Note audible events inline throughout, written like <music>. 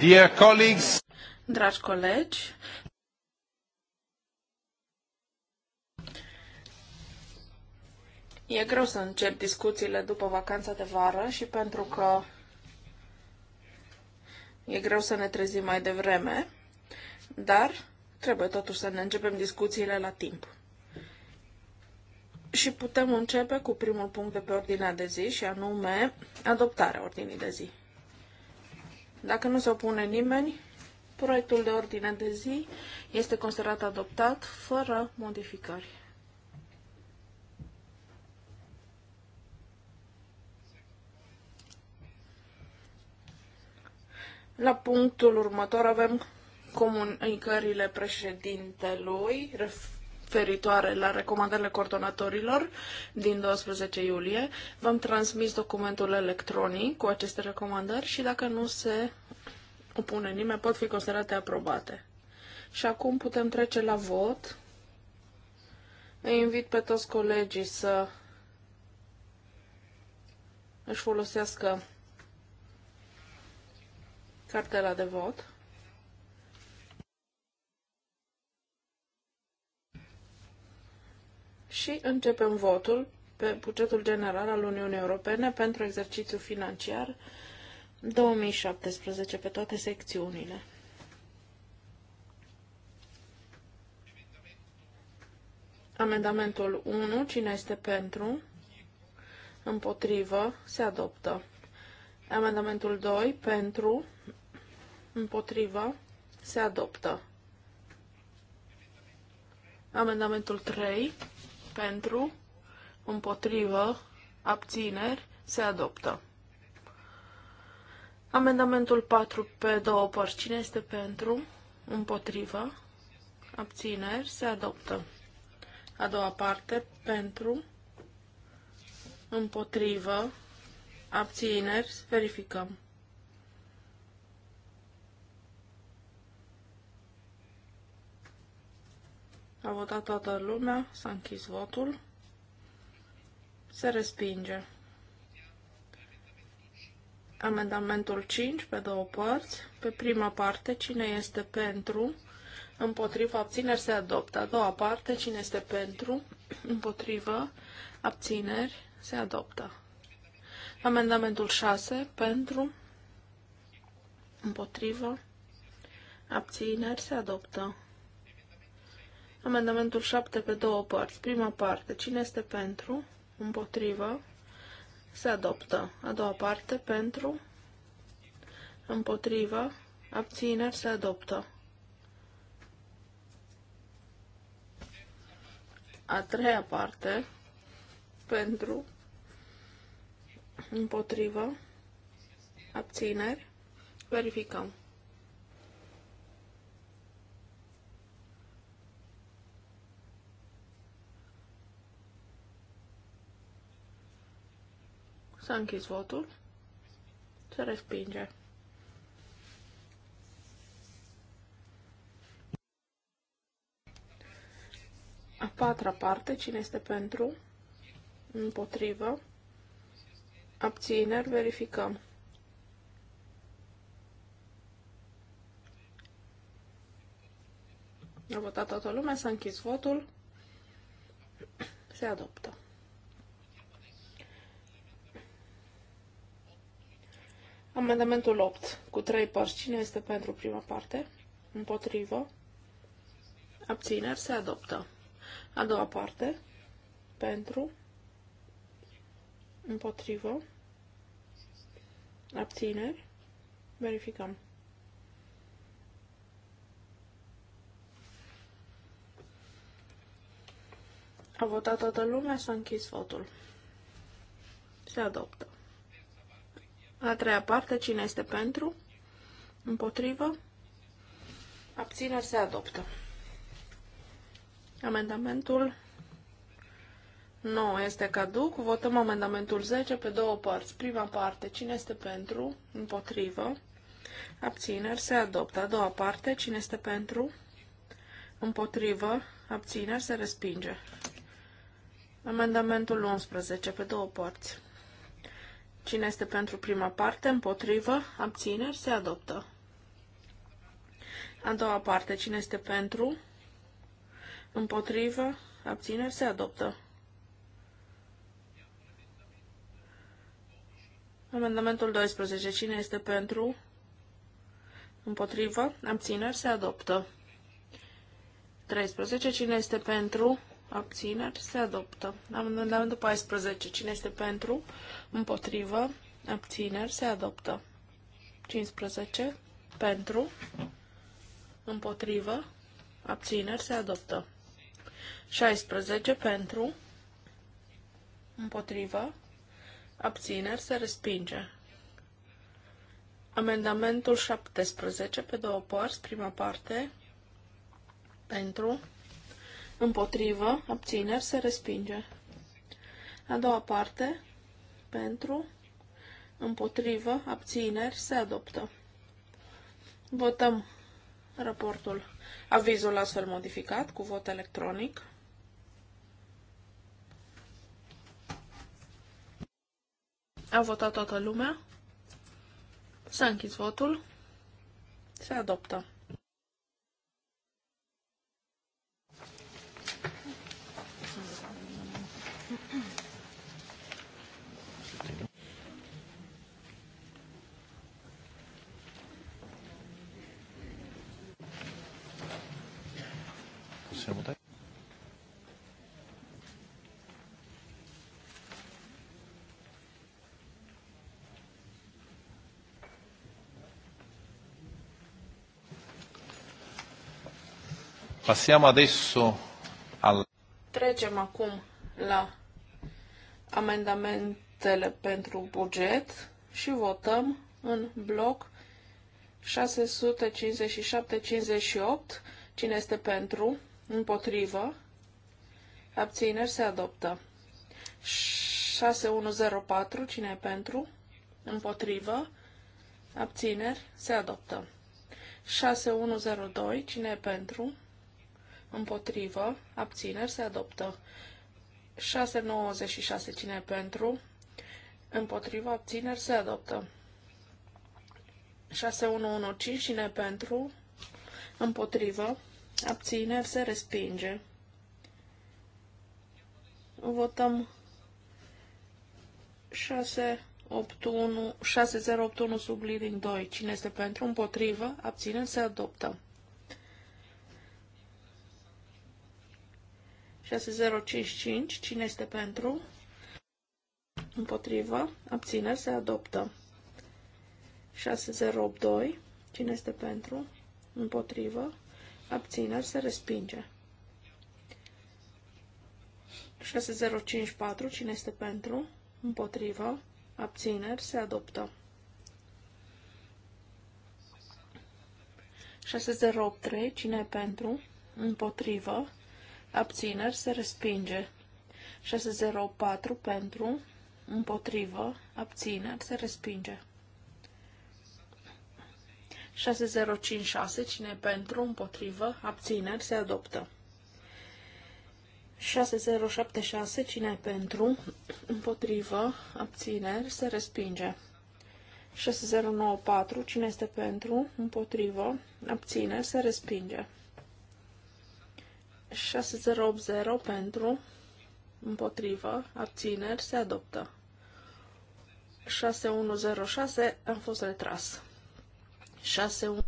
Dear colleagues, Dragi colegi, e greu să încep discuțiile după vacanța de vară și pentru că e greu să ne trezim mai devreme, dar trebuie totuși să ne începem discuțiile la timp. Și putem începe cu primul punct de pe ordinea de zi și anume adoptarea ordinii de zi. Dacă nu se opune nimeni, proiectul de ordine de zi este considerat adoptat fără modificări. La punctul următor avem comunicările președintelui referitoare la recomandările coordonatorilor din 12 iulie. V-am transmis documentul electronic cu aceste recomandări și dacă nu se opune nimeni, pot fi considerate aprobate. Și acum putem trece la vot. Îi invit pe toți colegii să își folosească cartela de vot. Și începem votul pe bugetul general al Uniunii Europene pentru exercițiul financiar 2021 2017 pe toate secțiunile. Amendamentul 1, cine este pentru, împotrivă, se adoptă. Amendamentul 2, pentru, împotrivă, se adoptă. Amendamentul 3, pentru, împotrivă, abțineri, se adoptă. Amendamentul 4 pe două părți. Cine este pentru? Împotrivă. Abțineri. Se adoptă. A doua parte. Pentru. Împotrivă. Abțineri. Verificăm. A votat toată lumea. S-a închis votul. Se respinge. Amendamentul 5 pe două părți. Pe prima parte, cine este pentru, împotriva, abțineri se adoptă. A doua parte, cine este pentru, împotriva, abțineri se adoptă. Amendamentul 6 pentru, împotriva, abțineri se adoptă. Amendamentul 7 pe două părți. Prima parte, cine este pentru, împotriva, se adoptă. A doua parte pentru, împotriva, abțineri, se adoptă. A treia parte pentru, împotriva, abțineri, verificăm. S-a închis votul. Se respinge. A patra parte, cine este pentru? Împotrivă. Abțineri, verificăm. A votat toată lumea, s-a închis votul. Se adoptă. Amendamentul 8, cu trei părți. Cine este pentru prima parte? Împotrivă. Abțineri se adoptă. A doua parte, pentru, împotrivă, abțineri, verificăm. A votat toată lumea, s-a închis votul. Se adoptă. A treia parte, cine este pentru? Împotrivă? Abțineri se adoptă. Amendamentul 9 este caduc. Votăm amendamentul 10 pe două părți. Prima parte, cine este pentru? Împotrivă? Abțineri se adoptă. A doua parte, cine este pentru? Împotrivă? Abțineri se respinge. Amendamentul 11 pe două părți. Cine este pentru prima parte, împotrivă, abțineri, se adoptă. A doua parte, cine este pentru, împotrivă, abțineri, se adoptă. Amendamentul 12. Cine este pentru? Împotrivă? Abțineri? Se adoptă. 13. Cine este pentru? Abțineri? Se adoptă. Amendamentul 14. Cine este pentru? împotrivă, abțineri, se adoptă. 15 pentru, împotrivă, abțineri, se adoptă. 16 pentru, împotrivă, abțineri, se respinge. Amendamentul 17 pe două părți, prima parte, pentru, împotrivă, abțineri, se respinge. A doua parte, pentru, împotrivă, abțineri, se adoptă. Votăm raportul, avizul astfel modificat cu vot electronic. A votat toată lumea. S-a închis votul. Se adoptă. Passiamo adesso al... Trecem acum la amendamentele pentru buget și votăm în bloc 657-58. Cine este pentru? Împotrivă? Abțineri se adoptă. 6104. Cine e pentru? Împotrivă? Abțineri se adoptă. 6102. Cine e pentru? împotrivă, abțineri, se adoptă. 696 cine pentru, împotrivă, abțineri, se adoptă. 6115 cine pentru, împotrivă, abțineri, se respinge. Votăm 6 6081 sub 2. Cine este pentru, împotrivă, abțineri, se adoptă. 6055. Cine este pentru? Împotrivă. Abțineri. Se adoptă. 6082. Cine este pentru? Împotrivă. Abțineri. Se respinge. 6054. Cine este pentru? Împotrivă. Abțineri. Se adoptă. 6083. Cine e pentru? Împotrivă abțineri se respinge. 604 pentru, împotrivă, abțineri se respinge. 6056, cine pentru, împotrivă, abțineri se adoptă. 6076, cine pentru, împotrivă, abțineri se respinge. 6094, cine este pentru, împotrivă, abțineri se respinge. 6080 pentru, împotrivă, abțineri, se adoptă. 6106 am fost retras. 61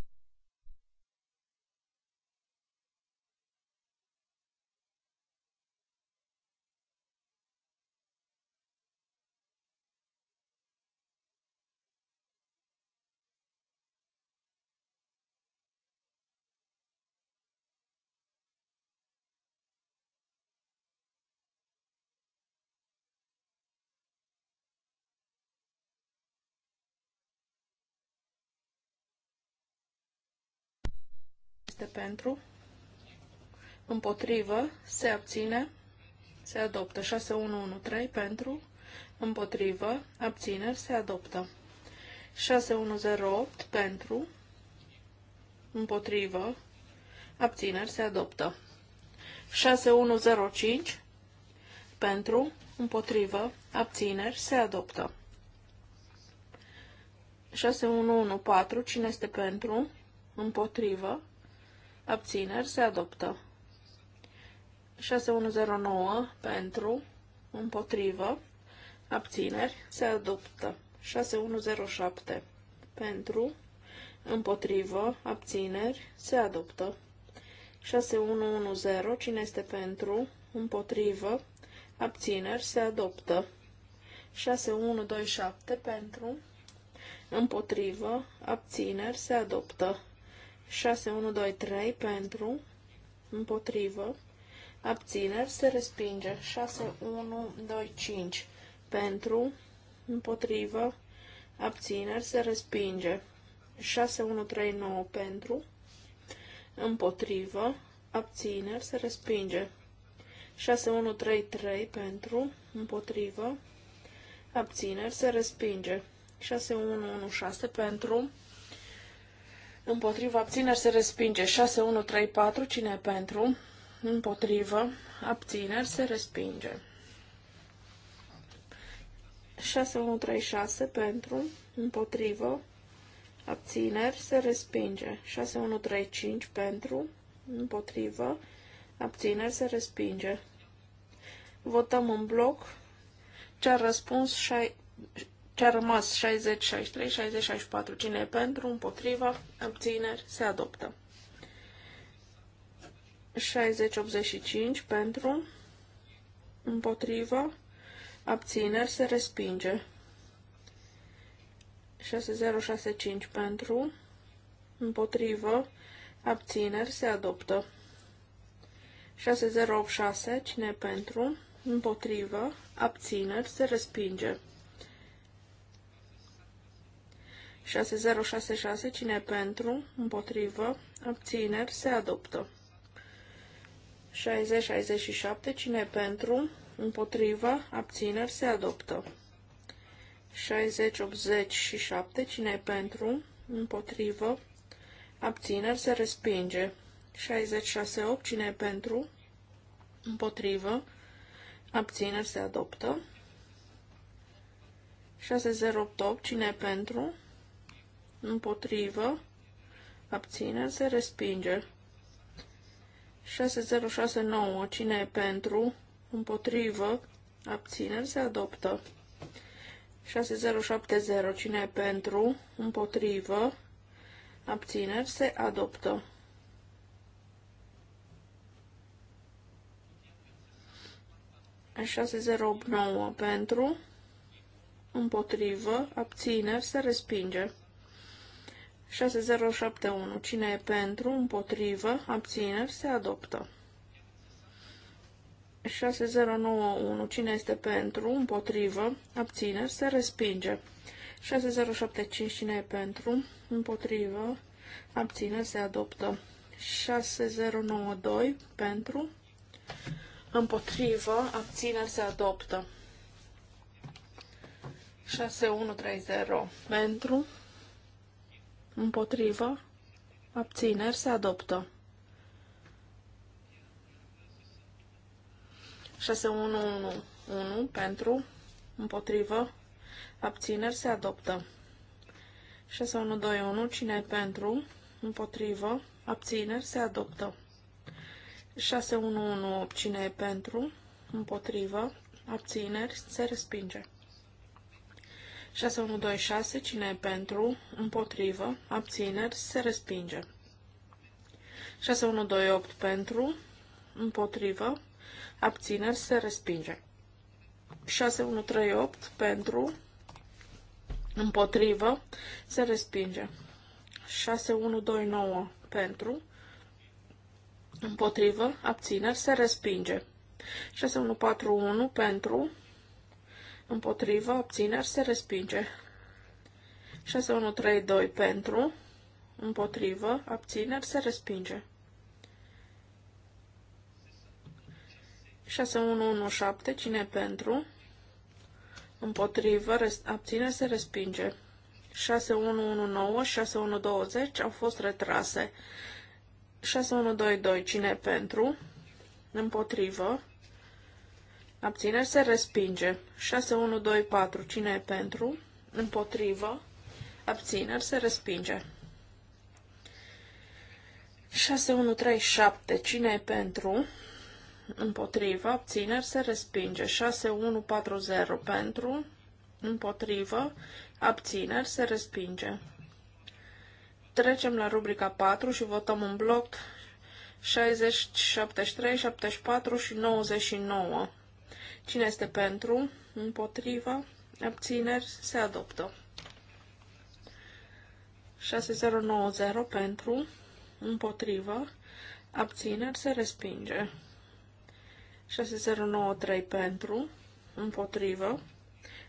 este pentru, împotrivă, se abține, se adoptă. 6113 pentru, împotrivă, abțineri, se adoptă. 6108 pentru, împotrivă, abțineri, se adoptă. 6105 pentru, împotrivă, abțineri, se adoptă. 6114, cine este pentru, împotrivă, abțineri, se adoptă. 6109 pentru, împotrivă, abțineri, se adoptă. 6107 pentru, împotrivă, abțineri, se adoptă. 6110, cine este pentru, împotrivă, abțineri, se adoptă. 6127 pentru, împotrivă, abțineri, se adoptă. 3, pentru, împotrivă, abțineri, se respinge. 5, pentru, împotrivă, abțineri, se respinge. 9, pentru, împotrivă, abțineri, se respinge. 3, pentru, împotrivă, abțineri, se respinge. 6, pentru, Împotriva abțineri se respinge 6134. Cine e pentru? Împotrivă. Abțineri se respinge. 6136 pentru. Împotrivă. Abțineri se respinge. 6135 pentru. Împotrivă. Abțineri se respinge. Votăm în bloc ce a răspuns ce-a rămas 60, 63, 60, 64. Cine e pentru, împotriva, abțineri, se adoptă. 60, 85 pentru, împotriva, abțineri, se respinge. 6065 pentru, împotrivă, abțineri, se adoptă. 6086, cine pentru, împotrivă, abțineri, se respinge. 6066, cine e pentru, împotrivă, abțineri, se adoptă. 6067, cine e pentru, împotrivă, abțineri, se adoptă. 6087, cine e pentru, împotrivă, abțineri, se respinge. 6068, cine e pentru, împotrivă, abțineri, se adoptă. 6088, cine e pentru, împotrivă, abțineri, se respinge. 6069, cine e pentru, împotrivă, abțineri, se adoptă. 6070, cine e pentru, împotrivă, abțineri, se adoptă. 6089 pentru, împotrivă, abțineri, se respinge. 6071. Cine e pentru, împotrivă, abțineri, se adoptă. 6091. Cine este pentru, împotrivă, abțineri, se respinge. 6075. Cine e pentru, împotrivă, abțineri, se adoptă. 6092. Pentru, împotrivă, abțineri, se adoptă. 6130. Pentru, împotrivă, abțineri, se adoptă. 6111 pentru, împotrivă, abțineri, se adoptă. 6121, cine e pentru, împotrivă, abțineri, se adoptă. 6118, cine e pentru, împotrivă, abțineri, se respinge. 6126, cine e pentru, împotrivă, abțineri, se respinge. 6128 pentru, împotrivă, abțineri, se respinge. 6138 pentru, împotrivă, se respinge. 6129 pentru, împotrivă, abțineri, se respinge. 6141 pentru, împotrivă, obțineri, se respinge. 6132 pentru, împotrivă, abțineri, se respinge. 6117, cine pentru, împotrivă, abțineri, se respinge. 6119, 6120 au fost retrase. 6122, cine pentru, împotrivă, Abțineri se respinge. 4. Cine e pentru? Împotrivă. Abțineri se respinge. 7. Cine e pentru? Împotrivă. Abțineri se respinge. 0. Pentru. Împotrivă. Abțineri se respinge. Trecem la rubrica 4 și votăm un bloc 60, 73, 74 și 99. Cine este pentru? Împotrivă? Abțineri? Se adoptă. 6090 pentru? Împotrivă? Abțineri? Se respinge. 6093 pentru? Împotrivă?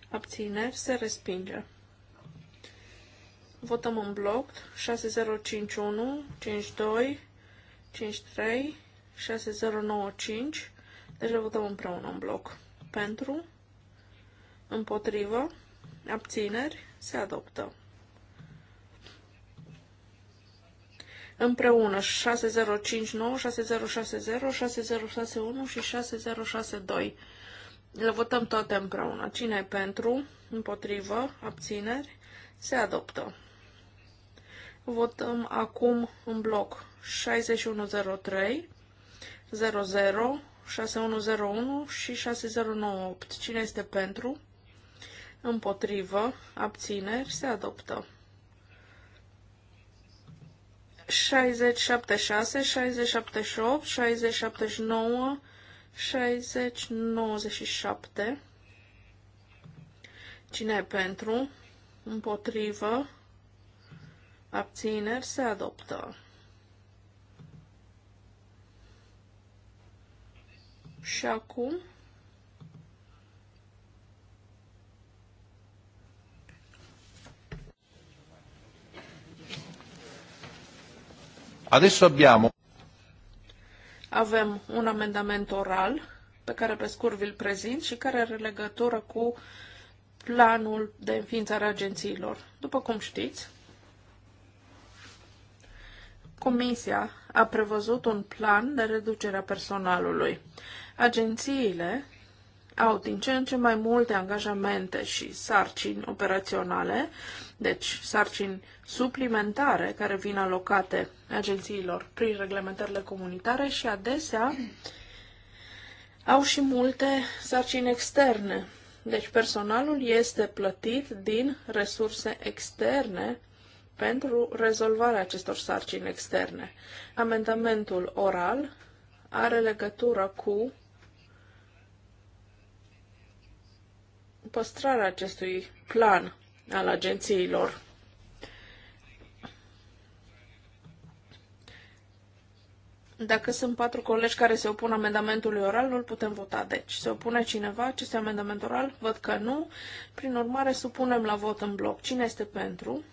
Abțineri? Se respinge. Votăm în bloc 6051, 52, 53, 6095. Deci le votăm împreună în bloc pentru, împotrivă, abțineri, se adoptă. Împreună 6059, 6060, 6061 și 6062. Le votăm toate împreună. Cine e pentru, împotrivă, abțineri, se adoptă. Votăm acum în bloc 6103, 00, 6101 și 6098. Cine este pentru? Împotrivă. Abțineri. Se adoptă. 6076, 6078, 6079, 6097. Cine e pentru? Împotrivă. Abțineri. Se adoptă. Și acum Adesso abbiamo avem un amendament oral pe care pe scurt vi-l prezint și care are legătură cu planul de înființare a agențiilor. După cum știți, Comisia a prevăzut un plan de reducere a personalului. Agențiile au din ce în ce mai multe angajamente și sarcini operaționale, deci sarcini suplimentare care vin alocate agențiilor prin reglementările comunitare și adesea au și multe sarcini externe. Deci personalul este plătit din resurse externe pentru rezolvarea acestor sarcini externe. Amendamentul oral are legătură cu păstrarea acestui plan al agențiilor. Dacă sunt patru colegi care se opun amendamentului oral, nu-l putem vota. Deci, se opune cineva acest amendament oral? Văd că nu. Prin urmare, supunem la vot în bloc. Cine este pentru?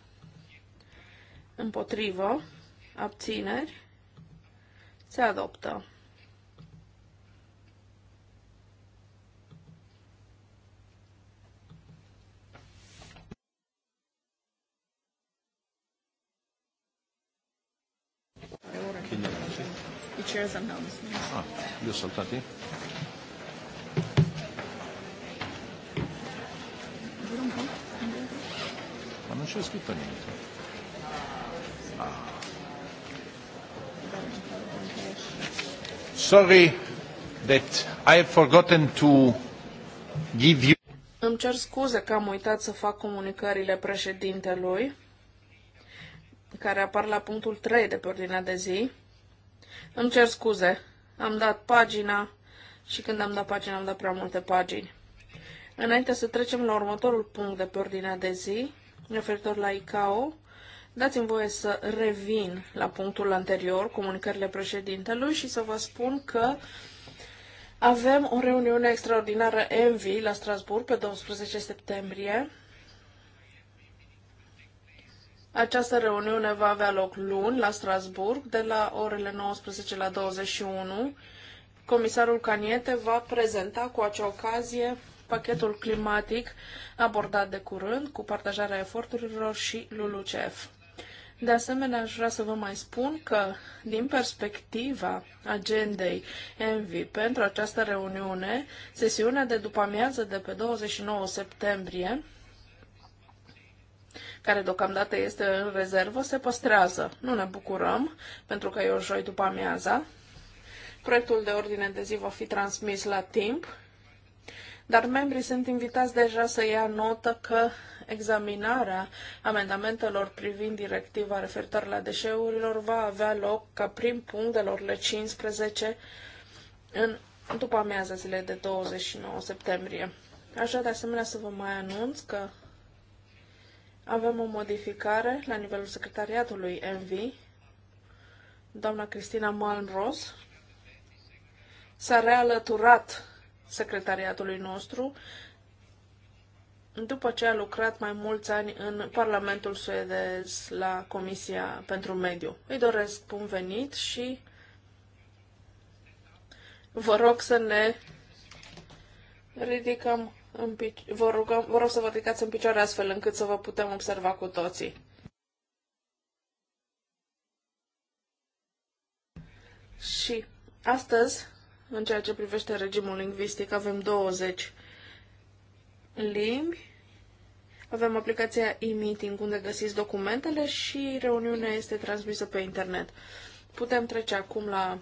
Împotrivă? Abțineri? Se adoptă. I chairs Ah, saltati? Ma non c'è scritto niente. Ah. Sorry that I have forgotten to give you... Îmi cer scuze că am uitat să fac comunicările președintelui care apar la punctul 3 de pe ordinea de zi. Îmi cer scuze, am dat pagina și când am dat pagina am dat prea multe pagini. Înainte să trecem la următorul punct de pe ordinea de zi, referitor la ICAO, dați-mi voie să revin la punctul anterior, comunicările președintelui, și să vă spun că avem o reuniune extraordinară ENVI la Strasburg pe 12 septembrie, această reuniune va avea loc luni la Strasburg, de la orele 19 la 21. Comisarul Caniete va prezenta cu acea ocazie pachetul climatic abordat de curând cu partajarea eforturilor și LULUCEF. De asemenea, aș vrea să vă mai spun că, din perspectiva agendei ENVI pentru această reuniune, sesiunea de după amiază de pe 29 septembrie care deocamdată este în rezervă, se păstrează. Nu ne bucurăm, pentru că e o joi după amiaza. Proiectul de ordine de zi va fi transmis la timp, dar membrii sunt invitați deja să ia notă că examinarea amendamentelor privind directiva referitoare la deșeurilor va avea loc ca prim punct de la orele 15 în după amiaza zilei de 29 septembrie. Așa de asemenea să vă mai anunț că avem o modificare la nivelul secretariatului MV. Doamna Cristina Malmros s-a realăturat secretariatului nostru după ce a lucrat mai mulți ani în Parlamentul suedez la Comisia pentru Mediu. Îi doresc bun venit și vă rog să ne ridicăm în pic- vă, rugăm, vă rog să vă ridicați în picioare astfel încât să vă putem observa cu toții. Și astăzi, în ceea ce privește regimul lingvistic, avem 20 limbi. Avem aplicația e-meeting unde găsiți documentele și reuniunea este transmisă pe internet. Putem trece acum la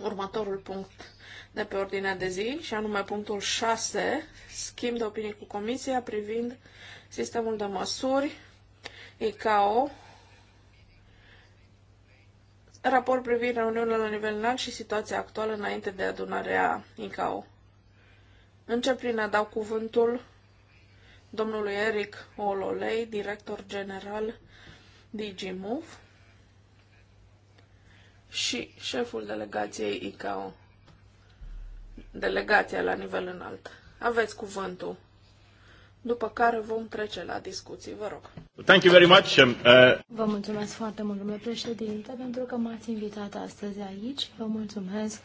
următorul punct de pe ordinea de zi, și anume punctul 6, schimb de opinii cu Comisia privind sistemul de măsuri ICAO, raport privind reuniunile la nivel înalt și situația actuală înainte de adunarea ICAO. Încep prin a da cuvântul domnului Eric Ololei, director general DigiMove și șeful delegației ICAO. Delegația la nivel înalt. Aveți cuvântul. După care vom trece la discuții, vă rog. Thank you very much. Um, uh, vă mulțumesc foarte mult, domnule președinte, pentru că m-ați invitat astăzi aici. Vă mulțumesc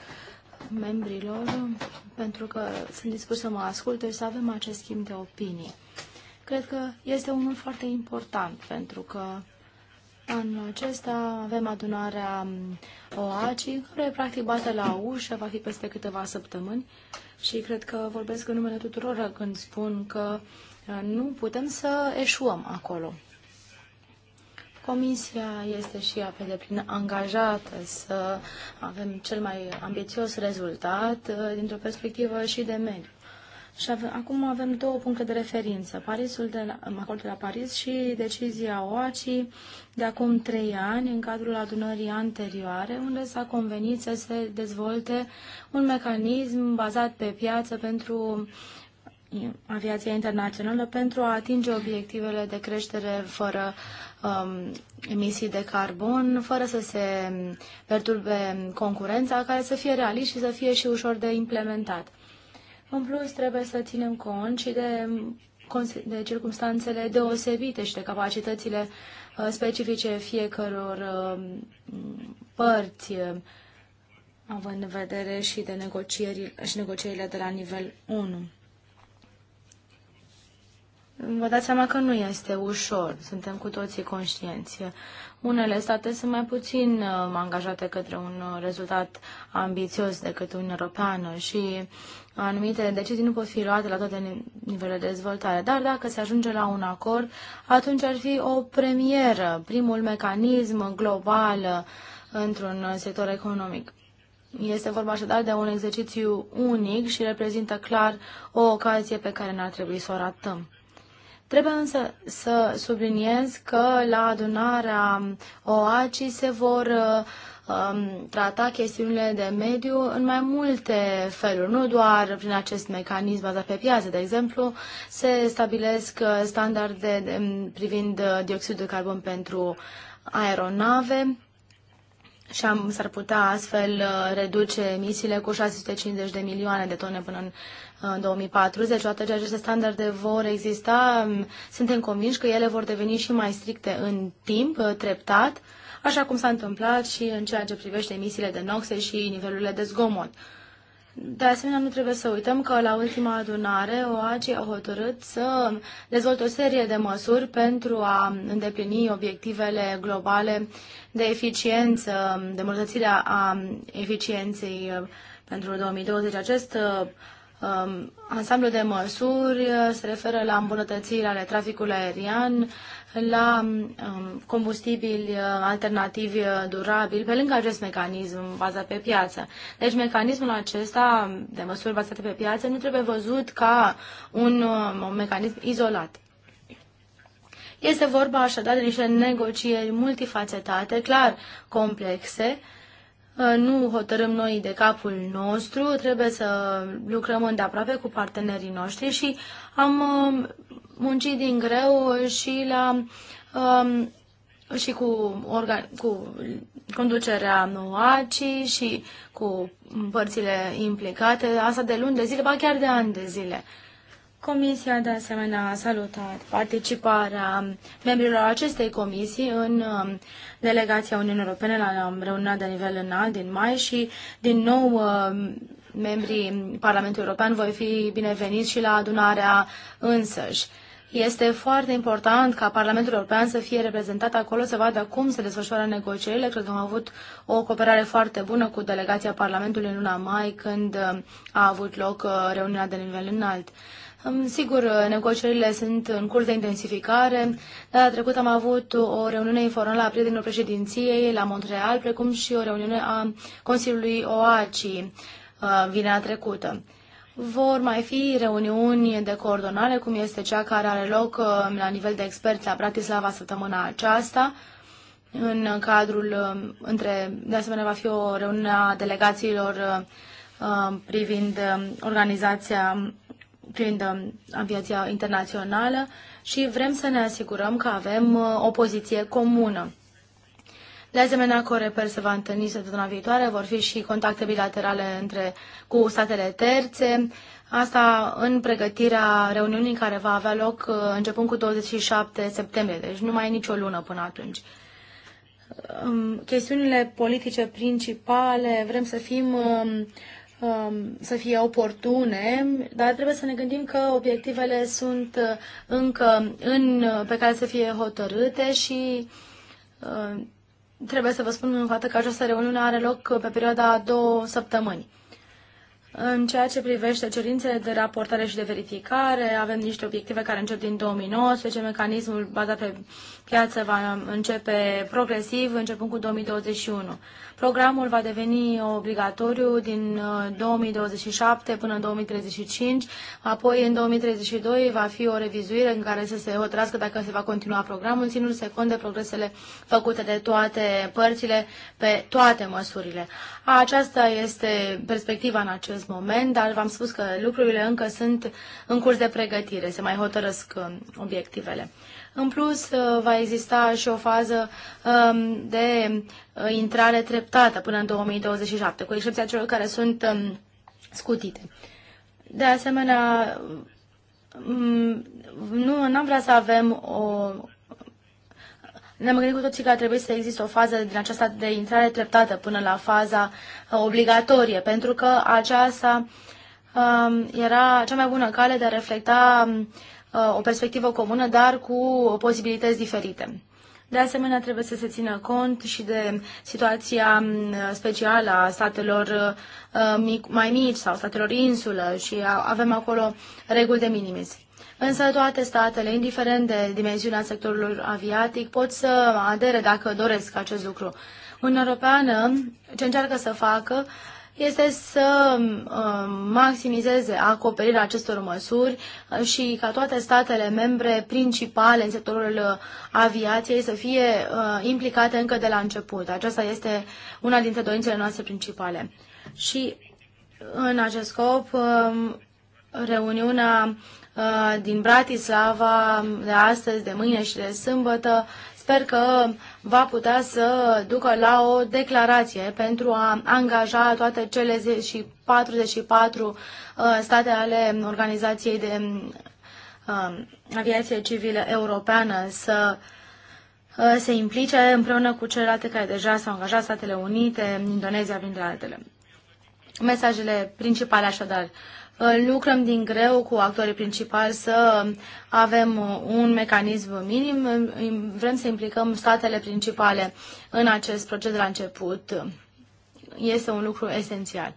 membrilor pentru că sunt dispus să mă asculte și să avem acest schimb de opinii. Cred că este unul foarte important pentru că Anul acesta avem adunarea um, OACI, care practic bate la ușă, va fi peste câteva săptămâni și cred că vorbesc în numele tuturor când spun că uh, nu putem să eșuăm acolo. Comisia este și ea pe deplin angajată să avem cel mai ambițios rezultat uh, dintr-o perspectivă și de mediu. Și ave- acum avem două puncte de referință, Parisul de la, acordul de la Paris și decizia OACI de acum trei ani, în cadrul adunării anterioare, unde s-a convenit să se dezvolte un mecanism bazat pe piață pentru aviația internațională pentru a atinge obiectivele de creștere fără um, emisii de carbon, fără să se perturbe concurența, care să fie realist și să fie și ușor de implementat. În plus, trebuie să ținem cont și de, de circunstanțele deosebite și de capacitățile uh, specifice fiecăror uh, părți, având în vedere și de negocieri, și negocierile de la nivel 1. Vă dați seama că nu este ușor, suntem cu toții conștienți. Unele state sunt mai puțin uh, angajate către un uh, rezultat ambițios decât Uniunea Europeană și anumite decizii nu pot fi luate la toate nivelele de dezvoltare. Dar dacă se ajunge la un acord, atunci ar fi o premieră, primul mecanism global uh, într-un sector economic. Este vorba așadar de un exercițiu unic și reprezintă clar o ocazie pe care n-ar trebui să o ratăm. Trebuie însă să subliniez că la adunarea OACI se vor uh, um, trata chestiunile de mediu în mai multe feluri, nu doar prin acest mecanism bazat pe piață. De exemplu, se stabilesc uh, standarde um, privind uh, dioxidul de carbon pentru aeronave și s-ar putea astfel reduce emisiile cu 650 de milioane de tone până în în 2040, toate aceste standarde vor exista, suntem convinși că ele vor deveni și mai stricte în timp, treptat, așa cum s-a întâmplat și în ceea ce privește emisiile de noxe și nivelurile de zgomot. De asemenea, nu trebuie să uităm că la ultima adunare OACI a hotărât să dezvolte o serie de măsuri pentru a îndeplini obiectivele globale de eficiență, de a eficienței uh, pentru 2020. Acest uh, Um, ansamblu de măsuri uh, se referă la îmbunătățirea ale traficului aerian, la um, combustibili uh, alternativi uh, durabili, pe lângă acest mecanism bazat pe piață. Deci mecanismul acesta de măsuri bazate pe piață nu trebuie văzut ca un, un um, mecanism izolat. Este vorba așadar de niște negocieri multifacetate, clar complexe, Ă, nu hotărâm noi de capul nostru, trebuie să lucrăm îndeaproape cu partenerii noștri și am ă, muncit din greu și la ă, și cu, organ, cu conducerea NOACI și cu părțile implicate, asta de luni de zile, ba chiar de ani de zile. Comisia, de asemenea, a salutat participarea membrilor acestei comisii în um, delegația Uniunii Europene la reuniunea de nivel înalt din mai și, din nou, um, membrii Parlamentului European voi fi bineveniți și la adunarea însăși. Este foarte important ca Parlamentul European să fie reprezentat acolo, să vadă cum se desfășoară negocierile. Cred că am avut o cooperare foarte bună cu delegația Parlamentului în luna mai, când um, a avut loc uh, reuniunea de nivel înalt. Sigur, negocierile sunt în curs de intensificare. Data trecută am avut o reuniune informală a prietenilor președinției la Montreal, precum și o reuniune a Consiliului OACI uh, vinerea trecută. Vor mai fi reuniuni de coordonare, cum este cea care are loc uh, la nivel de experți la Bratislava săptămâna aceasta. În cadrul, uh, între, de asemenea, va fi o reuniune a delegațiilor privind organizația privind um, aviația internațională și vrem să ne asigurăm că avem uh, o poziție comună. De asemenea, Coreper se va întâlni săptămâna viitoare, vor fi și contacte bilaterale între, cu statele terțe, asta în pregătirea reuniunii care va avea loc uh, începând cu 27 septembrie, deci nu mai e nicio lună până atunci. Um, chestiunile politice principale, vrem să fim um, Um, să fie oportune, dar trebuie să ne gândim că obiectivele sunt uh, încă în, uh, pe care să fie hotărâte și uh, trebuie să vă spun în fată că această reuniune are loc pe perioada a două săptămâni. În ceea ce privește cerințele de raportare și de verificare, avem niște obiective care încep din 2019, mecanismul bazat pe piață va începe progresiv, începând cu 2021. Programul va deveni obligatoriu din 2027 uh, până în 2035, apoi în 2032 va fi o revizuire în care să se hotărască dacă se va continua programul, ținând se cont de progresele făcute de toate părțile pe toate măsurile. Aceasta este perspectiva în acest moment, dar v-am spus că lucrurile încă sunt în curs de pregătire, se mai hotărăsc uh, obiectivele. În plus, uh, va exista și o fază um, de uh, intrare treptată până în 2027, cu excepția celor care sunt um, scutite. De asemenea, mm, nu am vrea să avem o... Ne-am gândit cu toții că ar trebui să existe o fază din aceasta de intrare treptată până la faza uh, obligatorie, pentru că aceasta um, era cea mai bună cale de a reflecta Uh, o perspectivă comună, dar cu posibilități diferite. De asemenea, trebuie să se țină cont și de situația mm, specială a statelor uh, mai mici sau statelor insulă și avem acolo reguli de minimis. Însă toate statele, indiferent de dimensiunea sectorului aviatic, pot să adere dacă doresc acest lucru. Uniunea Europeană ce încearcă să facă este să uh, maximizeze acoperirea acestor măsuri uh, și ca toate statele membre principale în sectorul uh, aviației să fie implicate încă de la început. Aceasta este una dintre dorințele noastre principale. Și în acest scop, reuniunea din Bratislava de astăzi, de mâine și de sâmbătă. Sper că va putea să ducă la o declarație pentru a angaja toate cele 44 uh, state ale Organizației de uh, Aviație Civilă Europeană să uh, se implice împreună cu celelalte care deja s-au angajat, Statele Unite, Indonezia, printre altele. Mesajele principale, așadar, lucrăm din greu cu actorii principali să avem un mecanism minim. Vrem să implicăm statele principale în acest proces de la început. Este un lucru esențial.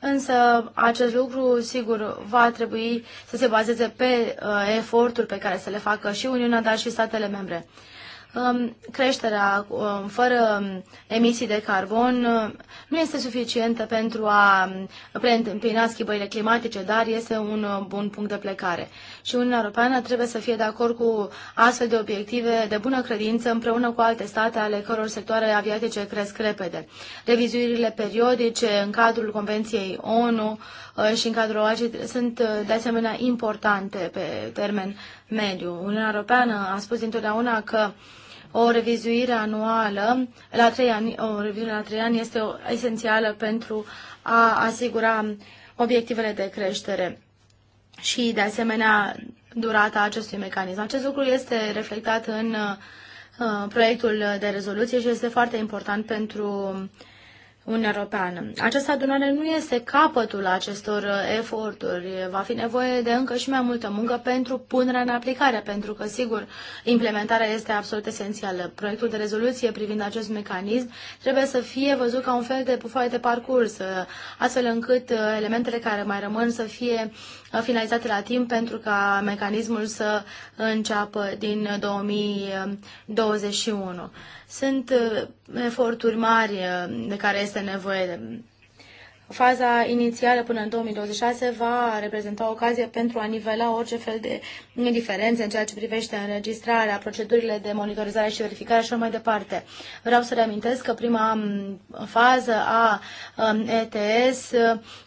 Însă acest lucru, sigur, va trebui să se bazeze pe uh, eforturi pe care să le facă și Uniunea, dar și statele membre. Um, creșterea um, fără um, emisii de carbon nu este suficientă pentru a preîntâmpina schimbările climatice, dar este un bun punct de plecare. Și Uniunea Europeană trebuie să fie de acord cu astfel de obiective de bună credință împreună cu alte state ale căror sectoare aviatice cresc repede. Revizuirile periodice în cadrul Convenției ONU uh, și în cadrul OACI sunt uh, de asemenea importante pe termen mediu. Uniunea Europeană a spus întotdeauna că o revizuire anuală la trei ani, o revizuire la trei ani este esențială pentru a asigura obiectivele de creștere și, de asemenea, durata acestui mecanism. Acest lucru este reflectat în uh, proiectul de rezoluție și este foarte important pentru uh, Uniunea Europeană. Această adunare nu este capătul acestor uh, eforturi. Va fi nevoie de încă și mai multă muncă pentru punerea în aplicare, pentru că, sigur, implementarea este absolut esențială. Proiectul de rezoluție privind acest mecanism trebuie să fie văzut ca un fel de pufoare de parcurs, uh, astfel încât uh, elementele care mai rămân să fie uh, finalizate la timp pentru ca mecanismul să înceapă din 2021. Sunt uh, eforturi mari uh, de care este nevoie faza inițială până în 2026 va reprezenta ocazie pentru a nivela orice fel de diferențe în ceea ce privește înregistrarea, procedurile de monitorizare și verificare și așa mai departe. Vreau să reamintesc că prima fază a ETS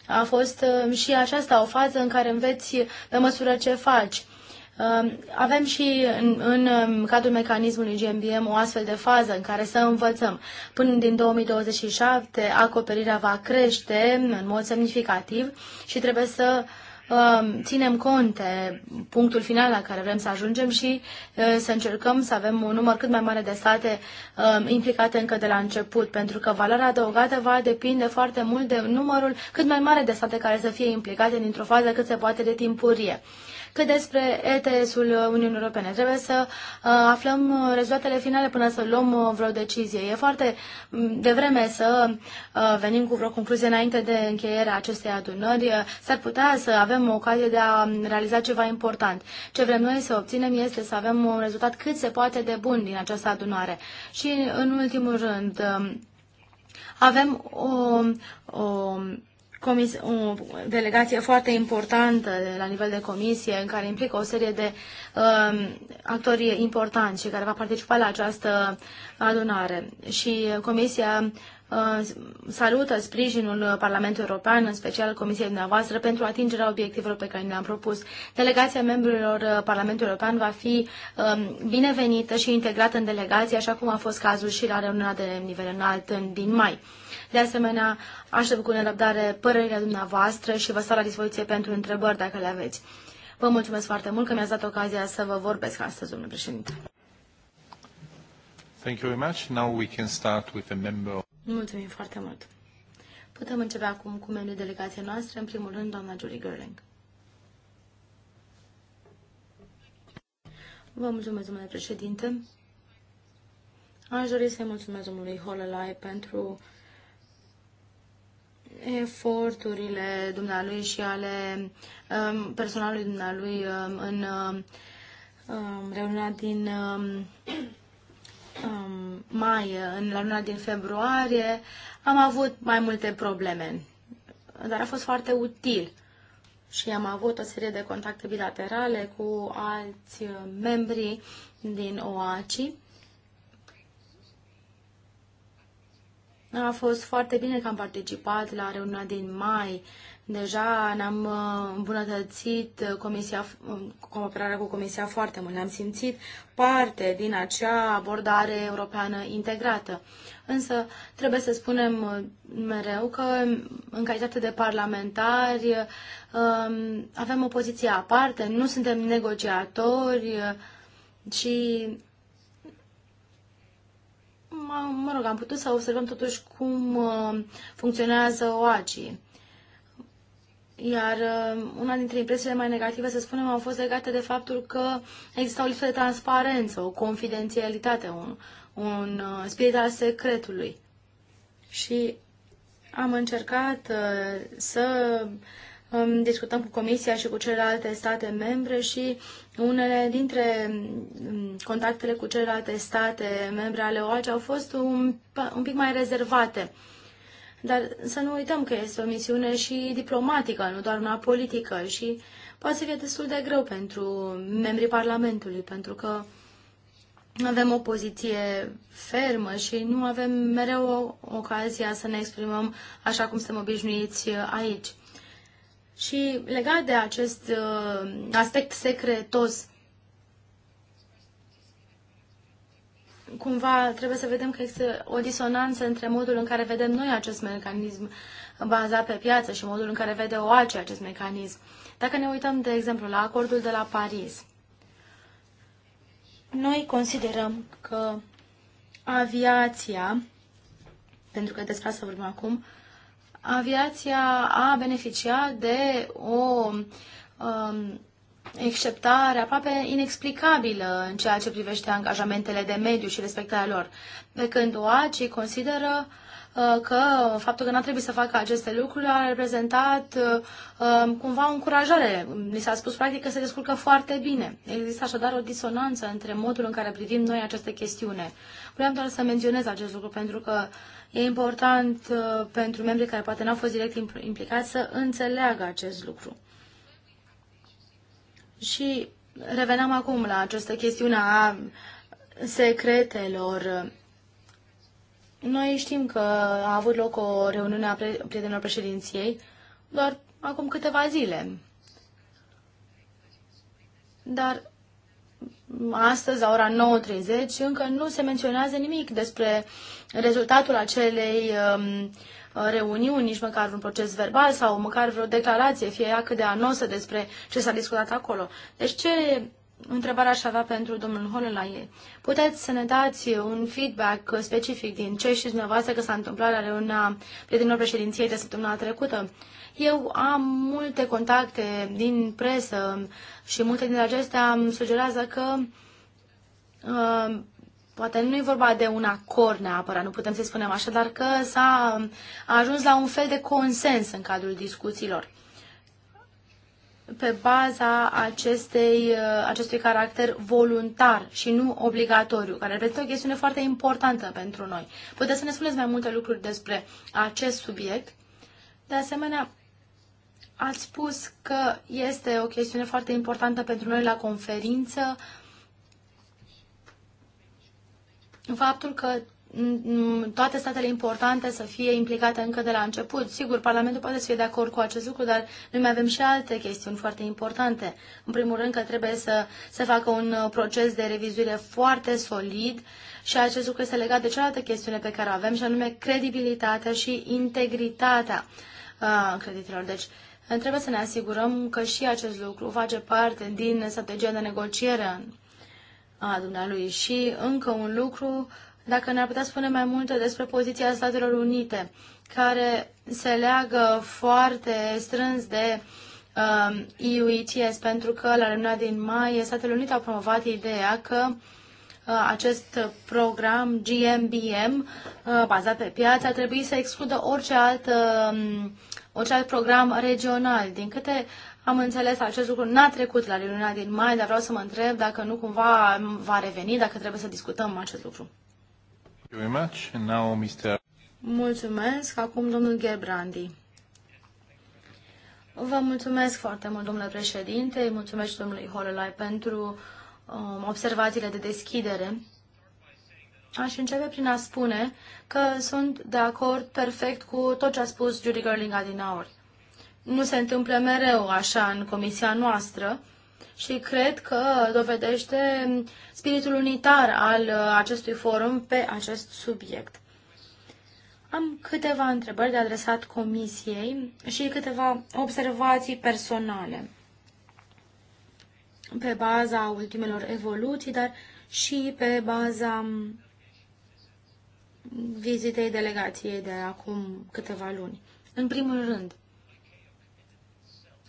a fost și aceasta o fază în care înveți pe măsură ce faci Um, avem și în, în um, cadrul mecanismului GMBM o astfel de fază în care să învățăm. Până din 2027 acoperirea va crește în mod semnificativ și trebuie să um, ținem cont punctul final la care vrem să ajungem și uh, să încercăm să avem un număr cât mai mare de state implicate încă de la început, pentru că valoarea adăugată va depinde foarte mult de numărul cât mai mare de state care să fie implicate dintr-o fază cât se poate de timpurie cât despre ETS-ul Uniunii Europene. Trebuie să uh, aflăm uh, rezultatele finale până să luăm uh, vreo decizie. E foarte mm, devreme să venim cu vreo concluzie înainte de încheierea acestei adunări. S-ar putea să avem o ocazie de a mm, realiza ceva important. Ce vrem noi să obținem este să avem un rezultat cât se poate de bun din această adunare. Și, în ultimul rând, um, avem o, o comis- o delegație foarte importantă la nivel de comisie, în care implică o serie de uh, actori importanți și care va participa la această adunare. Și comisia uh, salută sprijinul Parlamentului European, în special Comisiei dumneavoastră, pentru atingerea obiectivelor pe care ne am propus. Delegația membrilor Parlamentului European va fi uh, binevenită și integrată în delegație, așa cum a fost cazul și la reuniunea de nivel înalt din mai. De asemenea, aștept cu nerăbdare părerile dumneavoastră și vă stau la dispoziție pentru întrebări dacă le aveți. Vă mulțumesc foarte mult că mi-ați dat ocazia să vă vorbesc astăzi, domnule președinte. Thank you very much. Now we can start with a member. Mulțumim foarte mult. Putem începe acum cu membrii delegației noastre, în primul rând, doamna Julie Gerling. Vă mulțumesc, domnule președinte. Aș dori să-i mulțumesc domnului Holelai pentru eforturile dumnealui și ale um, personalului dumnealui um, în um, um reuniunea din um, um mai, în luna din februarie, am avut mai multe probleme, dar a fost foarte util și am avut o serie de contacte bilaterale cu alți uh, membri din OACI A fost foarte bine că am participat la reuniunea din mai. Deja ne-am uh, îmbunătățit uh, comisia, uh, cooperarea cu Comisia foarte mult. Ne-am simțit parte din acea abordare europeană integrată. Însă trebuie să spunem mereu că în calitate de parlamentari um, avem o poziție aparte, nu suntem negociatori și mă rog, am putut să observăm totuși cum uh, funcționează OACI. Iar uh, una dintre impresiile mai negative, să spunem, au fost legate de faptul că există o lipsă de transparență, o confidențialitate, un, un uh, spirit al secretului. Și am încercat să discutăm cu Comisia și cu celelalte state membre și unele dintre mm, contactele cu celelalte state membre ale OACE au fost un, un pic mai rezervate. Dar să nu uităm că este o misiune și diplomatică, nu doar una politică și poate să fie destul de greu pentru membrii Parlamentului, pentru că avem o poziție fermă și nu avem mereu ocazia să ne exprimăm așa cum suntem obișnuiți aici. Și legat de acest uh, aspect secretos, cumva trebuie să vedem că există o disonanță între modul în care vedem noi acest mecanism bazat pe piață și modul în care vede OACE acest mecanism. Dacă ne uităm, de exemplu, la acordul de la Paris, noi considerăm că aviația, pentru că despre asta vorbim acum, uh, aviația a beneficiat de o um, exceptare aproape inexplicabilă în ceea ce privește angajamentele de mediu și respectarea lor, pe când OACI consideră uh, că faptul că n-a trebuit să facă aceste lucruri a reprezentat uh, um, cumva o încurajare. Mi s-a spus practic că se descurcă foarte bine. Există așadar o disonanță între modul în care privim noi această chestiune. Vreau doar să menționez acest lucru pentru că uh, E important uh, pentru membrii care poate n-au fost direct implicați să înțeleagă acest lucru. Și reveneam acum la această chestiune a secretelor. Noi știm că a avut loc o reuniune a prietenilor președinției doar acum câteva zile. Dar astăzi, la ora 9.30, încă nu se menționează nimic despre uh, rezultatul acelei um, reuniuni, nici măcar un proces verbal sau măcar vreo declarație, fie ea cât de anosă despre ce s-a discutat acolo. Deci ce întrebare aș avea pentru domnul Hololaie? Puteți să ne dați un feedback specific din ce știți dumneavoastră că s-a întâmplat la reuniunea prietenilor președinției de săptămâna trecută? Eu am multe contacte din presă și multe dintre acestea îmi sugerează că uh, Poate nu e vorba de un acord neapărat, nu putem să spunem așa, dar că s-a ajuns la un fel de consens în cadrul discuțiilor. Pe baza acestei, acestui caracter voluntar și nu obligatoriu, care reprezintă o chestiune foarte importantă pentru noi. Puteți să ne spuneți mai multe lucruri despre acest subiect. De asemenea, ați spus că este o chestiune foarte importantă pentru noi la conferință. Uh, faptul că mm, mm, toate statele importante să fie implicate încă de la început. Sigur, Parlamentul poate să fie de acord cu acest lucru, dar noi mai avem și alte chestiuni foarte importante. În primul rând că trebuie să se facă un uh, proces de revizuire foarte solid și acest lucru este legat de cealaltă chestiune pe care o avem, și anume credibilitatea și integritatea uh, creditelor. Deci, trebuie să ne asigurăm că și acest lucru face parte din strategia de negociere a dumnealui. Și încă un lucru, dacă ne-ar putea spune mai multe despre poziția Statelor Unite, care se leagă foarte strâns de uh, um, EU ETS, pentru că la reuniunea din mai Statele Unite au promovat ideea că uh, acest program GMBM uh, bazat pe piață ar trebui să excludă orice alt, um, orice alt program regional. Din câte am înțeles, acest lucru n-a trecut la reuniunea din mai, dar vreau să mă întreb dacă nu cumva va reveni, dacă trebuie să discutăm acest lucru. Mulțumesc. Acum domnul Gerbrandi. Vă mulțumesc foarte mult, domnule președinte, mulțumesc domnului Hololai pentru um, observațiile de deschidere. Aș începe prin a spune că sunt de acord perfect cu tot ce a spus Judy Gerling adinaori nu se întâmplă mereu așa în comisia noastră și cred că dovedește spiritul unitar al uh, acestui forum pe acest subiect. Am câteva întrebări de adresat comisiei și câteva observații personale pe baza ultimelor evoluții, dar și pe baza mm, vizitei delegației de acum câteva luni. În primul rând,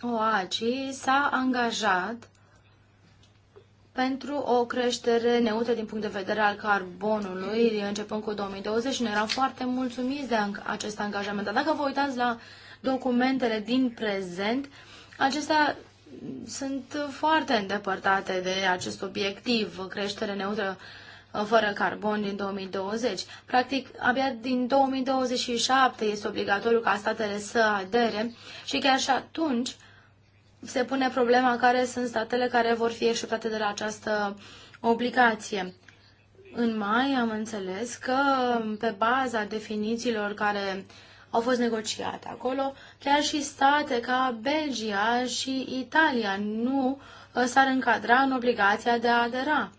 OACI s-a angajat pentru o creștere neutră din punct de vedere al carbonului, începând cu 2020, și noi eram foarte mulțumiți de acest angajament. Dar dacă vă uitați la documentele din prezent, acestea sunt foarte îndepărtate de acest obiectiv, creștere neutră uh, fără carbon din 2020. Practic, abia din 2027 este obligatoriu ca statele să adere și chiar și atunci se pune problema care sunt statele care vor fi exceptate de la această obligație. În mai am înțeles că pe baza definițiilor care au fost negociate acolo, chiar și state ca Belgia și Italia nu uh, s-ar încadra în obligația de a adera.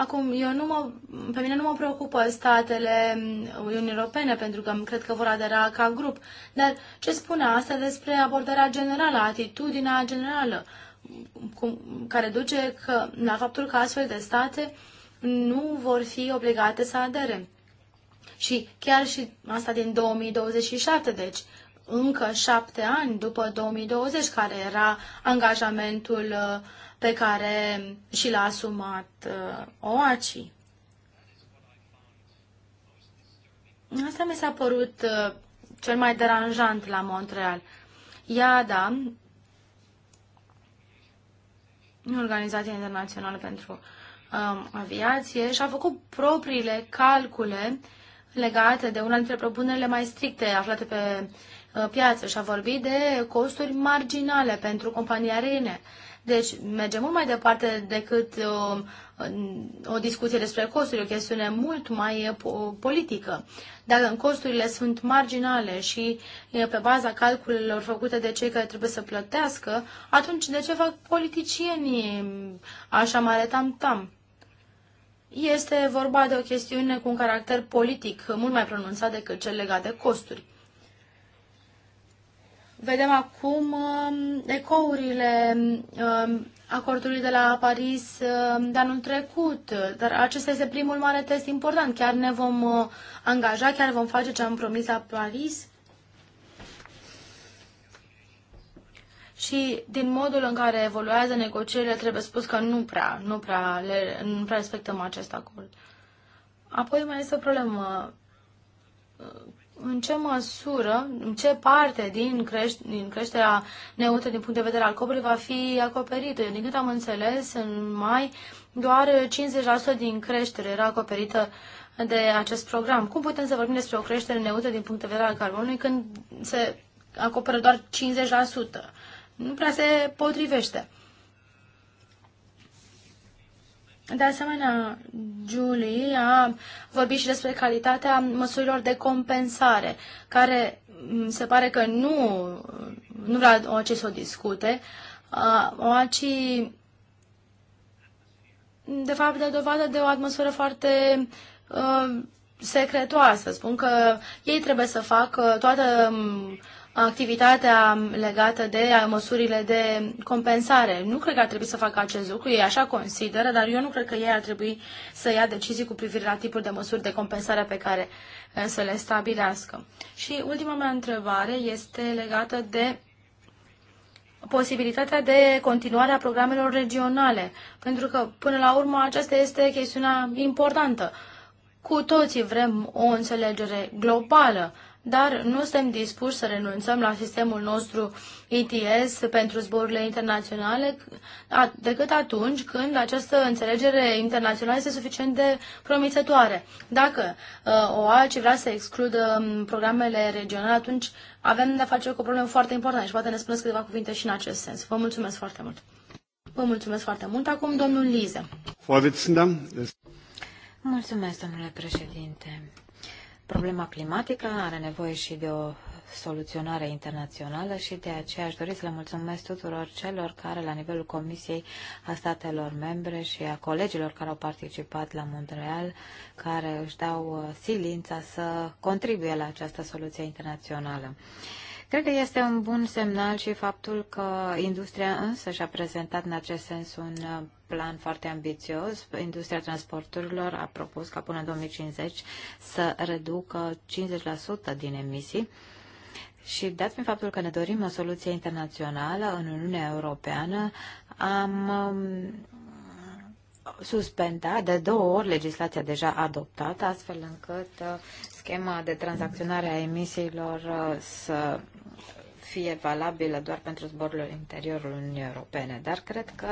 Acum, eu nu mă, pe mine nu mă preocupă statele mm, Uniunii Europene, pentru că cred că vor adera ca grup. Dar ce spune asta despre abordarea generală, atitudinea generală, cum, care duce că, la faptul că astfel de state nu vor fi obligate să adere? Și chiar și asta din 2027, deci încă șapte ani după 2020, care era angajamentul uh, pe care și l-a asumat uh, OACI. Asta mi s-a părut uh, cel mai deranjant la Montreal. da, Organizația Internațională pentru um, Aviație, și-a făcut propriile calcule legate de una dintre propunerile mai stricte aflate pe uh, piață și a vorbit de costuri marginale pentru companii aeriene. Uh, deci mergem mult mai departe decât uh, o discuție despre costuri, o chestiune mult mai uh, politică. Dacă costurile sunt marginale și pe baza calculelor făcute de cei care trebuie să plătească, atunci de ce fac politicienii așa mare tam-tam? Este vorba de o chestiune cu un caracter politic mult mai pronunțat decât cel legat de costuri. Vedem acum um, ecourile um, acordului de la Paris um, de anul trecut, dar acesta este primul mare test important. Chiar ne vom uh, angaja, chiar vom face ce am promis la Paris? Și din modul în care evoluează negocierile, trebuie spus că nu prea, nu prea, le, nu prea respectăm acest acord. Apoi mai este o problemă uh, în ce măsură, în ce parte din, creș- din creșterea neutră din punct de vedere al copului va fi acoperită. din cât am înțeles, în mai doar 50% din creștere era acoperită de acest program. Cum putem să vorbim despre o creștere neutră din punct de vedere al carbonului când se acoperă doar 50%? Nu prea se potrivește. De asemenea, Julie a vorbit și despre calitatea măsurilor de compensare, care mm, se pare că nu, nu vrea OACI să o discute. OACI, de fapt, de dovadă de o atmosferă foarte uh, secretoasă. Spun că ei trebuie să facă toată mm, activitatea legată de măsurile de compensare. Nu cred că ar trebui să facă acest lucru, ei așa consideră, dar eu nu cred că ei ar trebui să ia decizii cu privire la tipul de măsuri de compensare pe care eh, să le stabilească. Și ultima mea întrebare este legată de posibilitatea de continuare a programelor regionale, pentru că până la urmă aceasta este chestiunea importantă. Cu toții vrem o înțelegere globală dar nu suntem dispuși să renunțăm la sistemul nostru ETS pentru zborurile internaționale decât atunci când această înțelegere internațională este suficient de promițătoare. Dacă uh, OACI vrea să excludă um, programele regionale, atunci avem de-a face cu o problemă foarte importantă și poate ne spuneți câteva cuvinte și în acest sens. Vă mulțumesc foarte mult! Vă mulțumesc foarte mult. Acum, domnul Lize. Mulțumesc, domnule președinte. Problema climatică are nevoie și de o soluționare internațională și de aceea aș dori să le mulțumesc tuturor celor care la nivelul Comisiei a statelor membre și a colegilor care au participat la Montreal, care își dau uh, silința să contribuie la această soluție internațională. Cred că este un bun semnal și faptul că industria însă și-a prezentat în acest sens un uh, plan foarte ambițios. Industria transporturilor a propus ca până în 2050 să reducă 50% din emisii. Și dat fiind faptul că ne dorim o soluție internațională în Uniunea Europeană, am um, suspendat de două ori legislația deja adoptată, astfel încât uh, schema de tranzacționare a emisiilor uh, să fie valabilă doar pentru zborurile interiorul Uniunii Europene, dar cred că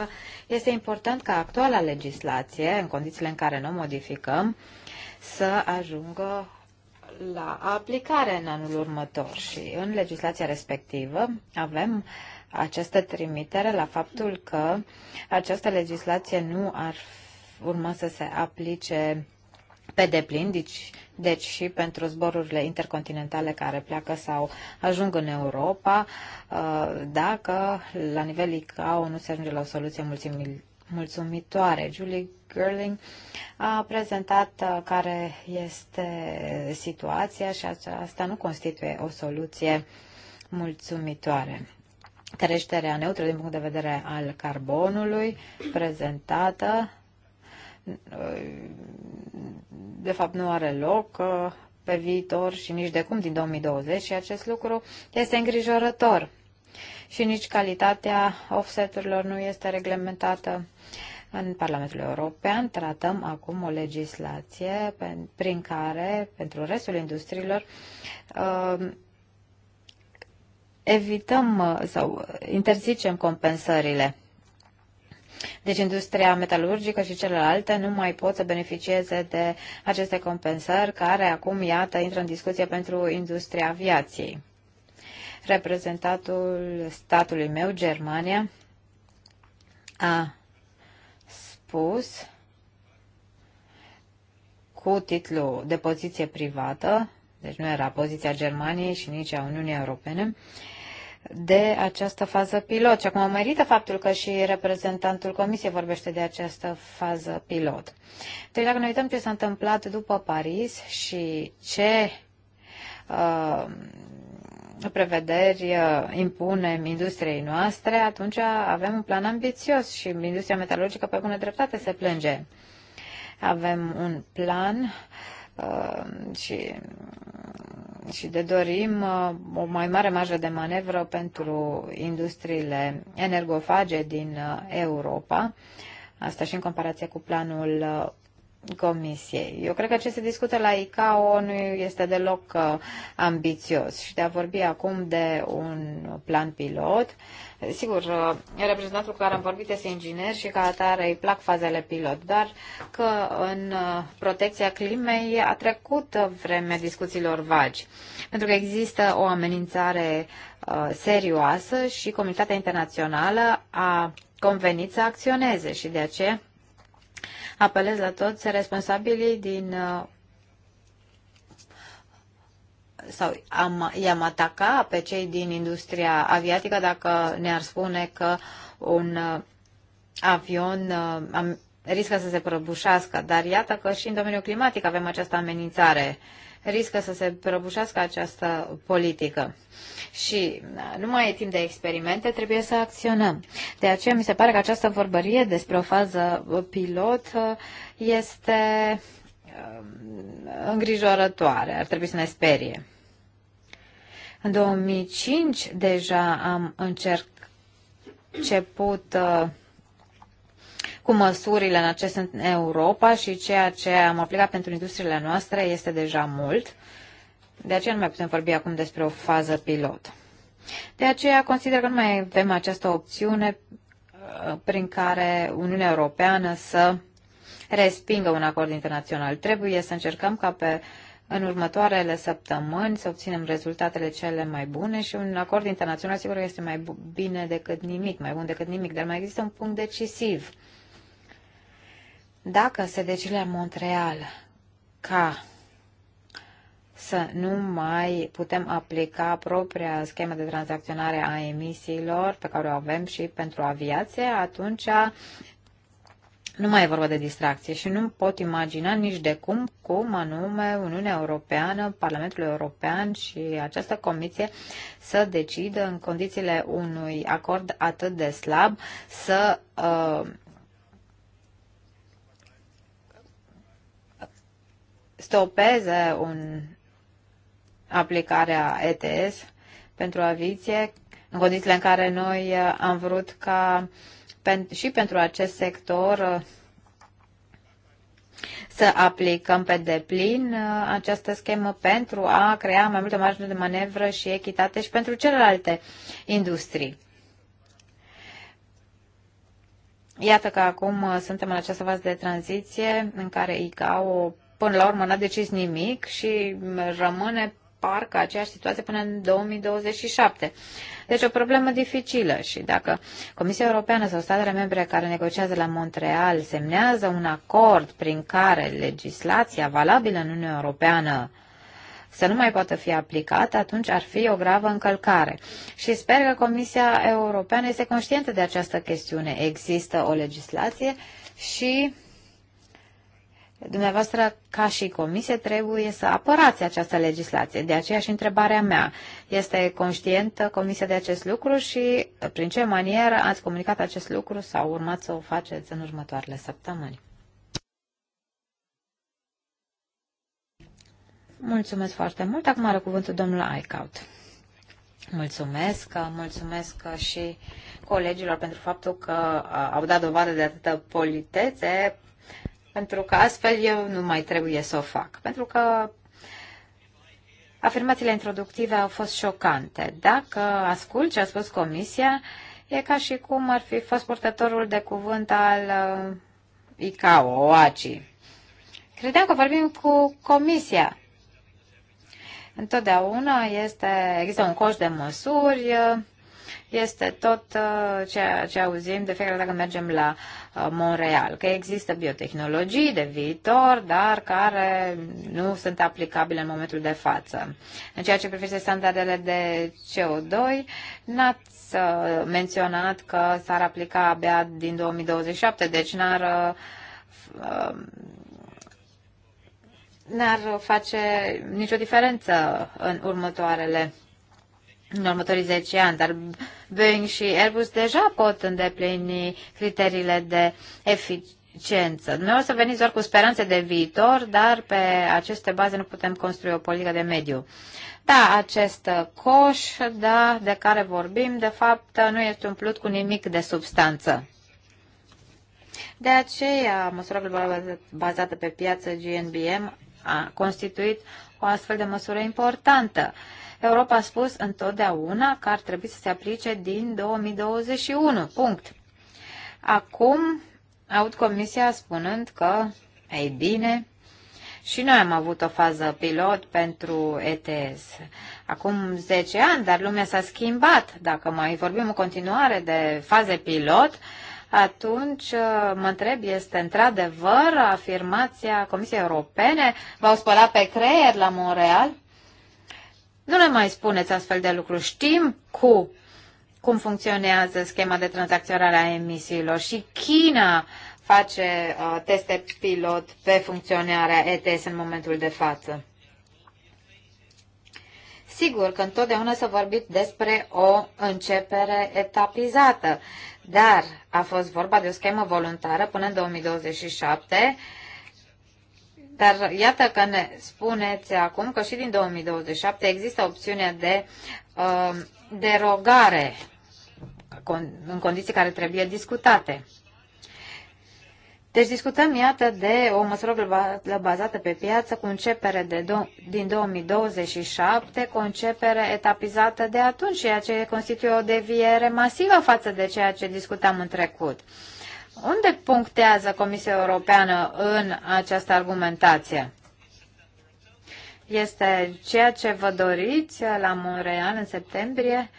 este important ca actuala legislație, în condițiile în care nu modificăm, să ajungă la aplicare în anul următor și în legislația respectivă avem această trimitere la faptul că această legislație nu ar urma să se aplice pe deplin, deci, deci și pentru zborurile intercontinentale care pleacă sau ajung în Europa, uh, dacă la nivel ICAO nu se ajunge la o soluție mulțumitoare mulțumitoare. Julie Gerling a prezentat uh, care este situația și asta nu constituie o soluție mulțumitoare. Creșterea neutră din punct de vedere al carbonului prezentată uh, de fapt nu are loc uh, pe viitor și nici de cum din 2020 și acest lucru este îngrijorător. Și nici calitatea offseturilor nu este reglementată în Parlamentul European. Tratăm acum o legislație prin care, pentru restul industriilor, uh, evităm uh, sau interzicem compensările. Deci industria metalurgică și celelalte nu mai pot să beneficieze de aceste compensări care acum, iată, intră în discuție pentru industria aviației. Reprezentatul statului meu, Germania, a spus cu titlu de poziție privată, deci nu era poziția Germaniei și nici a Uniunii Europene, uh, de această fază pilot. Și acum merită faptul că și reprezentantul Comisiei vorbește de această fază pilot. Deci dacă ne uităm ce s-a întâmplat după Paris și ce uh, prevederi uh, impunem industriei noastre, atunci avem un plan ambițios și industria metalurgică pe bună dreptate se plânge. Avem un plan uh, și și de dorim uh, o mai mare marjă de manevră pentru industriile energofage din uh, Europa, asta și în comparație cu planul uh, Comisiei. Eu cred că ce se discută la ICAO nu este deloc uh, ambițios și de a vorbi acum de un plan pilot. Sigur, uh, reprezentantul cu care am vorbit este inginer și ca atare îi plac fazele pilot, dar că în uh, protecția climei a trecut vremea discuțiilor vagi, pentru că există o amenințare uh, serioasă și comunitatea internațională a convenit să acționeze și de aceea apelez la toți responsabilii din uh, sau am, i-am ataca pe cei din industria aviatică dacă ne-ar spune că un uh, avion uh, riscă să se prăbușească. Dar iată că și în domeniul climatic avem această amenințare. Uh, riscă să se prăbușească această politică. Și nu mai e timp de experimente, trebuie să acționăm. De aceea mi se pare că această vorbărie despre o fază pilot uh, este uh, îngrijorătoare, ar trebui să ne sperie. În 2005 deja am început uh, cu măsurile în acest sens în Europa și ceea ce am aplicat pentru industriile noastre este deja mult. De aceea nu mai putem vorbi acum despre o fază pilot. De aceea consider că nu mai avem această opțiune uh, prin care Uniunea Europeană să respingă un acord internațional. Trebuie să încercăm ca pe în următoarele săptămâni să obținem rezultatele cele mai bune și un acord internațional sigur este mai bine decât nimic, mai bun decât nimic, dar mai există un punct decisiv. Dacă se decide Montreal ca să nu mai putem aplica propria schemă de tranzacționare a emisiilor pe care o avem și pentru aviație, atunci nu mai e vorba de distracție și nu pot imagina nici de cum, cum anume Uniunea Europeană, Parlamentul European și această comisie să decidă în condițiile unui acord atât de slab să uh, stopeze un aplicarea ETS pentru aviție, în condițiile în care noi uh, am vrut ca și pentru acest sector uh, să aplicăm pe deplin uh, această schemă pentru a crea mai multă marjă de manevră și echitate și pentru celelalte industrii. Iată că acum suntem în această fază de tranziție în care ICAO până la urmă n-a decis nimic și rămâne parcă aceeași situație până în 2027. Deci o problemă dificilă și dacă Comisia Europeană sau statele membre care negociază la Montreal semnează un acord prin care legislația valabilă în Uniunea Europeană să nu mai poată fi aplicat, atunci ar fi o gravă încălcare. Și sper că Comisia Europeană este conștientă de această chestiune. Există o legislație și Dumneavoastră, ca și comisie, trebuie să apărați această legislație. De aceea și întrebarea mea. Este conștientă comisia de acest lucru și prin ce manieră ați comunicat acest lucru sau urmați să o faceți în următoarele săptămâni? Mulțumesc foarte mult. Acum are cuvântul domnul Aicaut. Mulțumesc, mulțumesc și colegilor pentru faptul că uh, au dat dovadă de atâtă politețe pentru că astfel eu nu mai trebuie să o fac. Pentru că afirmațiile introductive au fost șocante. Dacă ascult ce a spus Comisia, e ca și cum ar fi fost purtătorul de cuvânt al uh, ICAO, OACI. Credeam că vorbim cu Comisia. Întotdeauna este, există un coș de măsuri, este tot uh, ceea ce auzim de fiecare dată când mergem la Uh, Montreal, că există biotehnologii de viitor, dar care nu sunt aplicabile în momentul de față. În ceea ce privește standardele de CO2, n-ați uh, menționat că s-ar aplica abia din 2027, deci n-ar uh, n-ar face nicio diferență în următoarele în următorii 10 ani, dar Boeing și Airbus deja pot îndeplini criteriile de eficiență. să veniți doar cu speranțe de viitor, dar pe aceste baze nu putem construi o politică de mediu. Da, acest coș, da, de care vorbim, de fapt, nu este umplut cu nimic de substanță. De aceea, măsura globală bazată pe piață GNBM a constituit o astfel de măsură importantă. Uh, Europa a spus întotdeauna că ar trebui să se aplice din 2021. Punct. Acum aud Comisia spunând că, ei bine, și noi am avut o fază pilot pentru ETS acum 10 ani, dar lumea s-a schimbat. Dacă mai vorbim în continuare de faze pilot, atunci uh, mă întreb, este într-adevăr afirmația Comisiei Europene? V-au spălat pe creier la Montreal? Nu ne mai spuneți astfel de lucruri. Știm cu cum funcționează schema de tranzacționare a emisiilor și China face uh, teste pilot pe funcționarea ETS în momentul de față. Sigur că întotdeauna s-a vorbit despre o începere etapizată, dar a fost vorba de o schemă voluntară până în 2027 dar iată că ne spuneți acum că și din 2027 există opțiunea de uh, derogare în condiții care trebuie discutate. Deci discutăm, iată, de o măsură bazată pe piață cu începere de do- din 2027, cu începere etapizată de atunci, ceea ce constituie o deviere masivă față de ceea ce discutam în trecut. Uh, unde punctează Comisia Europeană în această argumentație? Este ceea ce vă doriți la Montreal în septembrie?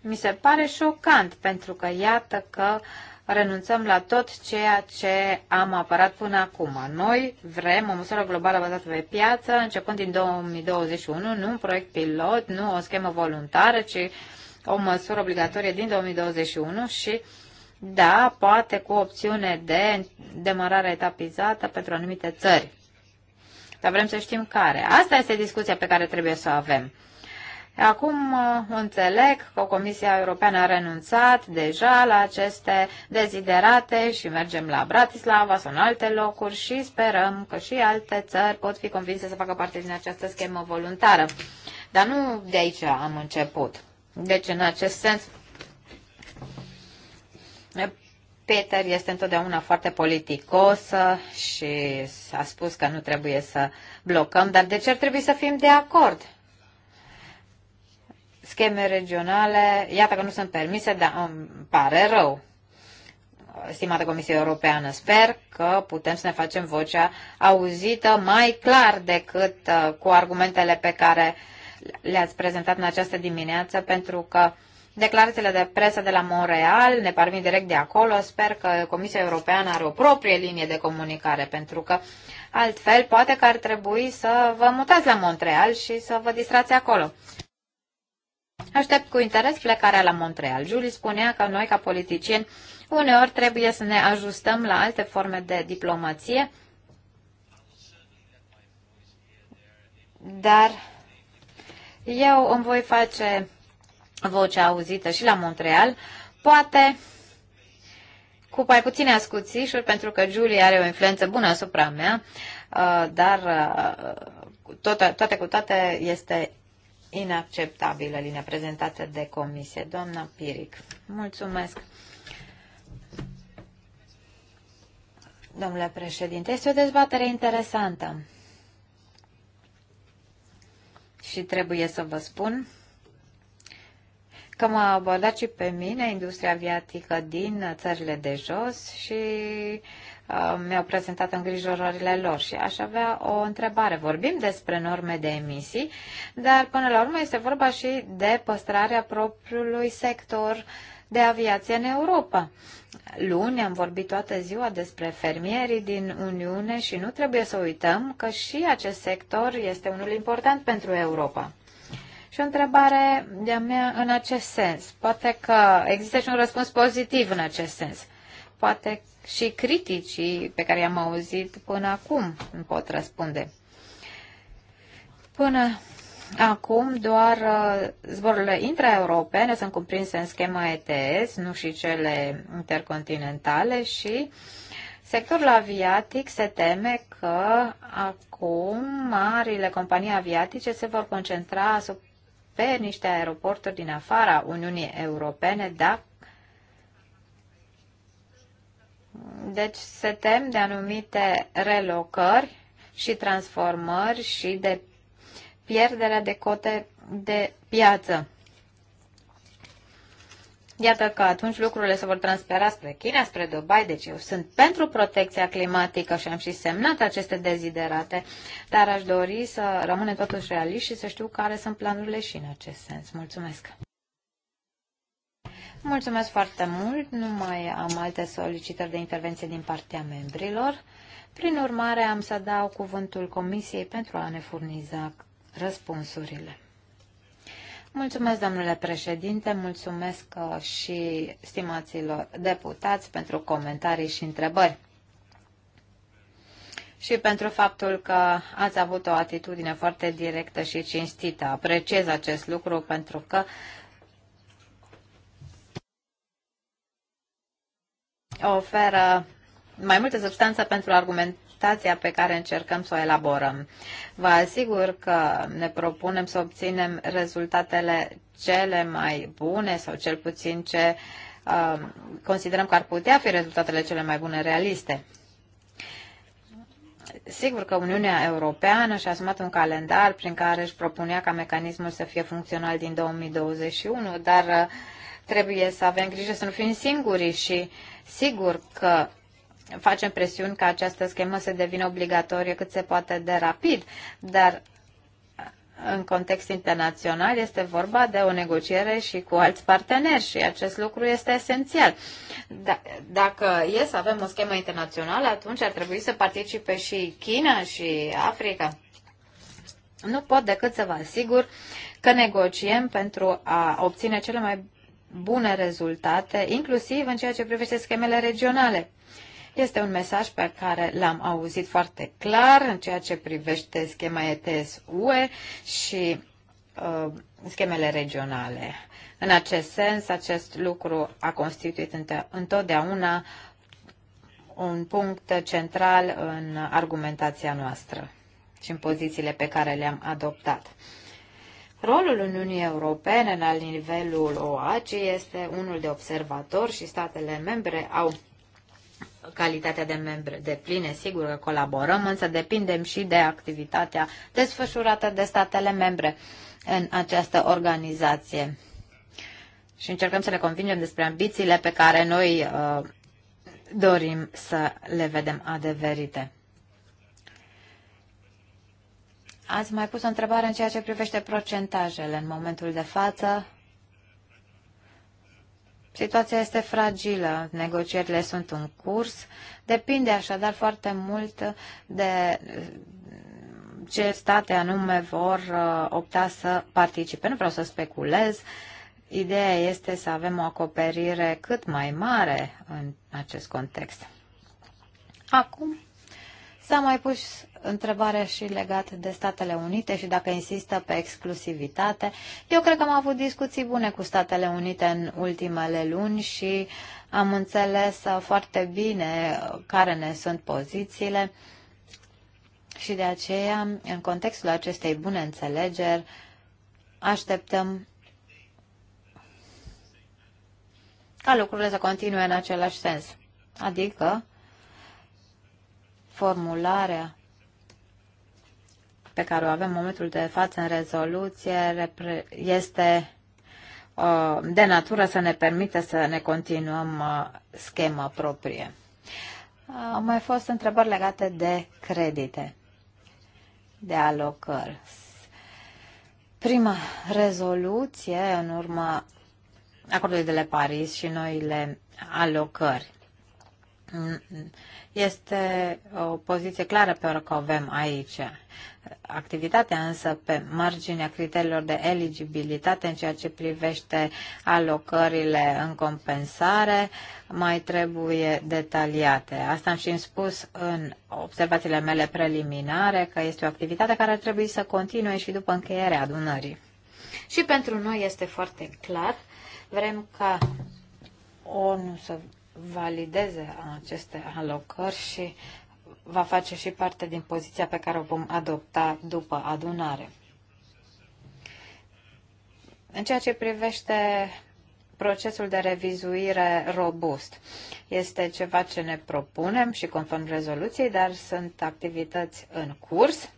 Mi se pare șocant, pentru că iată că renunțăm la tot ceea ce am apărat până acum. Noi vrem o măsură globală bazată pe piață, începând din 2021, nu un proiect pilot, nu o schemă voluntară, ci o măsură obligatorie din 2021 și da, poate cu opțiune de demarare etapizată pentru anumite țări. Dar vrem să știm care. Asta este discuția pe care trebuie să o avem. Acum uh, înțeleg că Comisia Europeană a renunțat deja la aceste deziderate și mergem la Bratislava sau în alte locuri și sperăm că și alte țări pot fi convinse să facă parte din această schemă voluntară. Dar nu de aici am început. Deci, în acest sens, Peter este întotdeauna foarte politicos uh, și a spus că nu trebuie să blocăm, dar de ce ar trebui să fim de acord? Scheme regionale, iată că nu sunt permise, dar îmi pare rău. Stimată Comisie Europeană, sper că putem să ne facem vocea auzită mai clar decât uh, cu argumentele pe care le-ați prezentat în această dimineață, pentru că Declarațiile de presă de la Montreal ne parvin direct de acolo. Sper că Comisia Europeană are o proprie linie de comunicare, pentru că altfel poate că ar trebui să vă mutați la Montreal și să vă distrați acolo. Aștept cu interes plecarea la Montreal. Julie spunea că noi, ca politicieni, uneori trebuie să ne ajustăm la alte forme de diplomație, dar eu îmi voi face vocea auzită și la Montreal, poate cu mai puține ascuțișuri, pentru că Julie are o influență bună asupra mea, uh, dar uh, toate, toate cu toate este inacceptabilă linia prezentată de comisie. Doamna Piric, mulțumesc. Domnule președinte, este o dezbatere interesantă. Și trebuie să vă spun că m-a abordat și pe mine industria aviatică din țările de jos și uh, mi-au prezentat îngrijorările lor și aș avea o întrebare. Vorbim despre norme de emisii, dar până la urmă este vorba și de păstrarea propriului sector de aviație în Europa. Luni am vorbit toată ziua despre fermierii din Uniune și nu trebuie să uităm că și acest sector este unul important pentru Europa. Și o întrebare de-a mea în acest sens. Poate că există și un răspuns pozitiv în acest sens. Poate și criticii pe care i-am auzit până acum îmi pot răspunde. Până acum doar uh, zborurile intraeuropene sunt cuprinse în schema ETS, nu și cele intercontinentale și sectorul aviatic se teme că acum marile companii aviatice se vor concentra asupra pe niște aeroporturi din afara Uniunii Europene, da? Deci se tem de anumite relocări și transformări și de pierderea de cote de piață. Iată că atunci lucrurile se vor transfera spre China, spre Dubai, deci eu sunt pentru protecția climatică și am și semnat aceste deziderate, dar aș dori să rămâne totuși realiști și să știu care sunt planurile și în acest sens. Mulțumesc! Mulțumesc foarte mult, nu mai am alte solicitări de intervenție din partea membrilor. Prin urmare, am să dau cuvântul Comisiei pentru a ne furniza răspunsurile. Mulțumesc, domnule președinte, mulțumesc uh, și stimaților deputați pentru comentarii și întrebări și pentru faptul că ați avut o atitudine foarte directă și cinstită. Apreciez acest lucru pentru că oferă mai multă substanță pentru argument legislația pe care încercăm să o elaborăm. Vă asigur că ne propunem să obținem rezultatele cele mai bune sau cel puțin ce uh, considerăm că ar putea fi rezultatele cele mai bune realiste. Sigur că Uniunea Europeană și-a asumat un calendar prin care își propunea ca mecanismul să fie funcțional din 2021, dar uh, trebuie să avem grijă să nu fim singuri și sigur că facem presiuni ca această schemă să devină obligatorie cât se poate de rapid, dar în context internațional este vorba de o negociere și cu alți parteneri și acest lucru este esențial. D- da, dacă e să avem o schemă internațională, atunci ar trebui să participe și China și Africa. Nu pot decât să vă asigur că negociem pentru a obține cele mai bune rezultate, inclusiv în ceea ce privește schemele regionale. Este un mesaj pe care l-am auzit foarte clar în ceea ce privește schema ETS-UE și uh, schemele regionale. În acest sens, acest lucru a constituit întotdeauna un punct central în argumentația noastră și în pozițiile pe care le-am adoptat. Rolul Uniunii Europene la nivelul OACI este unul de observator și statele membre au calitatea de membre de pline, sigur că colaborăm, însă depindem și de activitatea desfășurată de statele membre în această organizație. Și încercăm să le convingem despre ambițiile pe care noi uh, dorim să le vedem adeverite. Ați mai pus o întrebare în ceea ce privește procentajele. În momentul de față, Situația este fragilă, negocierile sunt în curs, depinde așadar foarte mult de ce state anume vor uh, opta să participe. Nu vreau să speculez, ideea este să avem o acoperire cât mai mare în acest context. Acum s-a mai pus întrebare și legat de Statele Unite și dacă insistă pe exclusivitate. Eu cred că am avut discuții bune cu Statele Unite în ultimele luni și am înțeles foarte bine care ne sunt pozițiile și de aceea, în contextul acestei bune înțelegeri, așteptăm ca lucrurile să continue în același sens. Adică, formularea pe care o avem în momentul de față în rezoluție este uh, de natură să ne permite să ne continuăm uh, schema proprie. Uh, au mai fost întrebări legate de credite, de alocări. Prima rezoluție în urma acordului de la Paris și noile alocări. Este o poziție clară pe care o avem aici. Activitatea însă pe marginea criteriilor de eligibilitate în ceea ce privește alocările în compensare mai trebuie detaliate. Asta am și spus în observațiile mele preliminare că este o activitate care ar trebui să continue și după încheierea adunării. Și pentru noi este foarte clar. Vrem ca ONU să valideze aceste alocări și va face și parte din poziția pe care o vom adopta după adunare. În ceea ce privește procesul de revizuire robust, este ceva ce ne propunem și conform rezoluției, dar sunt activități în curs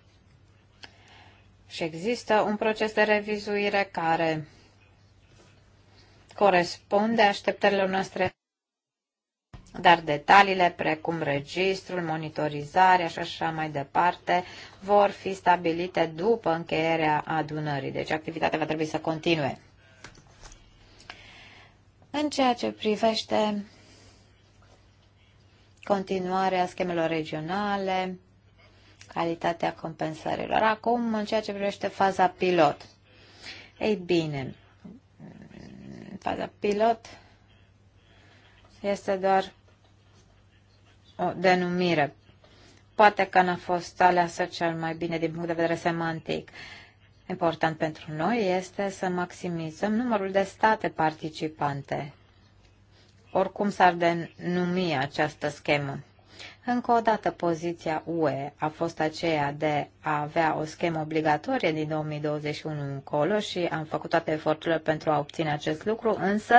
și există un proces de revizuire care corespunde așteptărilor noastre dar detaliile precum registrul, monitorizarea și așa mai departe vor fi stabilite după încheierea adunării. Deci activitatea va trebui să continue. În ceea ce privește continuarea schemelor regionale, calitatea compensărilor. Acum, în ceea ce privește faza pilot. Ei bine, faza pilot este doar o denumire. Poate că n-a fost aleasă cel mai bine din punct de vedere semantic. Important pentru noi este să maximizăm numărul de state participante, oricum s-ar denumi această schemă. Încă o dată, poziția UE a fost aceea de a avea o schemă obligatorie din 2021 încolo și am făcut toate eforturile pentru a obține acest lucru, însă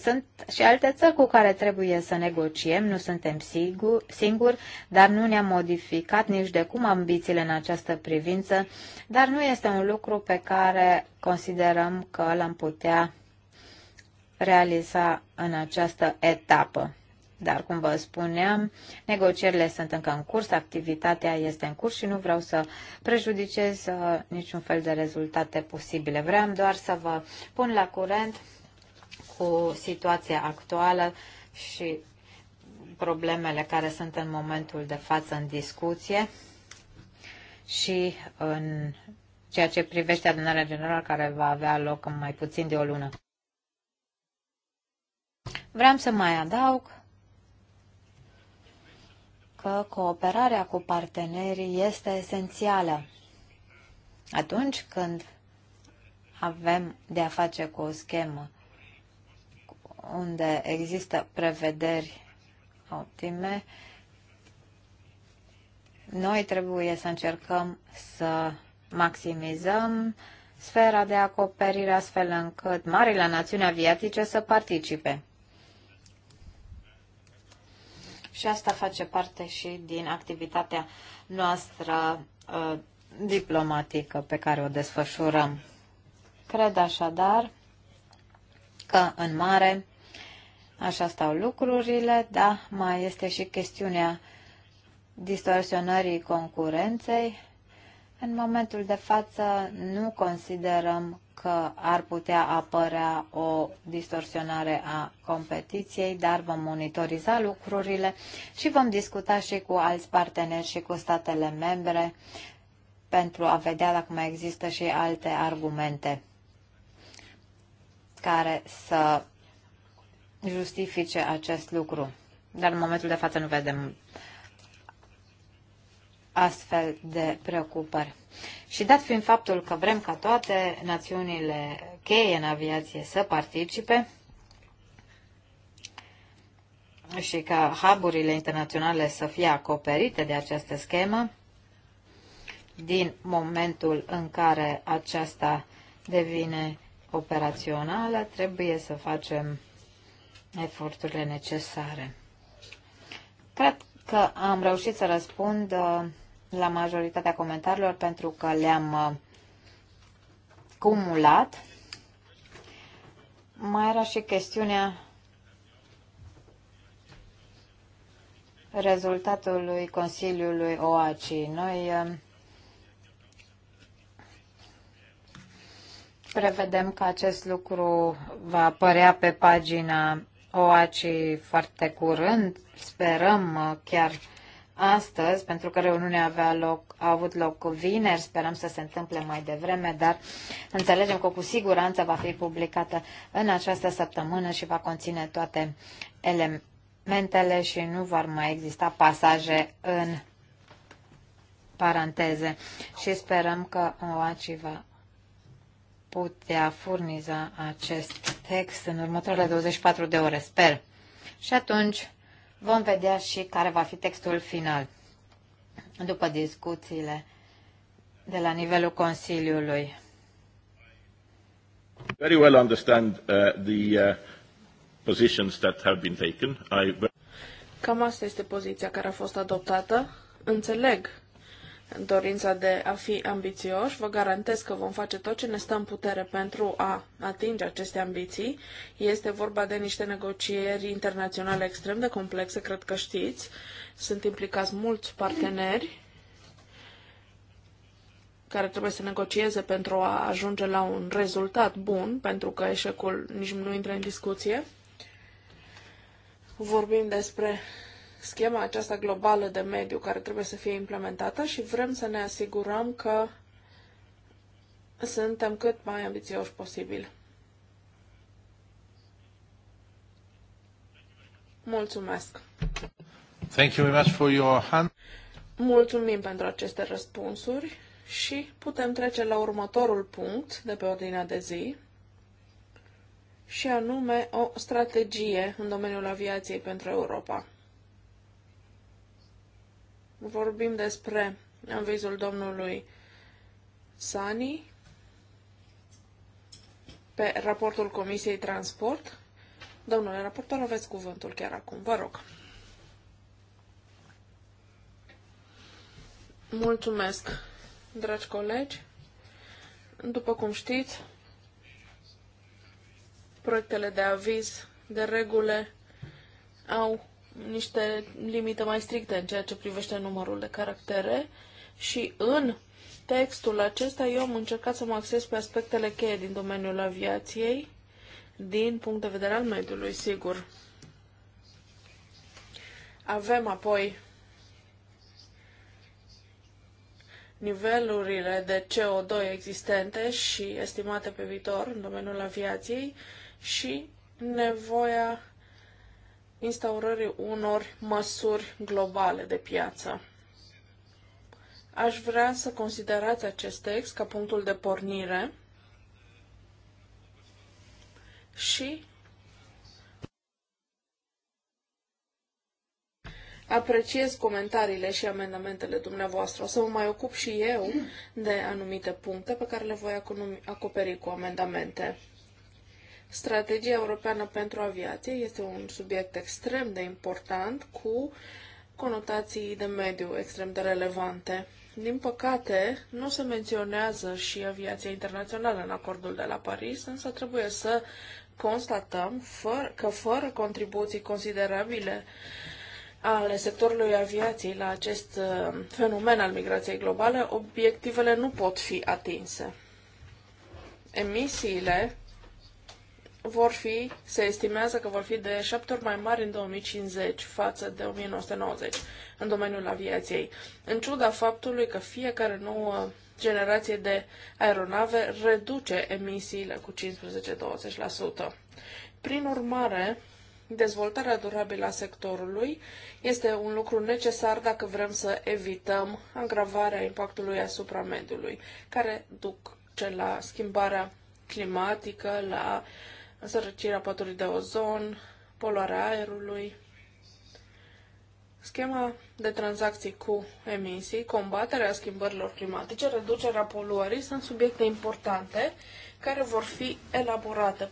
sunt și alte țări cu care trebuie să negociem, nu suntem sigur, singuri, dar nu ne-am modificat nici de cum ambițiile în această privință, dar nu este un lucru pe care considerăm că l-am putea realiza în această etapă. Dar, cum vă spuneam, negocierile sunt încă în curs, activitatea este în curs și nu vreau să prejudicez uh, niciun fel de rezultate posibile. Vreau doar să vă pun la curent cu situația actuală și problemele care sunt în momentul de față în discuție și în ceea ce privește adunarea generală care va avea loc în mai puțin de o lună. Vreau să mai adaug că cooperarea cu partenerii este esențială atunci când avem de a face cu o schemă unde există prevederi optime, noi trebuie să încercăm să maximizăm sfera de acoperire astfel încât marile națiuni aviatice să participe. Și asta face parte și din activitatea noastră uh, diplomatică pe care o desfășurăm. Cred așadar că, în mare, Așa stau lucrurile, dar mai este și chestiunea distorsionării concurenței. În momentul de față nu considerăm că ar putea apărea o distorsionare a competiției, dar vom monitoriza lucrurile și vom discuta și cu alți parteneri și cu statele membre pentru a vedea dacă mai există și alte argumente care să justifice acest lucru. Dar în momentul de față nu vedem astfel de preocupări. Și dat fiind faptul că vrem ca toate națiunile cheie în aviație să participe și ca haburile internaționale să fie acoperite de această schemă, din momentul în care aceasta devine operațională, trebuie să facem eforturile necesare. Cred că am reușit să răspund uh, la majoritatea comentariilor pentru că le-am uh, cumulat. Mai era și chestiunea rezultatului Consiliului OACI. Noi uh, prevedem că acest lucru va apărea pe pagina OACI foarte curând, sperăm uh, chiar astăzi, pentru că reuniunea avea loc, a avut loc vineri, sperăm să se întâmple mai devreme, dar înțelegem că cu siguranță va fi publicată în această săptămână și va conține toate elementele și nu vor mai exista pasaje în paranteze. Și sperăm că OACI va putea furniza acest text în următoarele 24 de ore, sper. Și atunci vom vedea și care va fi textul final. După discuțiile de la nivelul Consiliului. Very well understand uh, the uh, positions that have been taken. I... Cam asta este poziția care a fost adoptată. Înțeleg dorința de a fi ambițioși. Vă garantez că vom face tot ce ne stă în putere pentru a atinge aceste ambiții. Este vorba de niște negocieri internaționale extrem de complexe, cred că știți. Sunt implicați mulți parteneri care trebuie să negocieze pentru a ajunge la un rezultat bun, pentru că eșecul nici nu intră în discuție. Vorbim despre schema aceasta globală de mediu care trebuie să fie implementată și vrem să ne asigurăm că suntem cât mai ambițioși posibil. Mulțumesc! Thank you very much for your hand. Mulțumim pentru aceste răspunsuri și putem trece la următorul punct de pe ordinea de zi, și anume o strategie în domeniul aviației pentru Europa. Vorbim despre avizul domnului Sani pe raportul Comisiei Transport. Domnule raportor, aveți cuvântul chiar acum. Vă rog. Mulțumesc, dragi colegi. După cum știți, proiectele de aviz, de regulă, au niște limite mai stricte în ceea ce privește numărul de caractere și în textul acesta eu am încercat să mă acces pe aspectele cheie din domeniul aviației, din punct de vedere al mediului, sigur. Avem apoi nivelurile de CO2 existente și estimate pe viitor în domeniul aviației și nevoia instaurării unor măsuri globale de piață. Aș vrea să considerați acest text ca punctul de pornire și apreciez comentariile și amendamentele dumneavoastră. O să mă mai ocup și eu de anumite puncte pe care le voi acoperi cu amendamente. Strategia europeană pentru aviație este un subiect extrem de important cu conotații de mediu extrem de relevante. Din păcate, nu se menționează și aviația internațională în acordul de la Paris, însă trebuie să constatăm că fără contribuții considerabile ale sectorului aviației la acest uh, fenomen al migrației globale, obiectivele nu pot fi atinse. Emisiile vor fi, se estimează că vor fi de șapte ori mai mari în 2050 față de 1990 în domeniul aviației, în ciuda faptului că fiecare nouă generație de aeronave reduce emisiile cu 15-20%. Prin urmare, dezvoltarea durabilă a sectorului este un lucru necesar dacă vrem să evităm agravarea impactului asupra mediului, care duc la schimbarea climatică, la uh, sărăcirea pătului de ozon, poluarea aerului. Schema de tranzacții cu emisii, combaterea schimbărilor climatice, reducerea poluării sunt subiecte importante care vor fi elaborate,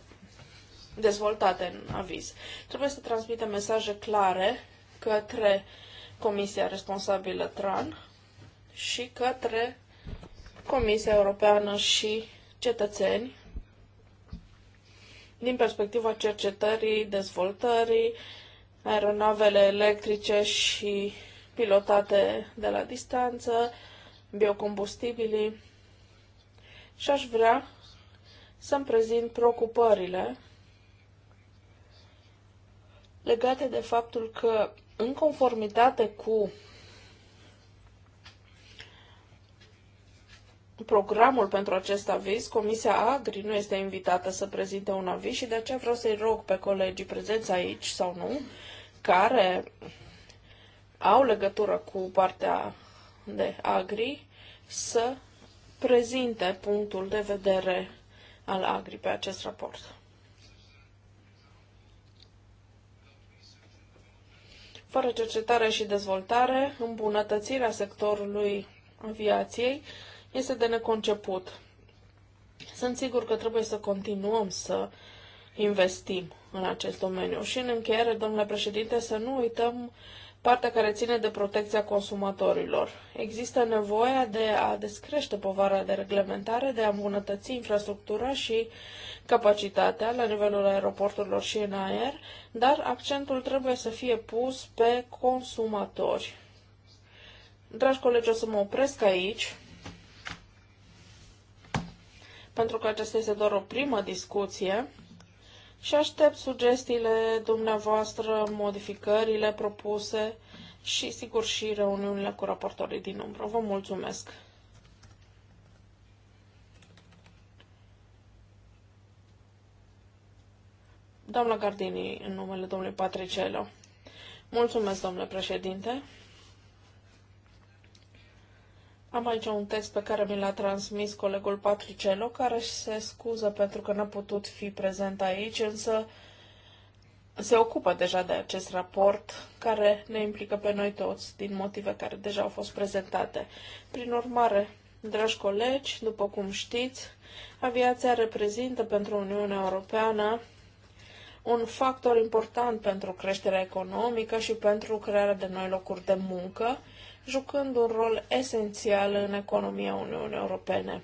dezvoltate în aviz. Trebuie să transmite mesaje clare către Comisia responsabilă TRAN și către Comisia Europeană și cetățeni din perspectiva cercetării, dezvoltării, aeronavele electrice și pilotate de la distanță, biocombustibilii. Și aș vrea să-mi prezint preocupările legate de faptul că, în conformitate cu programul pentru acest aviz, Comisia Agri nu este invitată să prezinte un aviz și de aceea vreau să-i rog pe colegii prezenți aici sau nu, care au legătură cu partea de Agri, să prezinte punctul de vedere al Agri pe acest raport. Fără cercetare și dezvoltare, îmbunătățirea sectorului aviației este de neconceput. Sunt sigur că trebuie să continuăm să investim în acest domeniu. Și în încheiere, domnule președinte, să nu uităm partea care ține de protecția consumatorilor. Există nevoia de a descrește povara de reglementare, de a îmbunătăți infrastructura și capacitatea la nivelul aeroporturilor și în aer, dar accentul trebuie să fie pus pe consumatori. Dragi colegi, o să mă opresc aici pentru că aceasta este doar o primă discuție și aștept sugestiile dumneavoastră, modificările propuse și, sigur, și reuniunile cu raportorii din umbră. Vă mulțumesc! Doamna Gardini, în numele domnului Patricello. Mulțumesc, domnule președinte. Am aici un text pe care mi l-a transmis colegul Patricello, care se scuză pentru că n-a putut fi prezent aici, însă se ocupă deja de acest raport care ne implică pe noi toți din motive care deja au fost prezentate. Prin urmare, dragi colegi, după cum știți, aviația reprezintă pentru Uniunea Europeană un factor important pentru creșterea economică și pentru crearea de noi locuri de muncă, jucând un rol esențial în economia Uniunii Europene.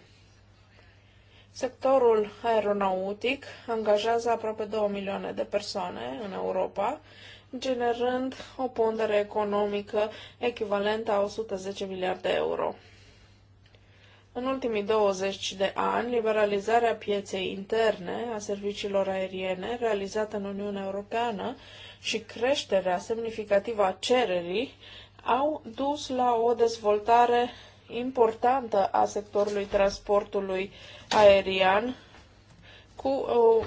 Sectorul aeronautic angajează aproape 2 milioane de persoane în Europa, generând o pondere economică echivalentă a 110 miliarde de euro. În ultimii 20 de ani, liberalizarea pieței interne a serviciilor aeriene realizată în Uniunea Europeană și creșterea semnificativă a cererii au dus la o dezvoltare importantă a sectorului transportului aerian cu uh,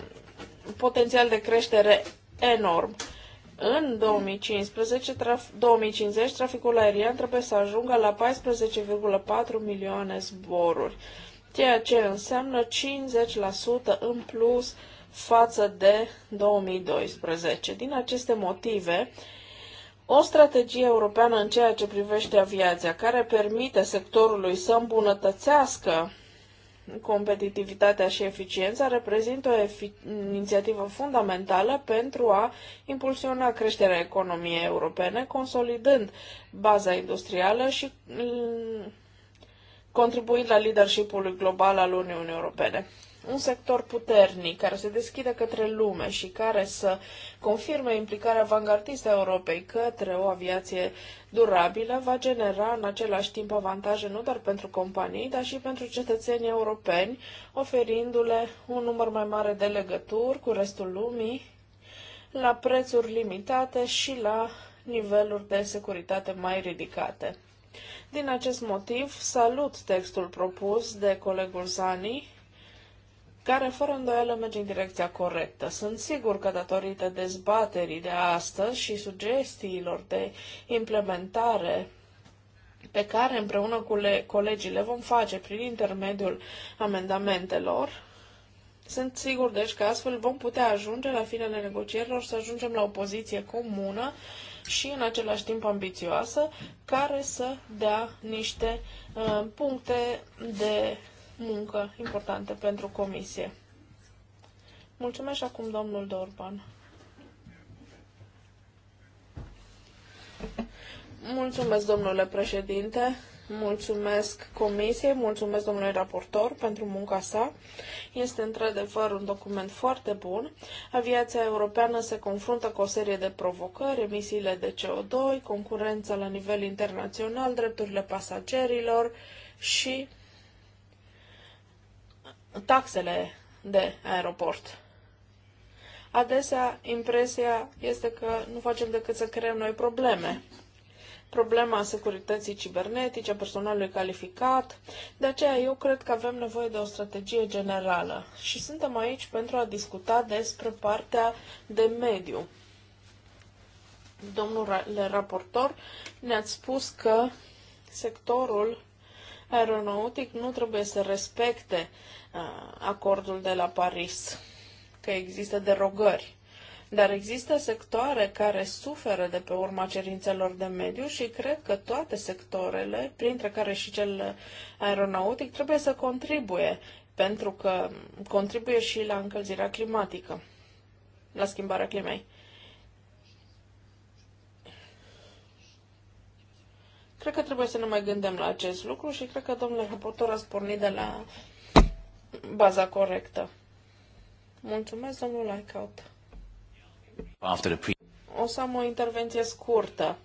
un potențial de creștere enorm. În 2015, traf, 2050, traficul aerian trebuie să ajungă la 14,4 milioane zboruri, ceea ce înseamnă 50% în plus față de 2012. Din aceste motive, o strategie europeană în ceea ce privește aviația, care permite sectorului să îmbunătățească competitivitatea și eficiența reprezintă o efic- inițiativă fundamentală pentru a impulsiona creșterea economiei europene, consolidând baza industrială și mm, contribuind la leadership global al Uniunii Europene un sector puternic care se deschide către lume și care să confirme implicarea avangardistă a Europei către o aviație durabilă va genera în același timp avantaje nu doar pentru companii, dar și pentru cetățenii europeni, oferindu-le un număr mai mare de legături cu restul lumii, la prețuri limitate și la niveluri de securitate mai ridicate. Din acest motiv, salut textul propus de colegul Zani care fără îndoială merge în direcția corectă. Sunt sigur că datorită dezbaterii de astăzi și sugestiilor de implementare pe care împreună cu le, colegii le vom face prin intermediul amendamentelor, sunt sigur deci că astfel vom putea ajunge la finele negocierilor să ajungem la o poziție comună și în același timp ambițioasă, care să dea niște uh, puncte de muncă importantă pentru comisie. Mulțumesc acum domnul Dorban. Mulțumesc, domnule președinte. Mulțumesc comisiei, mulțumesc domnului raportor pentru munca sa. Este într-adevăr un document foarte bun. Aviația europeană se confruntă cu o serie de provocări, emisiile de CO2, concurența la nivel internațional, drepturile pasagerilor și taxele de aeroport. Adesea, impresia este că nu facem decât să creăm noi probleme. Problema securității cibernetice, a personalului calificat. De aceea, eu cred că avem nevoie de o strategie generală. Și suntem aici pentru a discuta despre partea de mediu. Domnule raportor, ne-ați spus că sectorul aeronautic nu trebuie să respecte uh, acordul de la Paris, că există derogări. Dar există sectoare care suferă de pe urma cerințelor de mediu și cred că toate sectoarele, printre care și cel aeronautic, trebuie să contribuie, pentru că contribuie și la încălzirea climatică, la schimbarea climei. Cred că trebuie să ne mai gândim la acest lucru și cred că domnul raportor a spornit de la baza corectă. Mulțumesc, domnul Laicaut. O să am o intervenție scurtă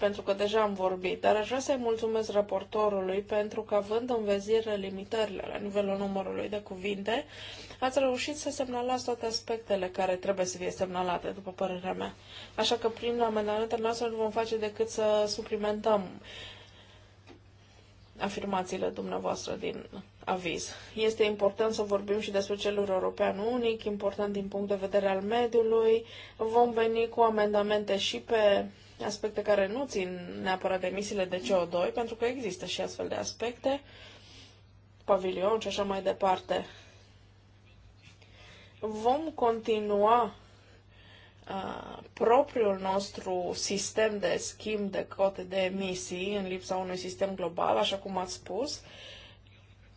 pentru că deja am vorbit, dar aș vrea să-i mulțumesc raportorului pentru că, având în vezire limitările la nivelul numărului de cuvinte, ați reușit să semnalați toate aspectele care trebuie să fie semnalate, după părerea mea. Așa că, prin amendamentele noastre, nu vom face decât să suplimentăm afirmațiile dumneavoastră din aviz. Este important să vorbim și despre celul european unic, important din punct de vedere al mediului. Vom veni cu amendamente și pe aspecte care nu țin neapărat de emisiile de CO2, pentru că există și astfel de aspecte, pavilion și așa mai departe. Vom continua propriul nostru sistem de schimb de cote de emisii în lipsa unui sistem global, așa cum ați spus,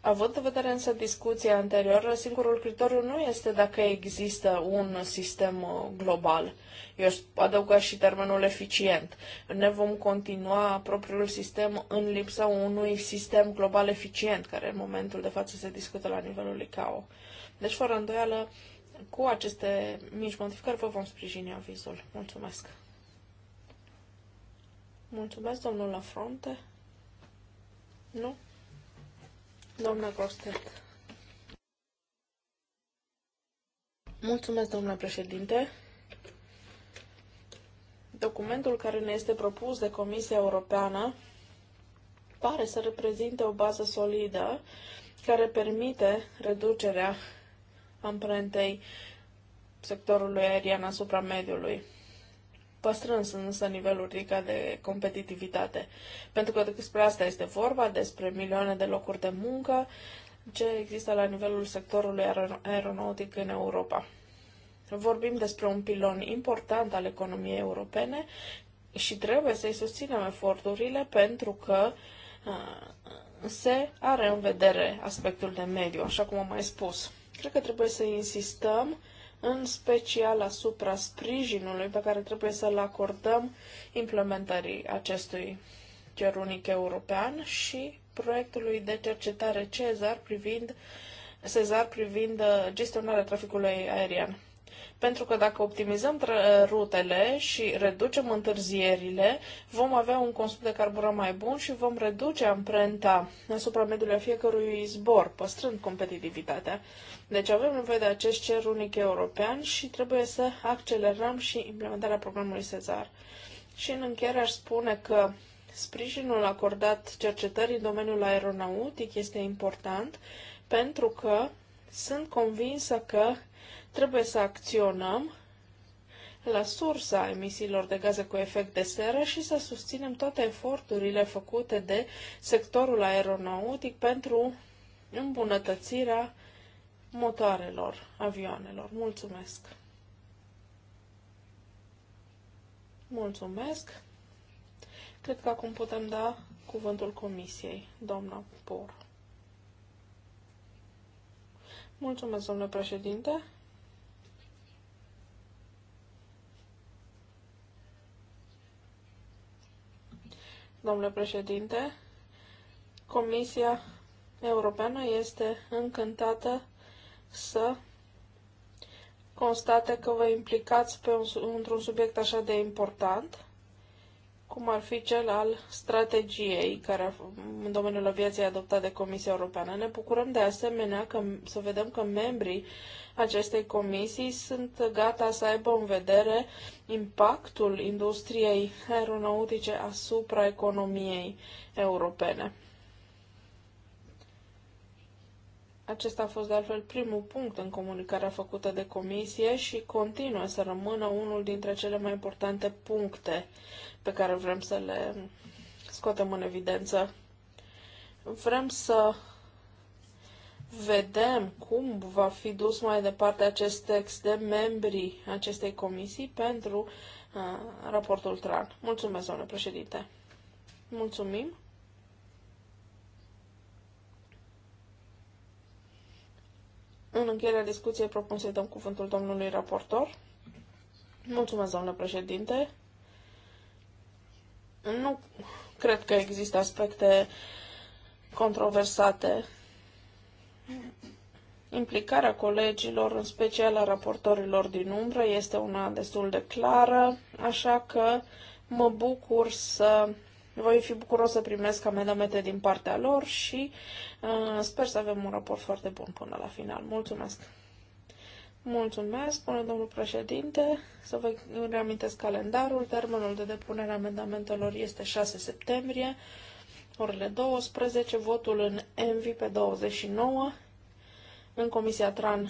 Având în vedere însă discuția anterioară, singurul criteriu nu este dacă există un sistem uh, global. Eu adăugă și termenul eficient. Ne vom continua propriul sistem în lipsa unui sistem global eficient, care în momentul de față se discută la nivelul ICAO. Deci, fără îndoială, cu aceste mici modificări vă vom sprijini avizul. Mulțumesc! Mulțumesc, domnul Lafronte. Nu? Doamna Costet. Mulțumesc, domnule președinte. Documentul care ne este propus de Comisia Europeană pare să reprezinte o bază solidă care permite reducerea amprentei sectorului aerian asupra mediului păstrând însă nivelul ridicat de competitivitate. Pentru că despre asta este vorba, despre milioane de locuri de muncă ce există la nivelul sectorului aeronautic în Europa. Vorbim despre un pilon important al economiei europene și trebuie să-i susținem eforturile pentru că se are în vedere aspectul de mediu, așa cum am mai spus. Cred că trebuie să insistăm în special asupra sprijinului pe care trebuie să-l acordăm implementării acestui cer unic european și proiectului de cercetare Cezar privind Cezar privind uh, gestionarea traficului aerian pentru că dacă optimizăm rutele și reducem întârzierile, vom avea un consum de carburant mai bun și vom reduce amprenta asupra mediului a fiecărui zbor, păstrând competitivitatea. Deci avem nevoie de acest cer unic european și trebuie să accelerăm și implementarea programului Cezar. Și în încheiere aș spune că sprijinul acordat cercetării în domeniul aeronautic este important pentru că sunt convinsă că Trebuie să acționăm la sursa emisiilor de gaze cu efect de seră și să susținem toate eforturile făcute de sectorul aeronautic pentru îmbunătățirea motoarelor avioanelor. Mulțumesc! Mulțumesc! Cred că acum putem da cuvântul comisiei, doamna Por. Mulțumesc, domnule președinte. domnule președinte. Comisia Europeană este încântată să constate că vă implicați pe un, într-un subiect așa de important, cum ar fi cel al strategiei care în domeniul aviației adoptat de Comisia Europeană. Ne bucurăm de asemenea că, să vedem că membrii acestei comisii sunt gata să aibă în vedere impactul industriei aeronautice asupra economiei europene. Acesta a fost de altfel primul punct în comunicarea făcută de comisie și continuă să rămână unul dintre cele mai importante puncte pe care vrem să le scoatem în evidență. Vrem să vedem cum va fi dus mai departe acest text de membrii acestei comisii pentru uh, raportul TRAN. Mulțumesc, domnule președinte. Mulțumim. În încheierea discuției propun să-i dăm cuvântul domnului raportor. Mulțumesc, domnule președinte. Nu cred că există aspecte controversate Implicarea colegilor, în special a raportorilor din umbră, este una destul de clară, așa că mă bucur să voi fi bucuros să primesc amendamente din partea lor și uh, sper să avem un raport foarte bun până la final. Mulțumesc! Mulțumesc, spune domnul președinte. Să vă reamintesc calendarul. Termenul de depunere a amendamentelor este 6 septembrie orele 12, votul în Envi pe 29, în Comisia Tran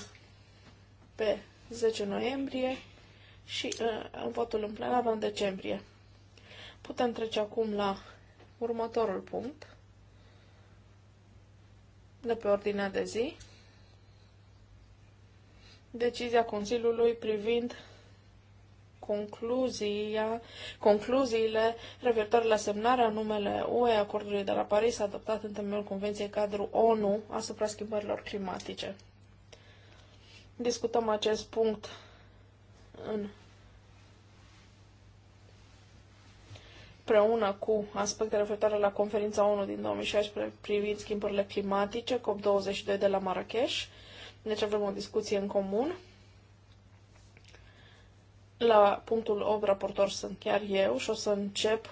pe 10 noiembrie și uh, în votul în plenar în decembrie. Putem trece acum la următorul punct de pe ordinea de zi. Decizia Consiliului privind concluzia, concluziile referitoare la semnarea numele UE acordului de la Paris adoptat în temeiul Convenției Cadru ONU asupra schimbărilor climatice. Discutăm acest punct în preună cu aspecte referitoare la conferința ONU din 2016 privind schimbările climatice, COP22 de la Marrakesh. Deci avem o discuție în comun la punctul 8 raportor sunt chiar eu și o să încep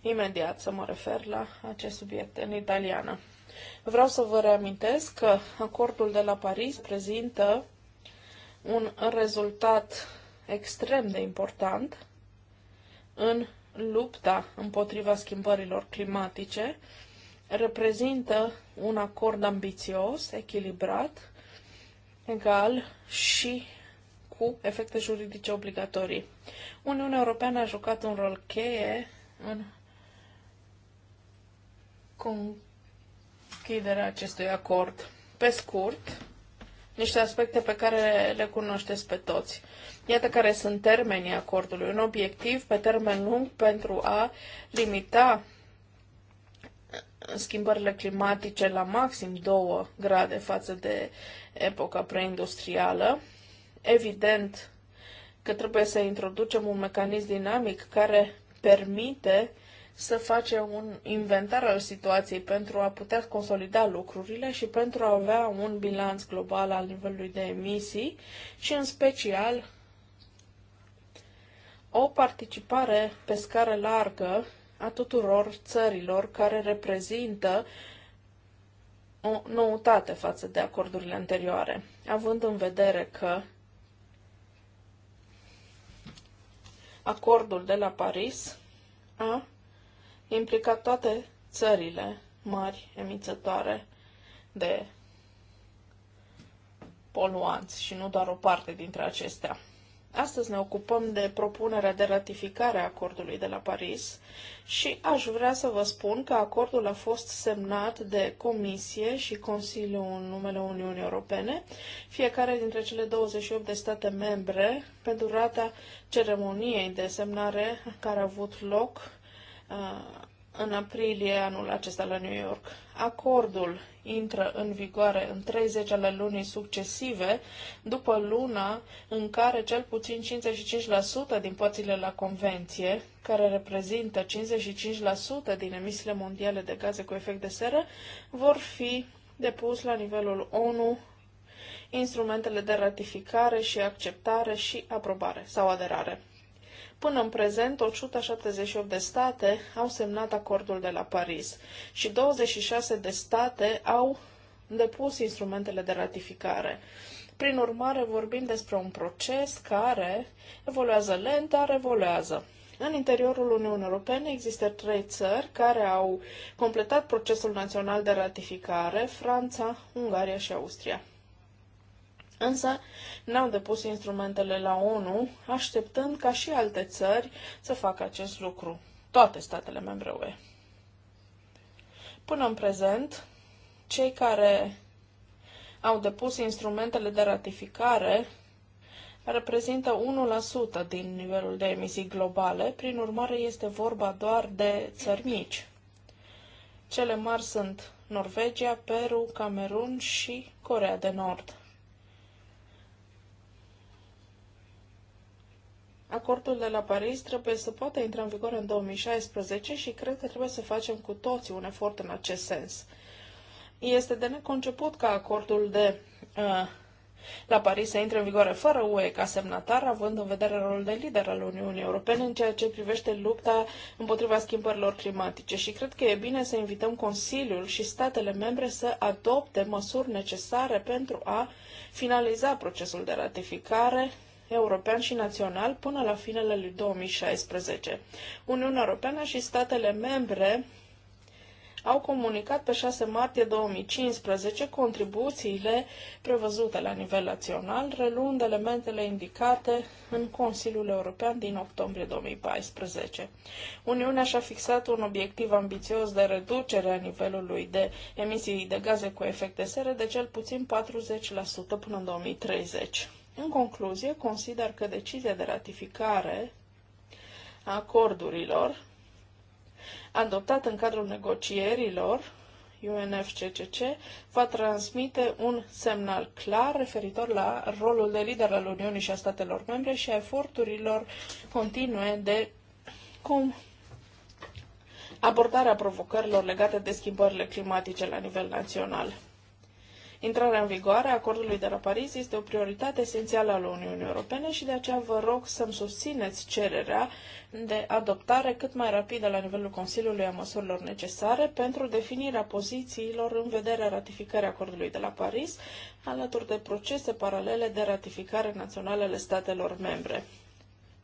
imediat să mă refer la acest subiect în italiană. Vreau să vă reamintesc că acordul de la Paris prezintă un rezultat extrem de important în lupta împotriva schimbărilor climatice, reprezintă un acord ambițios, echilibrat, egal și cu efecte juridice obligatorii. Uniunea Europeană a jucat un rol cheie în conchiderea acestui acord. Pe scurt, niște aspecte pe care le cunoșteți pe toți. Iată care sunt termenii acordului. Un obiectiv pe termen lung pentru a limita schimbările climatice la maxim 2 grade față de epoca preindustrială. Evident că trebuie să introducem un mecanism dinamic care permite să facem un inventar al situației pentru a putea consolida lucrurile și pentru a avea un bilanț global al nivelului de emisii și, în special, o participare pe scară largă a tuturor țărilor care reprezintă o noutate față de acordurile anterioare, având în vedere că Acordul de la Paris a implicat toate țările mari emițătoare de poluanți și nu doar o parte dintre acestea. Astăzi ne ocupăm de propunerea de ratificare a acordului de la Paris și aș vrea să vă spun că acordul a fost semnat de Comisie și Consiliul în numele Uniunii Europene, fiecare dintre cele 28 de state membre, pe durata ceremoniei de semnare care a avut loc uh, în aprilie anul acesta la New York. Acordul intră în vigoare în 30 ale lunii succesive, după luna în care cel puțin 55% din părțile la convenție, care reprezintă 55% din emisiile mondiale de gaze cu efect de seră, vor fi depus la nivelul ONU instrumentele de ratificare și acceptare și aprobare sau aderare. Până în prezent, 178 de state au semnat acordul de la Paris și 26 de state au depus instrumentele de ratificare. Prin urmare, vorbim despre un proces care evoluează lent, dar evoluează. În interiorul Uniunii Europene există trei țări care au completat procesul național de ratificare, Franța, Ungaria și Austria. Însă n-au depus instrumentele la ONU, așteptând ca și alte țări să facă acest lucru, toate statele membre UE. Până în prezent, cei care au depus instrumentele de ratificare reprezintă 1% din nivelul de emisii globale, prin urmare este vorba doar de țări mici. Cele mari sunt Norvegia, Peru, Camerun și Corea de Nord. Acordul de la Paris trebuie să poată intra în vigoare în 2016 și cred că trebuie să facem cu toții un efort în acest sens. Este de neconceput ca acordul de uh, la Paris să intre în vigoare fără UE ca semnatar, având în vedere rolul de lider al Uniunii Europene în ceea ce privește lupta împotriva schimbărilor climatice. Și cred că e bine să invităm Consiliul și statele membre să adopte măsuri necesare pentru a finaliza procesul de ratificare european și național până la finele lui 2016. Uniunea Europeană și statele membre au comunicat pe 6 martie 2015 contribuțiile prevăzute la nivel național, reluând elementele indicate în Consiliul European din octombrie 2014. Uniunea și-a fixat un obiectiv ambițios de reducere a nivelului de emisii de gaze cu efect de seră de cel puțin 40% până în 2030. În concluzie, consider că decizia de ratificare a acordurilor adoptată în cadrul negocierilor UNFCCC va transmite un semnal clar referitor la rolul de lider al Uniunii și a statelor membre și a eforturilor continue de cum abordarea provocărilor legate de schimbările climatice la nivel național. Intrarea în vigoare a acordului de la Paris este o prioritate esențială a Uniunii Europene și de aceea vă rog să-mi susțineți cererea de adoptare cât mai rapidă la nivelul Consiliului a măsurilor necesare pentru definirea pozițiilor în vederea ratificării acordului de la Paris, alături de procese paralele de ratificare naționale ale statelor membre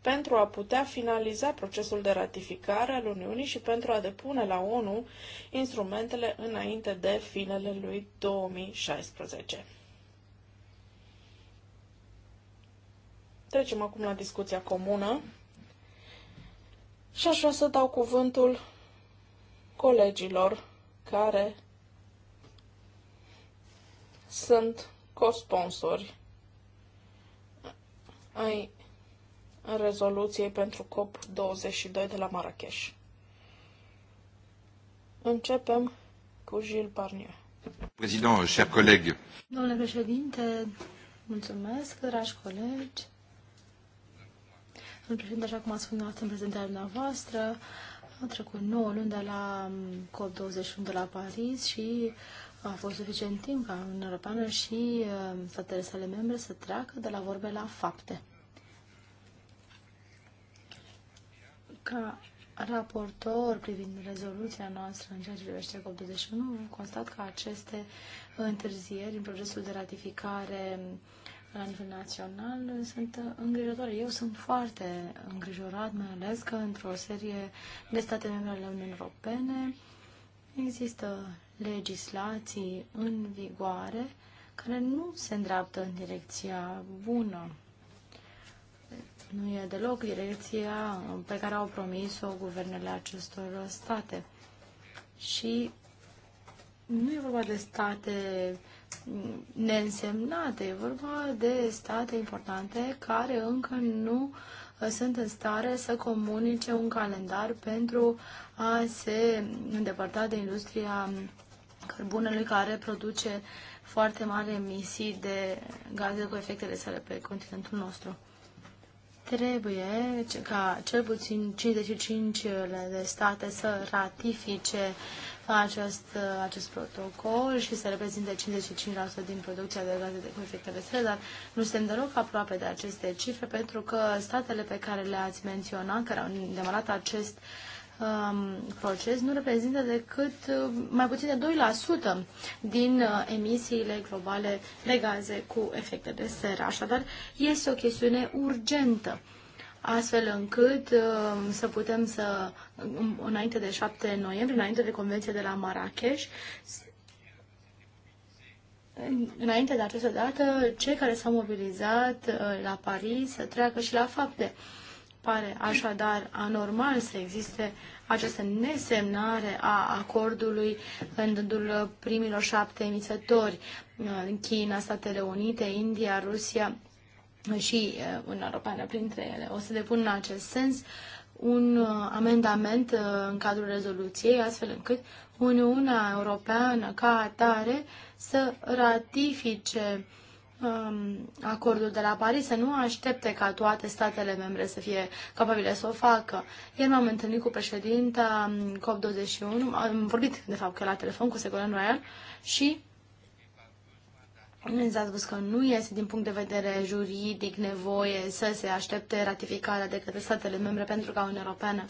pentru a putea finaliza procesul de ratificare al Uniunii și pentru a depune la ONU instrumentele înainte de finele lui 2016. Trecem acum la discuția comună și aș vrea să dau cuvântul colegilor care sunt co-sponsori ai rezoluției pentru COP22 de la Marrakech. Începem cu Gilles Parnier. Président, chers collègues. Domnule președinte, mulțumesc, dragi colegi. Domnule președinte, așa cum a spus în prezentarea dumneavoastră, a trecut 9 luni de la COP21 de la Paris și a fost suficient timp ca în Europeană și uh, statele sale membre să treacă de la vorbe la fapte. Ca raportor privind rezoluția noastră în ceea ce privește COP21, constat că aceste întârzieri în procesul de ratificare la nivel național sunt îngrijorătoare. Eu sunt foarte îngrijorat, mai ales că într-o serie de state membre ale Uniunii Europene există legislații în vigoare care nu se îndreaptă în direcția bună nu e deloc direcția pe care au promis-o guvernele acestor state. Și nu e vorba de state neînsemnate, e vorba de state importante care încă nu sunt în stare să comunice un calendar pentru a se îndepărta de industria cărbunelui care produce foarte mari emisii de gaze cu efectele sale pe continentul nostru trebuie ca cel puțin 55 de state să ratifice acest, acest protocol și să reprezinte 55% din producția de gaze de efect de seră, dar nu suntem deloc aproape de aceste cifre pentru că statele pe care le-ați menționat, care au demarat acest uh, um, proces nu reprezintă decât uh, mai puțin de 2% din uh, emisiile globale de gaze cu efecte de seră. Așadar, este o chestiune urgentă astfel încât uh, să putem să, um, înainte de 7 noiembrie, înainte de convenția de la Marrakesh, înainte de această dată, cei care s-au mobilizat la Paris să treacă și la fapte pare așadar anormal să existe această nesemnare a acordului în rândul primilor șapte emițători, uh, China, Statele Unite, India, Rusia și în uh, Europa, printre ele. O să depun în acest sens un uh, amendament în cadrul rezoluției, astfel încât Uniunea Europeană ca atare să ratifice uh, Um, acordul de la Paris, să nu aștepte ca toate statele membre să fie capabile să o facă. Ieri m-am întâlnit cu președinta um, COP21, am vorbit, de fapt, că la telefon cu Segolen Royal și s-a spus că nu este din punct de vedere juridic nevoie să se aștepte ratificarea de către statele membre pentru ca Uniunea Europeană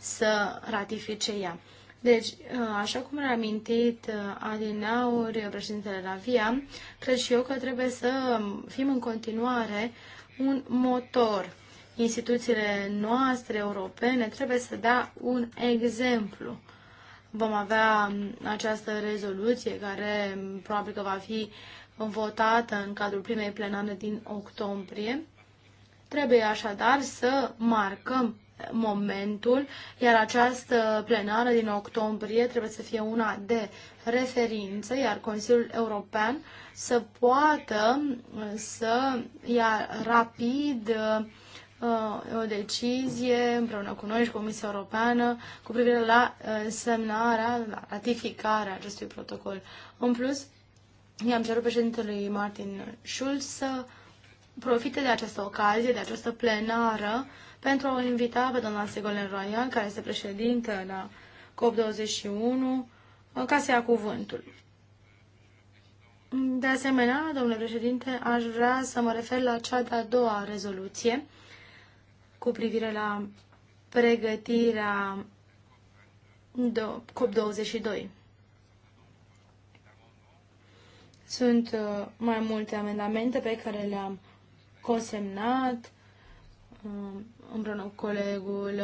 să ratifice ea. Deci, uh, așa cum a amintit uh, Adinaur, președintele la VIA, cred și eu că trebuie să fim în continuare un motor. Instituțiile noastre europene trebuie să dea un exemplu. Vom avea um, această rezoluție care um, probabil că va fi votată în cadrul primei plenare din octombrie. Trebuie așadar să marcăm momentul, iar această plenară din octombrie trebuie să fie una de referință, iar Consiliul European să poată uh, să ia rapid uh, o decizie împreună cu noi și Comisia Europeană cu privire la uh, semnarea, la ratificarea acestui protocol. În plus, i-am cerut președintelui Martin Schulz să profite de această ocazie, de această plenară, pentru a o invita pe doamna Segolen Royal, care este președintă la COP21, uh, ca să ia cuvântul. De asemenea, domnule președinte, aș vrea să mă refer la cea de-a doua rezoluție cu privire la pregătirea COP22. Sunt uh, mai multe amendamente pe care le-am consemnat uh, împreună cu colegul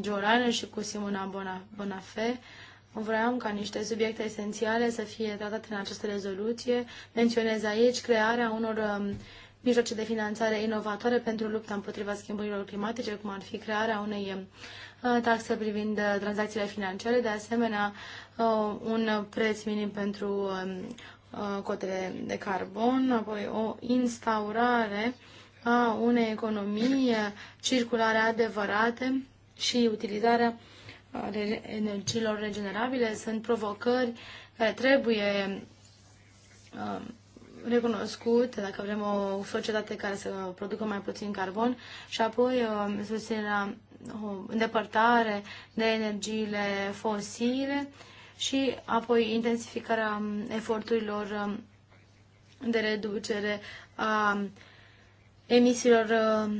Giorane um, și cu Simona Bonafé, Vreau ca niște subiecte esențiale să fie tratate în această rezoluție. Menționez aici crearea unor um, mijloace de finanțare inovatoare pentru lupta împotriva schimbărilor climatice, cum ar fi crearea unei um, taxe privind uh, tranzacțiile financiare, de asemenea uh, un preț minim pentru uh, cotele de carbon, apoi o instaurare a unei economii circulare adevărate și utilizarea energiilor regenerabile sunt provocări care trebuie recunoscute dacă vrem o societate care să producă mai puțin carbon și apoi susținerea o îndepărtare de energiile fosile și apoi intensificarea eforturilor de reducere a emisiilor uh,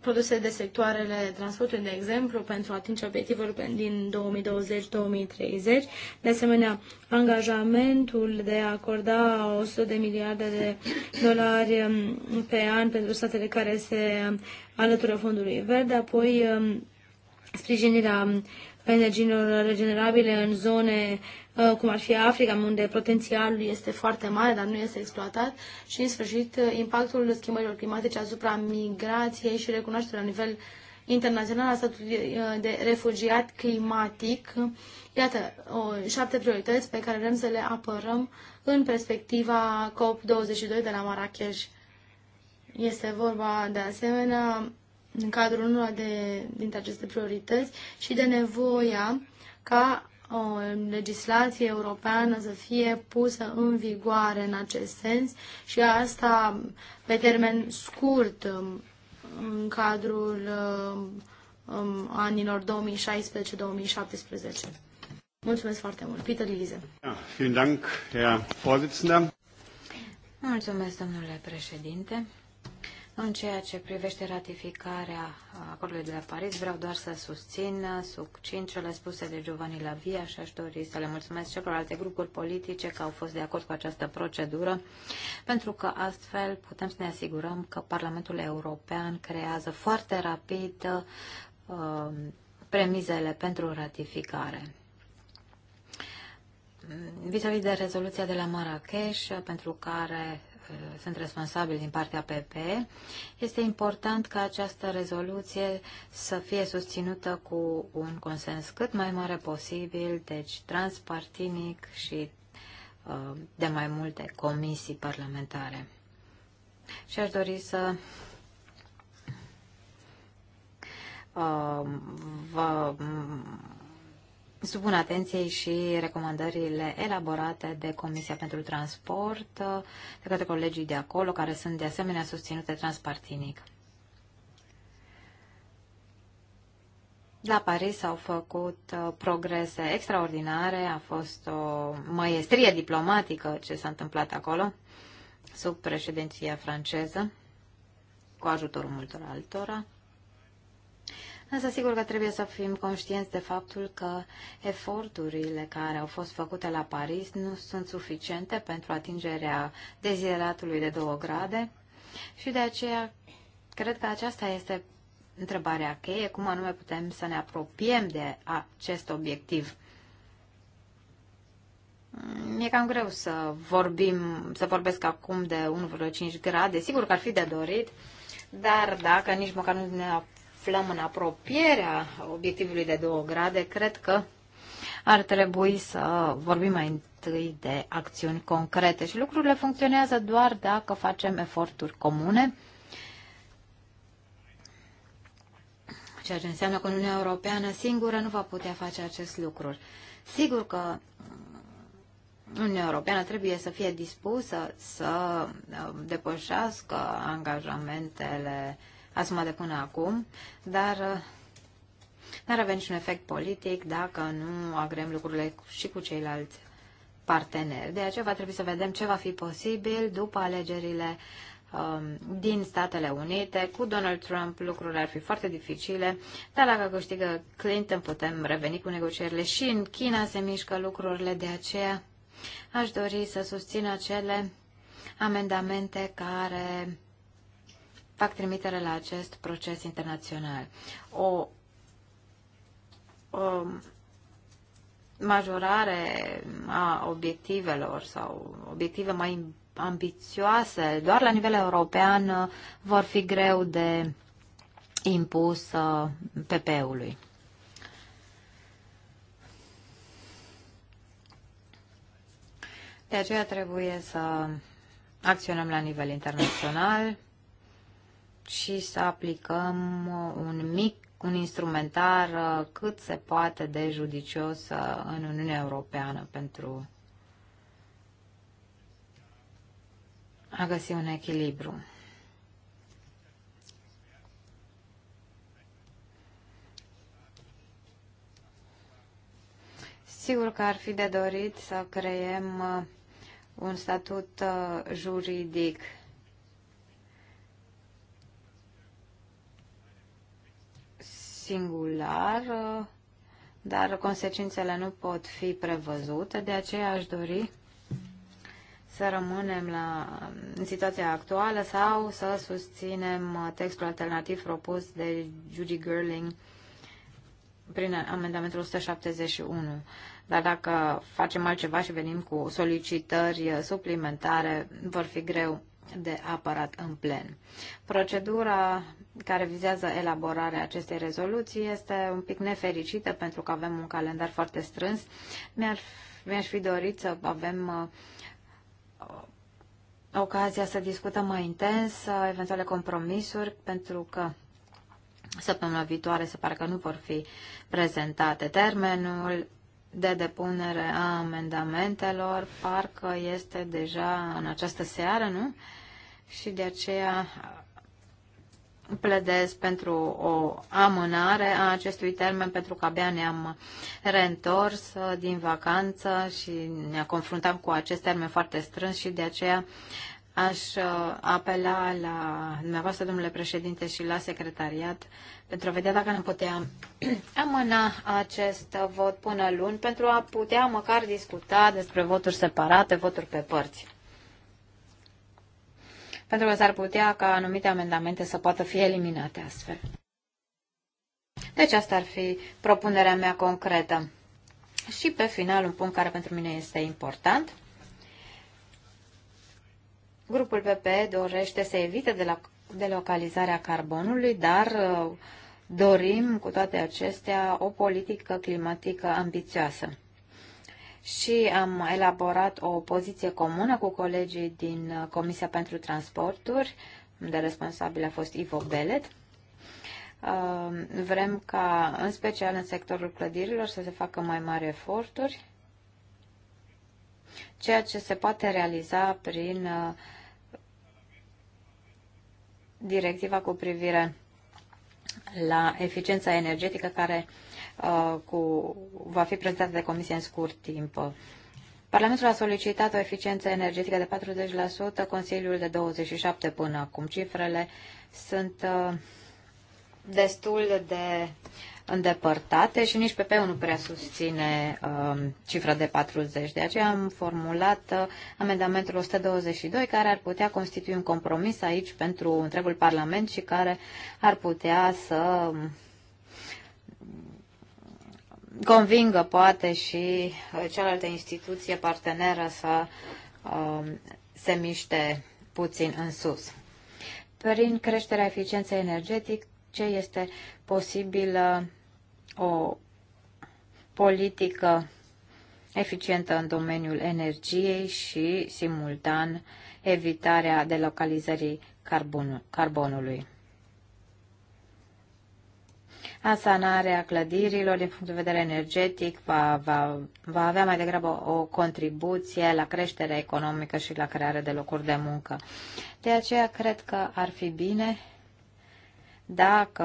produse de sectoarele transportului, de exemplu, pentru a atinge obiectivul din 2020-2030. De asemenea, angajamentul de a acorda 100 de miliarde de dolari um, pe an pentru statele care se um, alătură fondului verde, apoi um, sprijinirea energiilor regenerabile în zone Uh, cum ar fi Africa, unde potențialul este foarte mare, dar nu este exploatat, și, în sfârșit, uh, impactul schimbărilor climatice asupra migrației și recunoașterea la nivel internațional a statului uh, de refugiat climatic. Iată, o, șapte priorități pe care vrem să le apărăm în perspectiva COP22 de la Marrakech. Este vorba, de asemenea, în cadrul unor de, dintre aceste priorități și de nevoia ca o legislație europeană să fie pusă în vigoare în acest sens și asta pe termen scurt um, în cadrul um, um, anilor 2016-2017. Mulțumesc foarte mult. Peter Lise. Mulțumesc, domnule președinte. În ceea ce privește ratificarea acordului de la Paris, vreau doar să susțin uh, succint cele spuse de Giovanni Lavia și aș dori să le mulțumesc celorlalte grupuri politice că au fost de acord cu această procedură, pentru că astfel putem să ne asigurăm că Parlamentul European creează foarte rapid uh, premizele pentru ratificare. Vis-a-vis -vis de rezoluția de la Marrakesh, pentru care sunt responsabil din partea PP, este important ca această rezoluție să fie susținută cu un consens cât mai mare posibil, deci transpartinic și uh, de mai multe comisii parlamentare. Și aș dori să uh, vă supun atenției și recomandările elaborate de Comisia pentru Transport de către colegii de acolo, care sunt de asemenea susținute transpartinic. La Paris s-au făcut uh, progrese extraordinare, a fost o măiestrie diplomatică ce s-a întâmplat acolo, sub președinția franceză, cu ajutorul multor altora. Însă sigur că trebuie să fim conștienți de faptul că eforturile care au fost făcute la Paris nu sunt suficiente pentru atingerea dezideratului de două grade și de aceea cred că aceasta este întrebarea cheie, cum anume putem să ne apropiem de acest obiectiv. E cam greu să vorbim, să vorbesc acum de 1,5 grade, sigur că ar fi de dorit, dar dacă nici măcar nu ne aflăm în apropierea obiectivului de 2 grade, cred că ar trebui să vorbim mai întâi de acțiuni concrete și lucrurile funcționează doar dacă facem eforturi comune, ceea ce înseamnă că Uniunea Europeană singură nu va putea face acest lucru. Sigur că Uniunea Europeană trebuie să fie dispusă să uh, depășească angajamentele uh, de până acum, dar uh, n-ar avea niciun efect politic dacă nu agrem lucrurile și cu ceilalți parteneri. De aceea va trebui să vedem ce va fi posibil după alegerile um, din Statele Unite. Cu Donald Trump lucrurile ar fi foarte dificile, dar dacă câștigă Clinton putem reveni cu negocierile și în China se mișcă lucrurile, de aceea aș dori să susțin acele amendamente care fac trimitere la acest proces internațional. O, o majorare a obiectivelor sau obiective mai ambițioase doar la nivel european vor fi greu de impus uh, PP-ului. De aceea trebuie să acționăm la nivel internațional și să aplicăm un mic, un instrumentar uh, cât se poate de judicios uh, în Uniunea Europeană pentru a găsi un echilibru. Sigur că ar fi de dorit să creem uh, un statut juridic singular, dar consecințele nu pot fi prevăzute, de aceea aș dori să rămânem la, în situația actuală sau să susținem textul alternativ propus de Judy Gerling prin amendamentul 171. Dar dacă facem altceva și venim cu solicitări suplimentare, vor fi greu de aparat în plen. Procedura care vizează elaborarea acestei rezoluții este un pic nefericită pentru că avem un calendar foarte strâns. mi aș mi fi dorit să avem uh, ocazia să discutăm mai intens uh, eventuale compromisuri pentru că săptămâna viitoare se pare că nu vor fi prezentate termenul de depunere a amendamentelor, parcă este deja în această seară, nu? și de aceea pledez pentru o amânare a acestui termen pentru că abia ne-am reîntors din vacanță și ne confruntam cu acest termen foarte strâns și de aceea aș apela la dumneavoastră, domnule președinte, și la secretariat pentru a vedea dacă ne putea <clears throat> amâna acest vot până luni pentru a putea măcar discuta despre voturi separate, voturi pe părți pentru că s-ar putea ca anumite amendamente să poată fi eliminate astfel. Deci asta ar fi propunerea mea concretă. Și pe final, un punct care pentru mine este important. Grupul PPE dorește să evite de la delocalizarea carbonului, dar uh, dorim cu toate acestea o politică climatică ambițioasă și am elaborat o poziție comună cu colegii din Comisia pentru Transporturi, unde responsabil a fost Ivo Belet. Uh, vrem ca, în special în sectorul clădirilor, să se facă mai mari eforturi, ceea ce se poate realiza prin uh, directiva cu privire la eficiența energetică care uh, Uh, cu, va fi prezentată de Comisie în scurt timp. Parlamentul a solicitat o eficiență energetică de 40%, Consiliul de 27% până acum. Cifrele sunt uh, destul de îndepărtate și nici PP nu prea susține uh, cifra de 40. De aceea am formulat uh, amendamentul 122 care ar putea constitui un compromis aici pentru întregul Parlament și care ar putea să convingă poate și uh, cealaltă instituție parteneră să um, se miște puțin în sus. Prin creșterea eficienței energetice este posibilă o politică eficientă în domeniul energiei și, simultan, evitarea delocalizării carbonului. Asanarea clădirilor din punct de vedere energetic va, va, va avea mai degrabă o contribuție la creșterea economică și la crearea de locuri de muncă. De aceea cred că ar fi bine dacă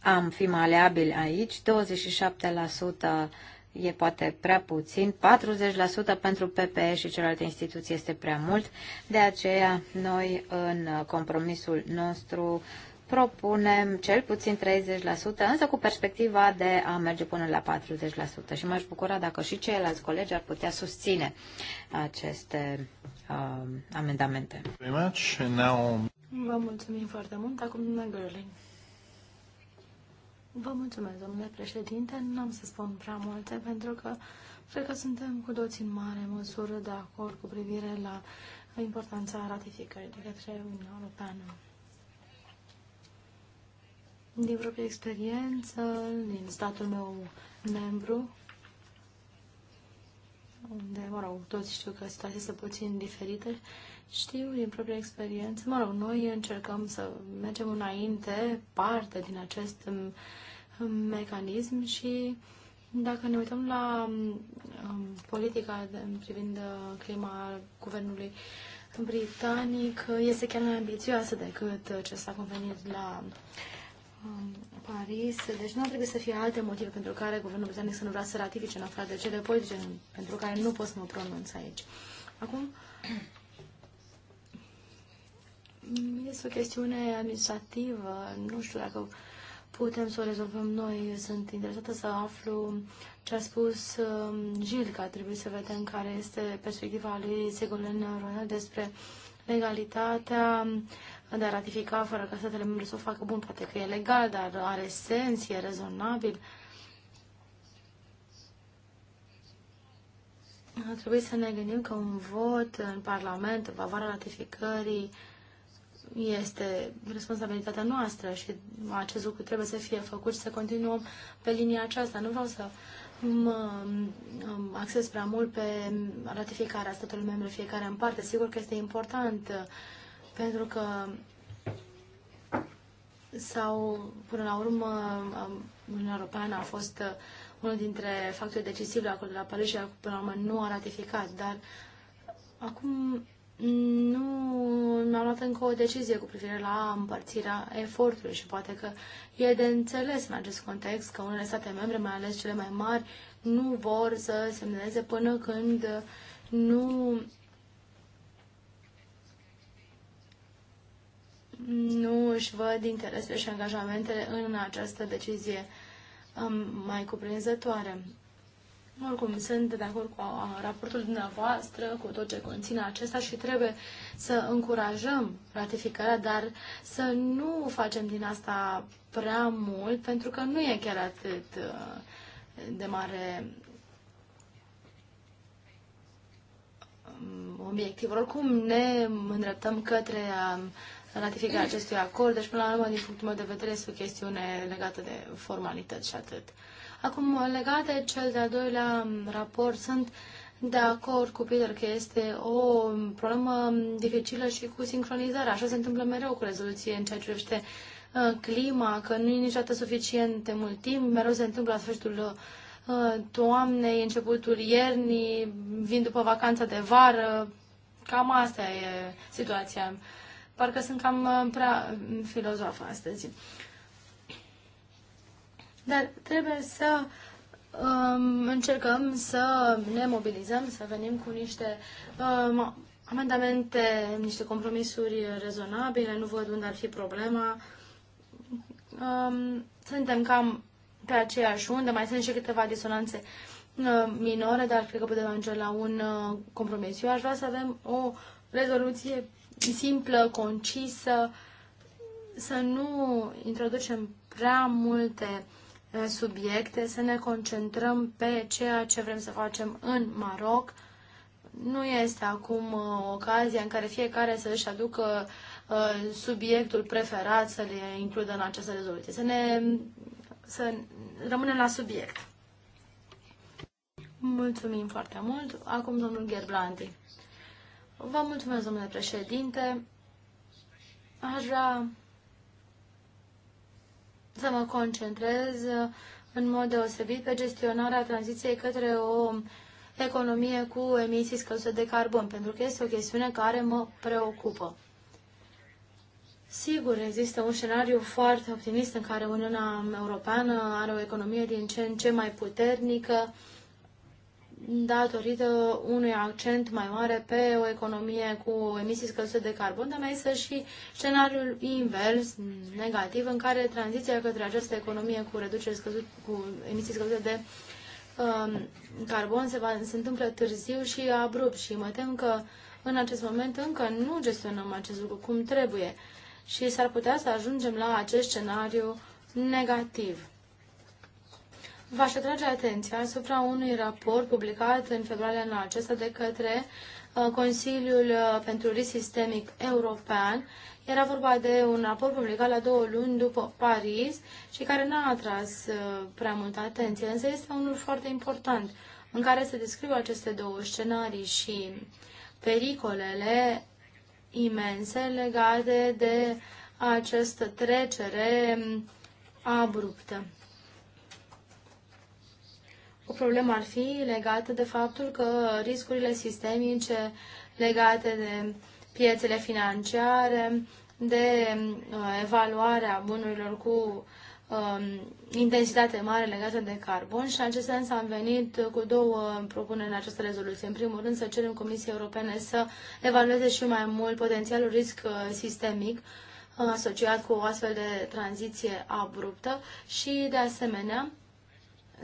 am fi maleabil aici, 27% e poate prea puțin, 40% pentru PPE și celelalte instituții este prea mult. De aceea, noi în compromisul nostru propunem cel puțin 30%, însă cu perspectiva de a merge până la 40%. Și m-aș bucura dacă și ceilalți colegi ar putea susține aceste uh, amendamente. Vă mulțumim foarte mult. Acum, domnule Gărlin. Vă mulțumesc, domnule președinte. Nu am să spun prea multe, pentru că cred că suntem cu toții în mare măsură de acord cu privire la importanța ratificării de către Uniunea Europeană din propria experiență, din statul meu membru, unde, mă rog, toți știu că situația este puțin diferite, știu din propria experiență, mă rog, noi încercăm să mergem înainte, parte din acest um, um, mecanism și dacă ne uităm la um, politica de, privind uh, clima guvernului britanic, este chiar mai ambițioasă decât uh, ce s-a convenit la uh, Paris. Deci nu trebuie să fie alte motive pentru care guvernul britanic să nu vrea să ratifice, în afară de cele politice pentru care nu pot să mă pronunț aici. Acum, este o chestiune administrativă, nu știu dacă putem să o rezolvăm noi. Sunt interesată să aflu ce a spus um, Gil, că trebuie să vedem care este perspectiva lui Segolene Ronald despre legalitatea uh, de a ratifica fără ca statele membre să o facă bun, poate că e legal, dar are sens, e rezonabil. Trebuie să ne gândim că un vot în Parlament în favoarea ratificării este responsabilitatea noastră și acest lucru trebuie să fie făcut și să continuăm pe linia aceasta. Nu vreau să mă um, acces prea mult pe ratificarea statului membru fiecare în parte. Sigur că este important pentru că sau până la urmă Uniunea Europeană a fost uh, unul dintre factorii decisivi la acordul de la Paris și până la urmă nu a ratificat, dar acum nu mi-am luat încă o decizie cu privire la împărțirea efortului și poate că e de înțeles în acest context că unele state membre, mai ales cele mai mari, nu vor să semneze până când nu nu își văd interesele și angajamentele în această decizie um, mai cuprinzătoare. Oricum, sunt de acord cu raportul dumneavoastră, cu tot ce conține acesta și trebuie să încurajăm ratificarea, dar să nu facem din asta prea mult, pentru că nu e chiar atât uh, de mare um, obiectiv. Oricum, ne îndreptăm către um, ratificarea acestui acord. Deci, până la urmă, din punctul meu de vedere, este o chestiune legată de formalități și atât. Acum, legat de cel de-al doilea raport, sunt de acord cu Peter că este o problemă dificilă și cu sincronizarea. Așa se întâmplă mereu cu rezoluție în ceea ce privește uh, clima, că nu e niciodată suficient de mult timp, mereu se întâmplă la sfârșitul uh, toamnei, începutul iernii, vin după vacanța de vară, cam asta e situația Parcă sunt cam uh, prea mm, filozofă astăzi. Dar trebuie să um, încercăm să ne mobilizăm, să venim cu niște um, amendamente, niște compromisuri rezonabile, nu văd unde ar fi problema. Um, suntem cam pe aceeași undă, mai sunt și câteva disonanțe uh, minore, dar cred că putem ajunge la un uh, compromis. Eu aș vrea să avem o rezoluție simplă, concisă, să nu introducem prea multe subiecte, să ne concentrăm pe ceea ce vrem să facem în Maroc. Nu este acum ocazia în care fiecare să își aducă subiectul preferat să le includă în această rezoluție. Să ne să rămânem la subiect. Mulțumim foarte mult. Acum domnul Gerblandi. Vă mulțumesc, domnule președinte. Aș vrea să mă concentrez în mod deosebit pe gestionarea tranziției către o economie cu emisii scăzute de carbon, pentru că este o chestiune care mă preocupă. Sigur, există un scenariu foarte optimist în care Uniunea Europeană are o economie din ce în ce mai puternică, datorită unui accent mai mare pe o economie cu emisii scăzute de carbon, dar mai este și scenariul invers, negativ, în care tranziția către această economie cu reducere scăzut, cu emisii scăzute de um, carbon se, va, se întâmplă târziu și abrupt și mă tem că în acest moment încă nu gestionăm acest lucru cum trebuie și s-ar putea să ajungem la acest scenariu negativ. V-aș atrage atenția asupra unui raport publicat în februarie anul acesta de către uh, Consiliul uh, pentru Risc Sistemic European. Era vorba de un raport publicat la două luni după Paris și care n-a atras uh, prea multă atenție, însă este unul foarte important în care se descriu aceste două scenarii și pericolele imense legate de această trecere mm, abruptă. O problemă ar fi legată de faptul că riscurile sistemice legate de piețele financiare, de uh, evaluarea bunurilor cu um, intensitate mare legată de carbon și în acest sens am venit cu două propuneri în această rezoluție. În primul rând să cerem Comisiei Europene să evalueze și mai mult potențialul risc uh, sistemic uh, asociat cu o astfel de tranziție abruptă și, de asemenea,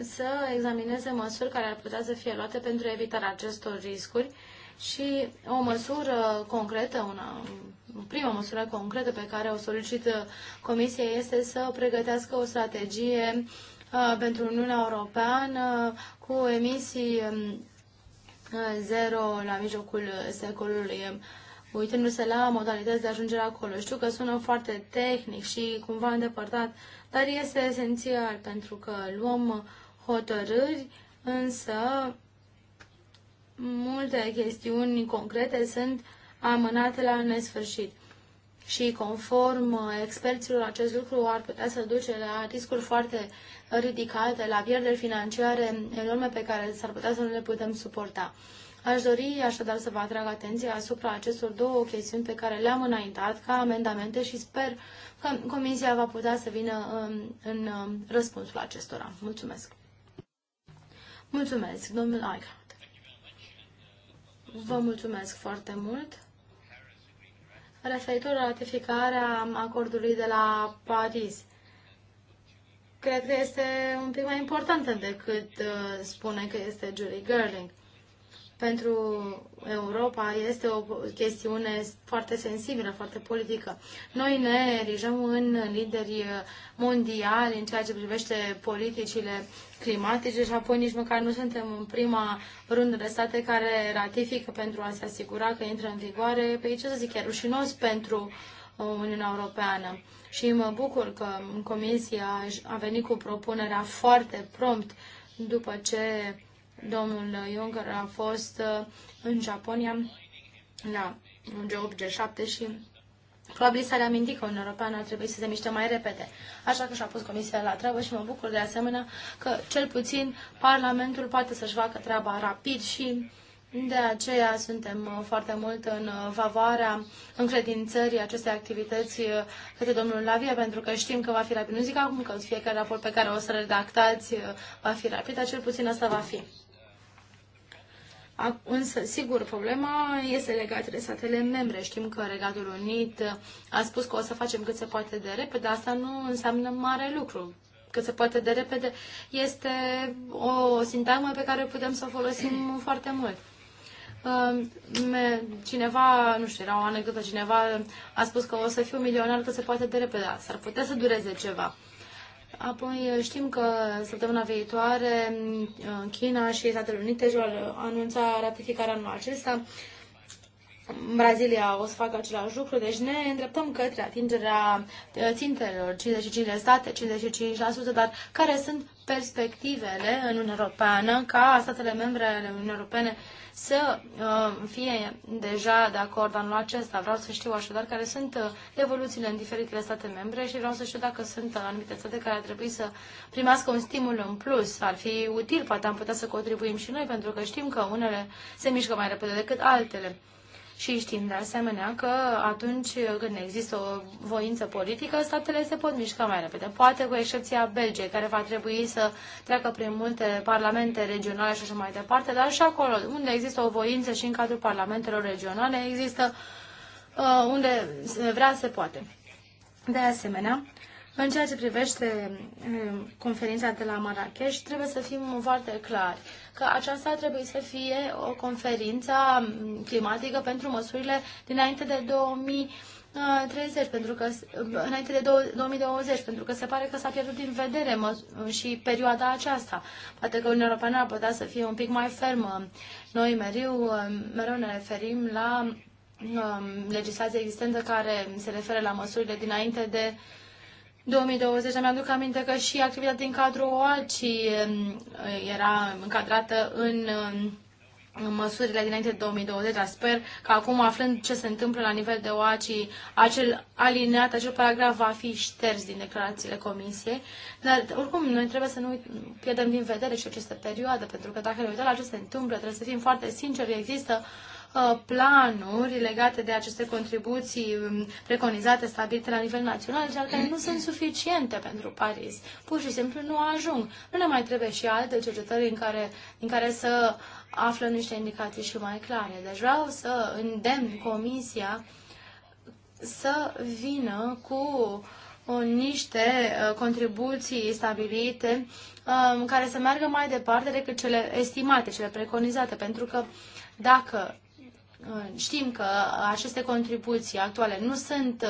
să examineze măsuri care ar putea să fie luate pentru evitarea acestor riscuri și o măsură concretă, una, prima măsură concretă pe care o solicită Comisia este să pregătească o strategie uh, pentru Uniunea Europeană cu emisii uh, zero la mijlocul secolului uitându-se la modalități de ajungere acolo. Știu că sună foarte tehnic și cumva îndepărtat, dar este esențial pentru că luăm hotărâri, însă multe chestiuni concrete sunt amânate la nesfârșit. Și conform experților, acest lucru ar putea să duce la riscuri foarte ridicate, la pierderi financiare enorme pe care s-ar putea să nu le putem suporta. Aș dori așadar să vă atrag atenția asupra acestor două chestiuni pe care le-am înaintat ca amendamente și sper că Comisia va putea să vină um, în, în um, răspunsul acestora. Mulțumesc! Mulțumesc, domnul Eichhardt. Vă mulțumesc foarte mult. Referitor la ratificarea acordului de la Paris, cred că este un pic mai important decât uh, spune că este Julie Gerling pentru Europa este o chestiune foarte sensibilă, foarte politică. Noi ne erijăm în lideri mondiali în ceea ce privește politicile climatice și apoi nici măcar nu suntem în prima rundă de state care ratifică pentru a se asigura că intră în vigoare. Pe ce să zic, e rușinos pentru uh, Uniunea Europeană. Și mă bucur că Comisia a venit cu propunerea foarte prompt după ce Domnul Juncker a fost uh, în Japonia la G8, G7 și probabil s-a reamintit că un european ar trebui să se miște mai repede. Așa că și-a pus Comisia la treabă și mă bucur de asemenea că cel puțin Parlamentul poate să-și facă treaba rapid și de aceea suntem uh, foarte mult în uh, favoarea încredințării acestei activități către domnul Lavia, pentru că știm că va fi rapid. Nu zic acum că fiecare raport pe care o să redactați va fi rapid, dar cel puțin asta va fi. Însă, sigur, problema este legată de statele membre. Știm că Regatul Unit a spus că o să facem cât se poate de repede. Asta nu înseamnă mare lucru. Cât se poate de repede este o sintagmă pe care putem să o folosim foarte mult. Cineva, nu știu, era o anecdotă, cineva a spus că o să fiu milionar cât se poate de repede. S-ar putea să dureze ceva. Apoi eh, știm că săptămâna viitoare mm, China și Statele Unite vor anunța ratificarea anul acesta Brazilia o să facă același lucru, deci ne îndreptăm către atingerea uh, țintelor 55 de state, 55%, dar care sunt perspectivele în Uniunea Europeană ca statele membre ale Uniunii Europene să uh, fie deja de acord anul acesta. Vreau să știu așadar care sunt uh, evoluțiile în diferitele state membre și vreau să știu dacă sunt anumite state care ar trebui să primească un stimul în plus. Ar fi util, poate am putea să contribuim și noi, pentru că știm că unele se mișcă mai repede decât altele. Și știm de asemenea că atunci când există o voință politică, statele se pot mișca mai repede. Poate cu excepția Belgiei, care va trebui să treacă prin multe parlamente regionale și așa mai departe, dar și acolo unde există o voință și în cadrul parlamentelor regionale există uh, unde vrea se poate. De asemenea, în ceea ce privește uh, conferința de la Marrakesh, trebuie să fim foarte clari că aceasta trebuie să fie o conferință mm, climatică pentru măsurile dinainte de 2000 30, pentru că, înainte de 2020, pentru că se pare că s-a pierdut din vedere mă, și perioada aceasta. Poate că Uniunea Europeană ar putea să fie un pic mai fermă. Noi mereu, mm, mereu ne referim la um, legislația existentă care se referă la măsurile dinainte de uh, 2020, am aduc aminte că și activitatea din cadrul OACI um, era încadrată um, în măsurile dinainte de 2020, dar sper că acum, aflând ce se întâmplă la nivel de OACI, acel alineat, acel paragraf va fi șters din declarațiile comisiei. Dar, oricum, noi trebuie să nu pierdem din vedere și această perioadă, pentru că dacă ne uităm la ce se întâmplă, trebuie să fim foarte sinceri, există uh, Uh, planuri legate de aceste contribuții um, preconizate, stabilite la nivel național, dar care nu sunt suficiente pentru Paris. Pur și simplu nu ajung. Nu ne mai trebuie și alte cercetări în care, în care să află niște indicații și mai clare. Deci vreau să îndemn Comisia să vină cu uh, niște uh, contribuții stabilite um, care să meargă mai departe decât cele estimate, cele preconizate, pentru că dacă Știm că aceste contribuții actuale nu sunt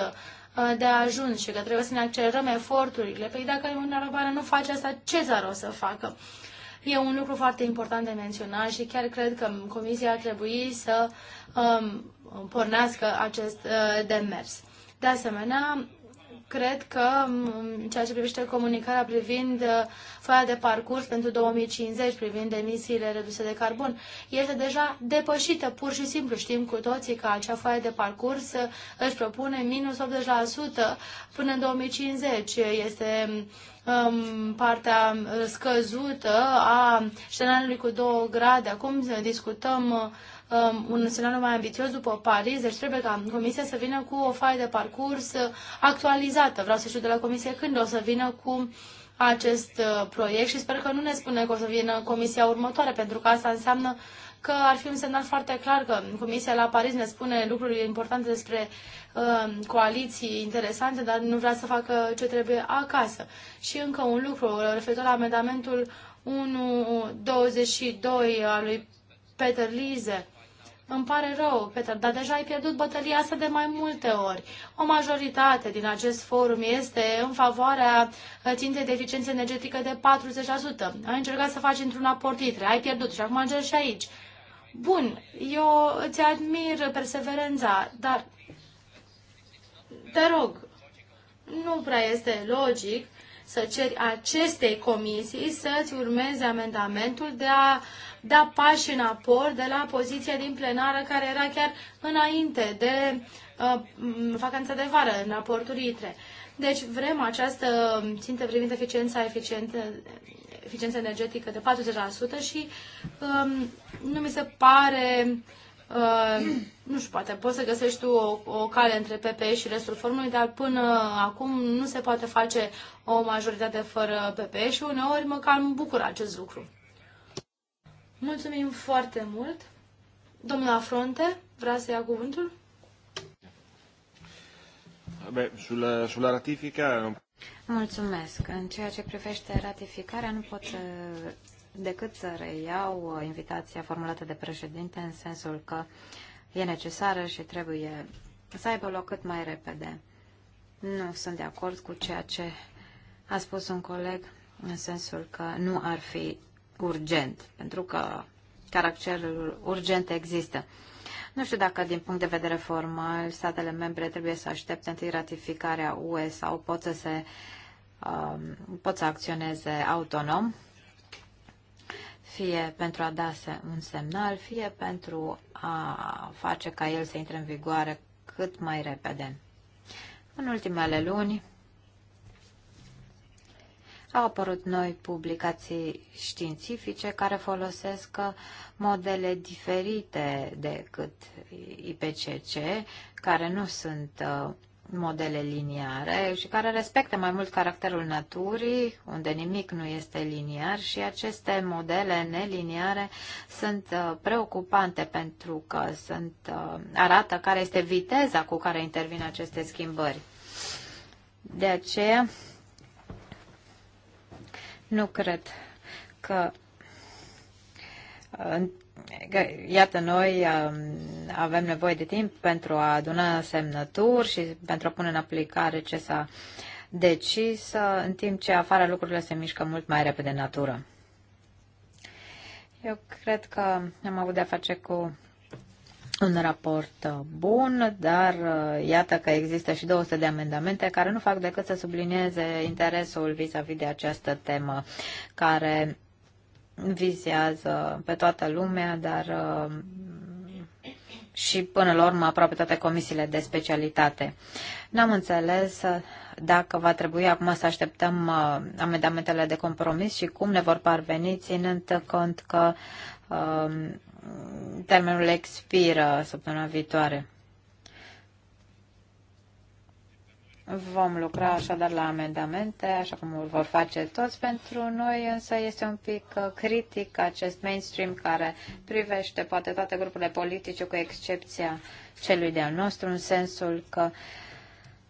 uh, de ajuns și că trebuie să ne accelerăm eforturile. Păi dacă Uniunea Europeană nu face asta, ce țară o să facă? E un lucru foarte important de menționat și chiar cred că Comisia ar trebui să um, pornească acest uh, demers. De asemenea, cred că în ceea ce privește comunicarea privind uh, foaia de parcurs pentru 2050, privind emisiile reduse de carbon, este deja depășită pur și simplu. Știm cu toții că acea foaie de parcurs uh, își propune minus 80% până în 2050. Este um, partea uh, scăzută a scenariului cu 2 grade. Acum discutăm Um, un scenariu mai ambițios după Paris, deci trebuie ca Comisia să vină cu o faie de parcurs actualizată. Vreau să știu de la Comisie când o să vină cu acest uh, proiect și sper că nu ne spune că o să vină Comisia următoare, pentru că asta înseamnă că ar fi un semnal foarte clar că Comisia la Paris ne spune lucruri importante despre uh, coaliții interesante, dar nu vrea să facă ce trebuie acasă. Și încă un lucru, referitor la amendamentul 1.22 al lui Peter Lise. Îmi pare rău, Peter, dar deja ai pierdut bătălia asta de mai multe ori. O majoritate din acest forum este în favoarea uh, țintei de eficiență energetică de 40%. Ai încercat să faci într-un aport litre, ai pierdut și acum încerci și aici. Bun, eu îți admir perseverența, dar te rog, nu prea este logic să ceri acestei comisii să-ți urmeze amendamentul de a da pași înapoi de la poziția din plenară care era chiar înainte de uh, vacanța de vară în raportul ITRE. Deci vrem această țintă privind eficiența eficientă eficiență energetică de 40% și um, nu mi se pare Uh, nu știu, poate poți să găsești tu o, o cale între PPE și restul formului, dar până acum nu se poate face o majoritate fără PPE și uneori mă cam bucur acest lucru. Mulțumim foarte mult. Domnul Afronte, vrea să ia cuvântul? Beh, sulla, ratifica... Mulțumesc. În ceea ce privește ratificarea, nu pot decât să reiau invitația formulată de președinte în sensul că e necesară și trebuie să aibă loc cât mai repede. Nu sunt de acord cu ceea ce a spus un coleg în sensul că nu ar fi urgent, pentru că caracterul urgent există. Nu știu dacă din punct de vedere formal statele membre trebuie să aștepte întâi ratificarea UE sau pot să se um, pot să acționeze autonom, fie pentru a da un semnal, fie pentru a face ca el să intre în vigoare cât mai repede. În ultimele luni au apărut noi publicații științifice care folosesc modele diferite decât IPCC, care nu sunt uh, modele liniare și care respectă mai mult caracterul naturii, unde nimic nu este liniar și aceste modele neliniare sunt uh, preocupante pentru că sunt, uh, arată care este viteza cu care intervin aceste schimbări. De aceea, nu cred că Iată, noi um, avem nevoie de timp pentru a aduna semnături și pentru a pune în aplicare ce s-a decis, în timp ce afară lucrurile se mișcă mult mai repede în natură. Eu cred că am avut de-a face cu un raport bun, dar uh, iată că există și 200 de amendamente care nu fac decât să sublinieze interesul vis-a-vis -vis de această temă care vizează pe toată lumea, dar uh, și până la urmă aproape toate comisiile de specialitate. N-am înțeles uh, dacă va trebui acum să așteptăm amendamentele de compromis și cum ne vor parveni, ținând cont că termenul expiră săptămâna viitoare. Vom lucra așadar la amendamente, așa cum o vor face toți. Pentru noi însă este un pic uh, critic acest mainstream care privește poate toate grupurile politice, cu excepția celui de-al nostru, în sensul că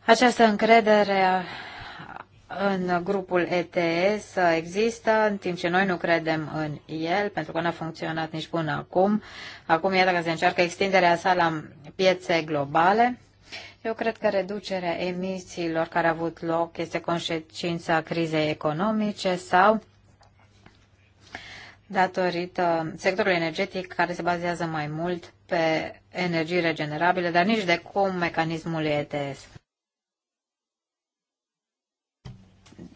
această încredere în grupul ETS există, în timp ce noi nu credem în el, pentru că n-a funcționat nici până acum. Acum, iată că se încearcă extinderea sa la piețe globale. Eu cred că reducerea emisiilor care a avut loc este consecința crizei economice sau datorită sectorului energetic care se bazează mai mult pe energii regenerabile, dar nici de cum mecanismul ETS.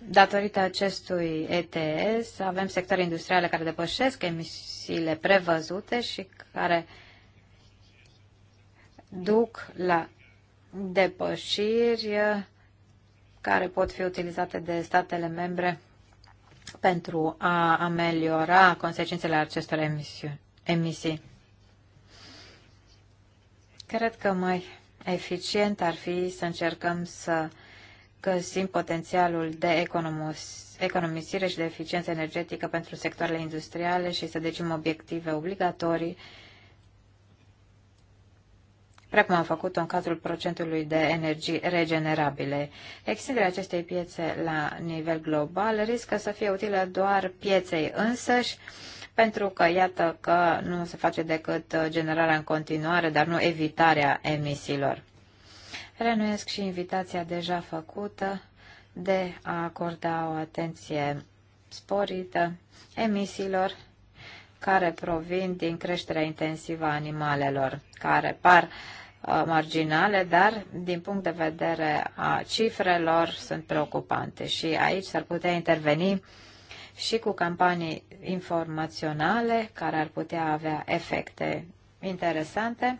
Datorită acestui ETS avem sectoare industriale care depășesc emisiile prevăzute și care duc la depășiri care pot fi utilizate de statele membre pentru a ameliora consecințele acestor emisii. Cred că mai eficient ar fi să încercăm să că simt potențialul de economisire și de eficiență energetică pentru sectoarele industriale și să decim obiective obligatorii, precum am făcut-o în cazul procentului de energii regenerabile. Extinderea acestei piețe la nivel global riscă să fie utilă doar pieței însăși, pentru că iată că nu se face decât generarea în continuare, dar nu evitarea emisiilor renuiesc și invitația deja făcută de a acorda o atenție sporită emisiilor care provin din creșterea intensivă a animalelor, care par uh, marginale, dar din punct de vedere a cifrelor sunt preocupante și aici s-ar putea interveni și cu campanii informaționale care ar putea avea efecte interesante.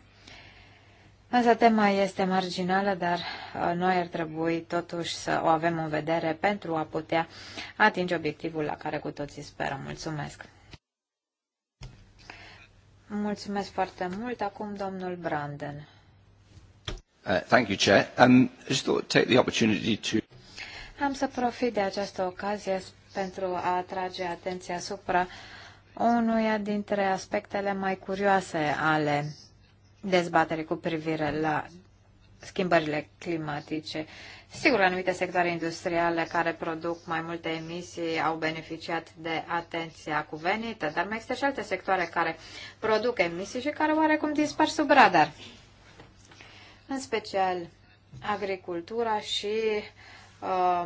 Însă tema este marginală, dar uh, noi ar trebui totuși să o avem în vedere pentru a putea atinge obiectivul la care cu toții sperăm. Mulțumesc! Mulțumesc foarte mult. Acum domnul Branden. Uh, thank you, Chair. Um, I just thought take the opportunity to... Am să profit de această ocazie pentru a atrage atenția asupra unuia dintre aspectele mai curioase ale dezbatere cu privire la schimbările climatice. Sigur, anumite sectoare industriale care produc mai multe emisii au beneficiat de atenția cuvenită, dar mai există și alte sectoare care produc emisii și care oarecum dispar sub radar. În special agricultura și uh,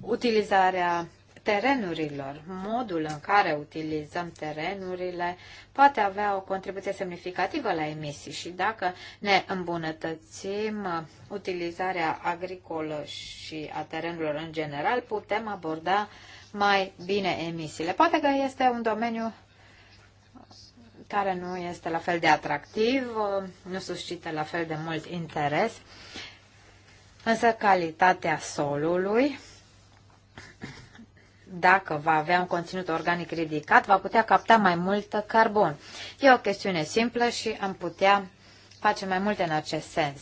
utilizarea terenurilor. Modul în care utilizăm terenurile poate avea o contribuție semnificativă la emisii și dacă ne îmbunătățim uh, utilizarea agricolă și a terenurilor în general, putem aborda mai bine emisiile. Poate că este un domeniu care nu este la fel de atractiv, uh, nu suscită la fel de mult interes, însă calitatea solului dacă va avea un conținut organic ridicat, va putea capta mai mult carbon. E o chestiune simplă și am putea face mai multe în acest sens.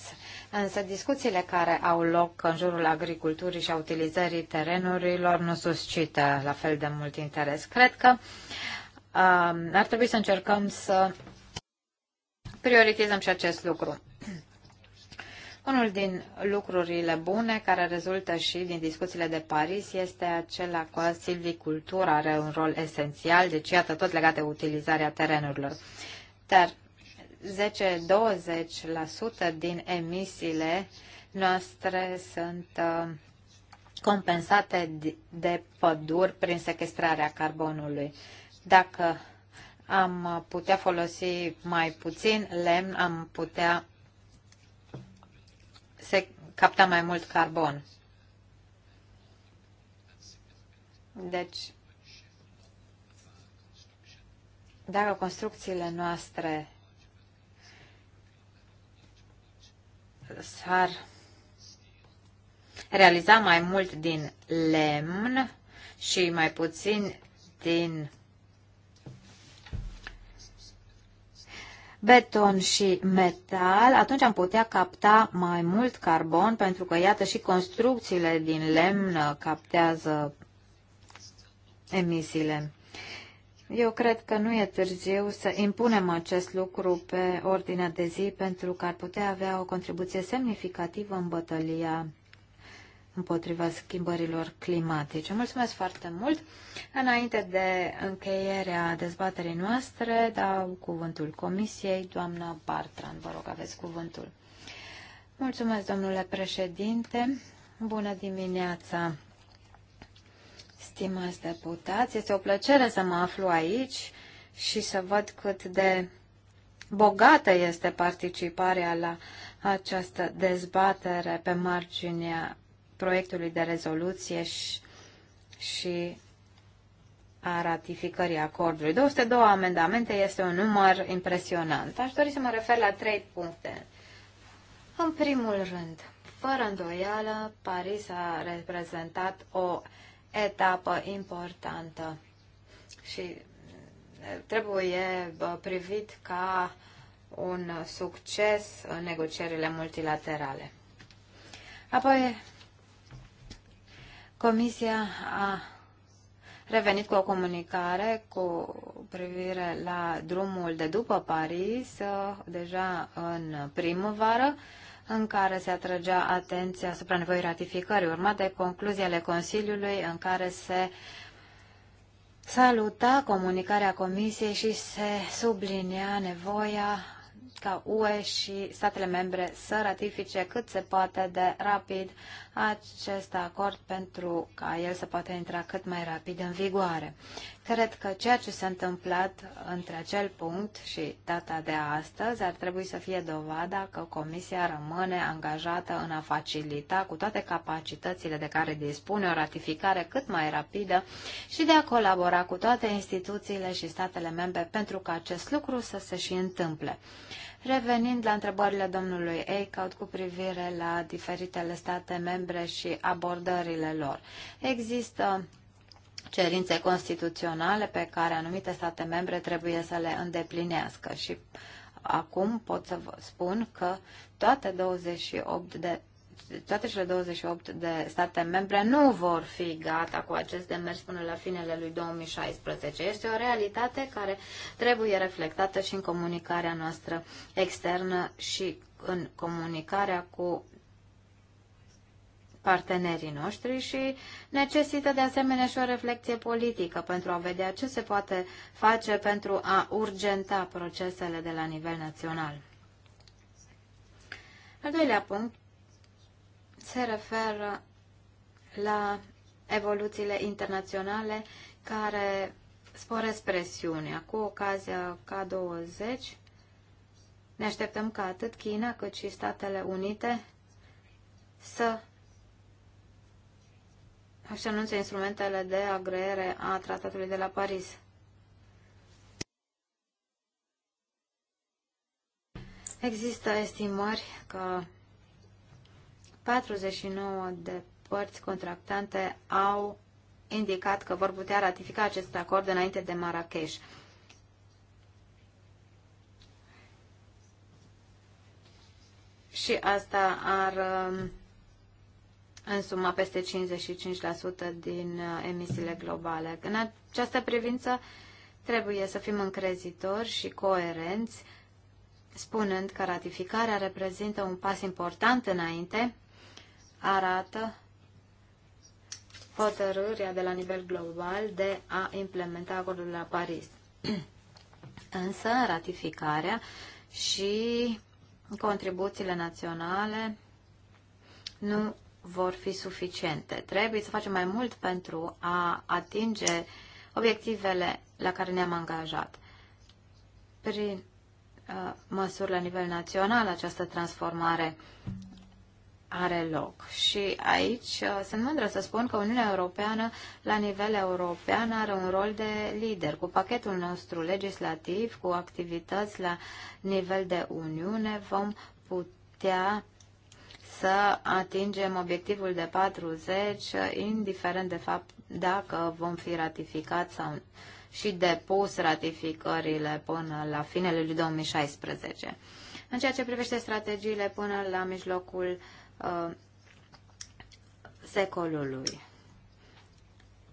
Însă discuțiile care au loc în jurul agriculturii și a utilizării terenurilor nu suscită la fel de mult interes. Cred că um, ar trebui să încercăm să prioritizăm și acest lucru. Unul din lucrurile bune care rezultă și din discuțiile de Paris este acela că silvicultura are un rol esențial, deci iată tot legat de utilizarea terenurilor. Dar 10-20% din emisiile noastre sunt uh, compensate de păduri prin sequestrarea carbonului. Dacă am putea folosi mai puțin lemn, am putea se capta mai mult carbon. Deci, dacă construcțiile noastre s-ar realiza mai mult din lemn și mai puțin din beton și metal, atunci am putea capta mai mult carbon, pentru că, iată, și construcțiile din lemn captează emisiile. Eu cred că nu e târziu să impunem acest lucru pe ordinea de zi pentru că ar putea avea o contribuție semnificativă în bătălia împotriva schimbărilor climatice. Mulțumesc foarte mult! Înainte de încheierea dezbaterii noastre, dau cuvântul Comisiei. Doamna Bartran, vă rog, aveți cuvântul. Mulțumesc, domnule președinte! Bună dimineața, stimați deputați! Este o plăcere să mă aflu aici și să văd cât de bogată este participarea la această dezbatere pe marginea proiectului de rezoluție și, și a ratificării acordului. 202 amendamente este un număr impresionant. Aș dori să mă refer la trei puncte. În primul rând, fără îndoială, Paris a reprezentat o etapă importantă și trebuie privit ca un succes în negocierile multilaterale. Apoi, Comisia a revenit cu o comunicare cu privire la drumul de după Paris, uh, deja în primăvară, în care se atrăgea atenția asupra nevoii ratificării, urmate concluzii ale Consiliului în care se saluta comunicarea Comisiei și se sublinia nevoia ca UE și statele membre să ratifice cât se poate de rapid acest acord pentru ca el să poată intra cât mai rapid în vigoare. Cred că ceea ce s-a întâmplat între acel punct și data de astăzi ar trebui să fie dovada că Comisia rămâne angajată în a facilita cu toate capacitățile de care dispune o ratificare cât mai rapidă și de a colabora cu toate instituțiile și statele membre pentru ca acest lucru să se și întâmple. Revenind la întrebările domnului Eichhout cu privire la diferitele state membre și abordările lor, există cerințe constituționale pe care anumite state membre trebuie să le îndeplinească și acum pot să vă spun că toate 28 de toate cele 28 de state membre nu vor fi gata cu acest demers până la finele lui 2016. Este o realitate care trebuie reflectată și în comunicarea noastră externă și în comunicarea cu partenerii noștri și necesită de asemenea și o reflecție politică pentru a vedea ce se poate face pentru a urgenta procesele de la nivel național. Al doilea punct se referă la evoluțiile internaționale care sporesc presiunea. Cu ocazia K20 ne așteptăm ca atât China cât și Statele Unite să își anunțe instrumentele de agreere a tratatului de la Paris. Există estimări că 49 de părți contractante au indicat că vor putea ratifica acest acord înainte de Marrakesh. Și asta ar um, însuma peste 55% din uh, emisiile globale. În această privință trebuie să fim încrezitori și coerenți, spunând că ratificarea reprezintă un pas important înainte arată hotărârea de la nivel global de a implementa acordul de la Paris. <clears throat> Însă, ratificarea și contribuțiile naționale nu vor fi suficiente. Trebuie să facem mai mult pentru a atinge obiectivele la care ne-am angajat. Prin uh, măsuri la nivel național această transformare are loc. Și aici uh, sunt mândră să spun că Uniunea Europeană, la nivel european, are un rol de lider. Cu pachetul nostru legislativ, cu activități la nivel de Uniune, vom putea să atingem obiectivul de 40, indiferent de fapt dacă vom fi ratificați sau și depus ratificările până la finele lui 2016. În ceea ce privește strategiile până la mijlocul uh, uh, secolului.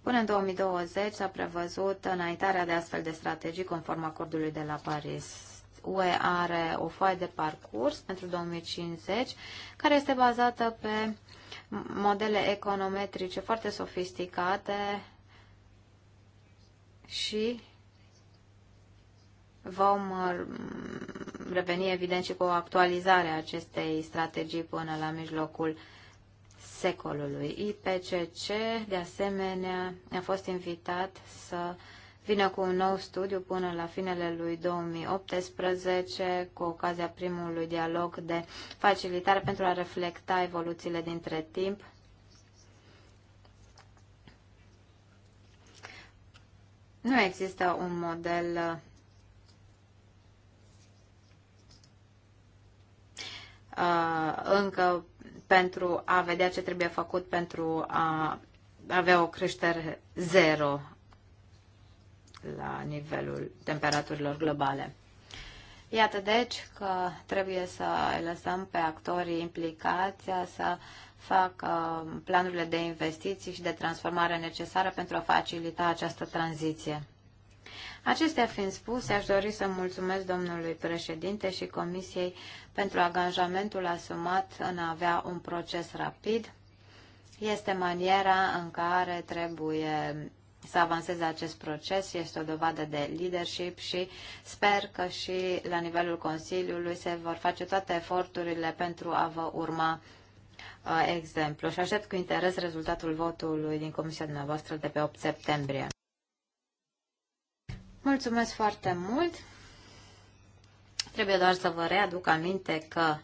Până în 2020 s-a prevăzut înaintarea de astfel de strategii conform acordului de la Paris. UE are o foaie de parcurs pentru 2050 care este bazată pe modele econometrice foarte sofisticate și Vom uh, reveni, evident, și cu o actualizare a acestei strategii până la mijlocul secolului. IPCC, de asemenea, a fost invitat să vină cu un nou studiu până la finele lui 2018, cu ocazia primului dialog de facilitare pentru a reflecta evoluțiile dintre timp. Nu există un model uh, Uh, încă pentru a vedea ce trebuie făcut pentru a avea o creștere zero la nivelul temperaturilor globale. Iată deci că trebuie să îi lăsăm pe actorii implicați să facă planurile de investiții și de transformare necesară pentru a facilita această tranziție. Acestea fiind spuse, aș dori să mulțumesc domnului președinte și Comisiei pentru angajamentul asumat în a avea un proces rapid. Este maniera în care trebuie să avanseze acest proces, este o dovadă de leadership și sper că și la nivelul Consiliului se vor face toate eforturile pentru a vă urma uh, exemplu și aștept cu interes rezultatul votului din comisia dumneavoastră de pe 8 septembrie. Mulțumesc foarte mult! Trebuie doar să vă readuc aminte că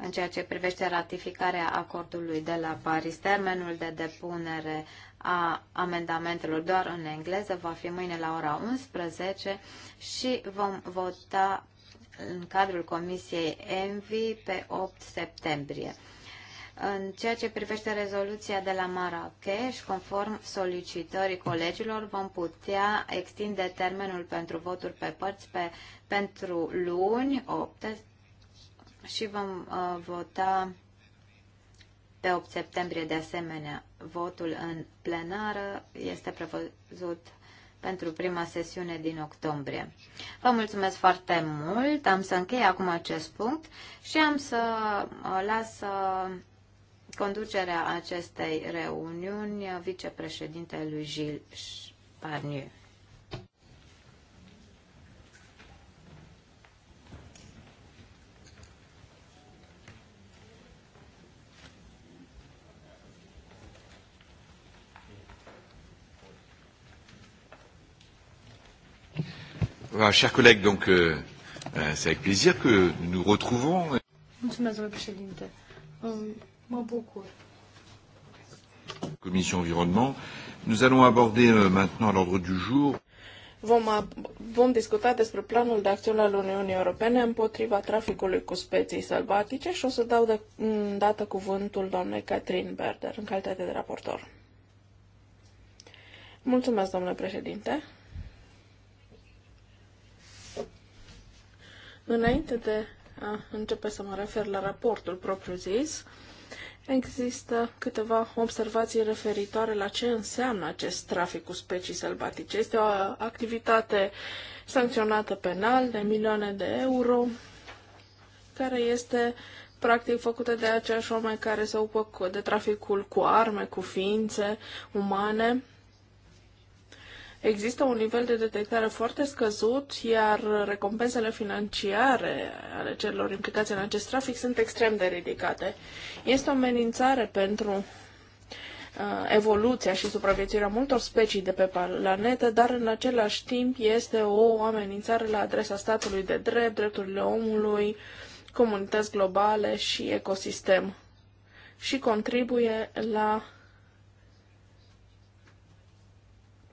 în ceea ce privește ratificarea acordului de la Paris, termenul de depunere a amendamentelor doar în engleză va fi mâine la ora 11 și vom vota în cadrul Comisiei ENVI pe 8 septembrie. În ceea ce privește rezoluția de la Marrakesh, conform solicitării colegilor, vom putea extinde termenul pentru voturi pe părți pe, pentru luni 8 și vom uh, vota pe 8 septembrie de asemenea. Votul în plenară este prevăzut pentru prima sesiune din octombrie. Vă mulțumesc foarte mult, am să închei acum acest punct și am să uh, las uh, conducerea acestei reuniuni vicepreședintelui Gilles Parnier. Voilà, chers collègues, donc euh, euh, c'est avec plaisir que nous nous retrouvons. Mulțumesc, domnule președinte. Mă bucur. Comisia Environnement. Nous allons aborder euh, maintenant l'ordre du jour vom, vom discuta despre planul de acțiune al Uniunii Europene împotriva traficului cu specii sălbatice și o să dau de mm, dată cuvântul doamnei Catherine Berder în calitate de raportor. Mulțumesc, domnule președinte. Înainte de a începe să mă refer la raportul propriu-zis, uh, Există câteva observații referitoare la ce înseamnă acest trafic cu specii sălbatice. Este o activitate sancționată penal de milioane de euro, care este practic făcută de aceiași oameni care se ocupă de traficul cu arme, cu ființe umane Există un nivel de detectare foarte scăzut, iar recompensele financiare ale celor implicați în acest trafic sunt extrem de ridicate. Este o amenințare pentru uh, evoluția și supraviețuirea multor specii de pe planetă, dar în același timp este o amenințare la adresa statului de drept, drepturile omului, comunități globale și ecosistem și contribuie la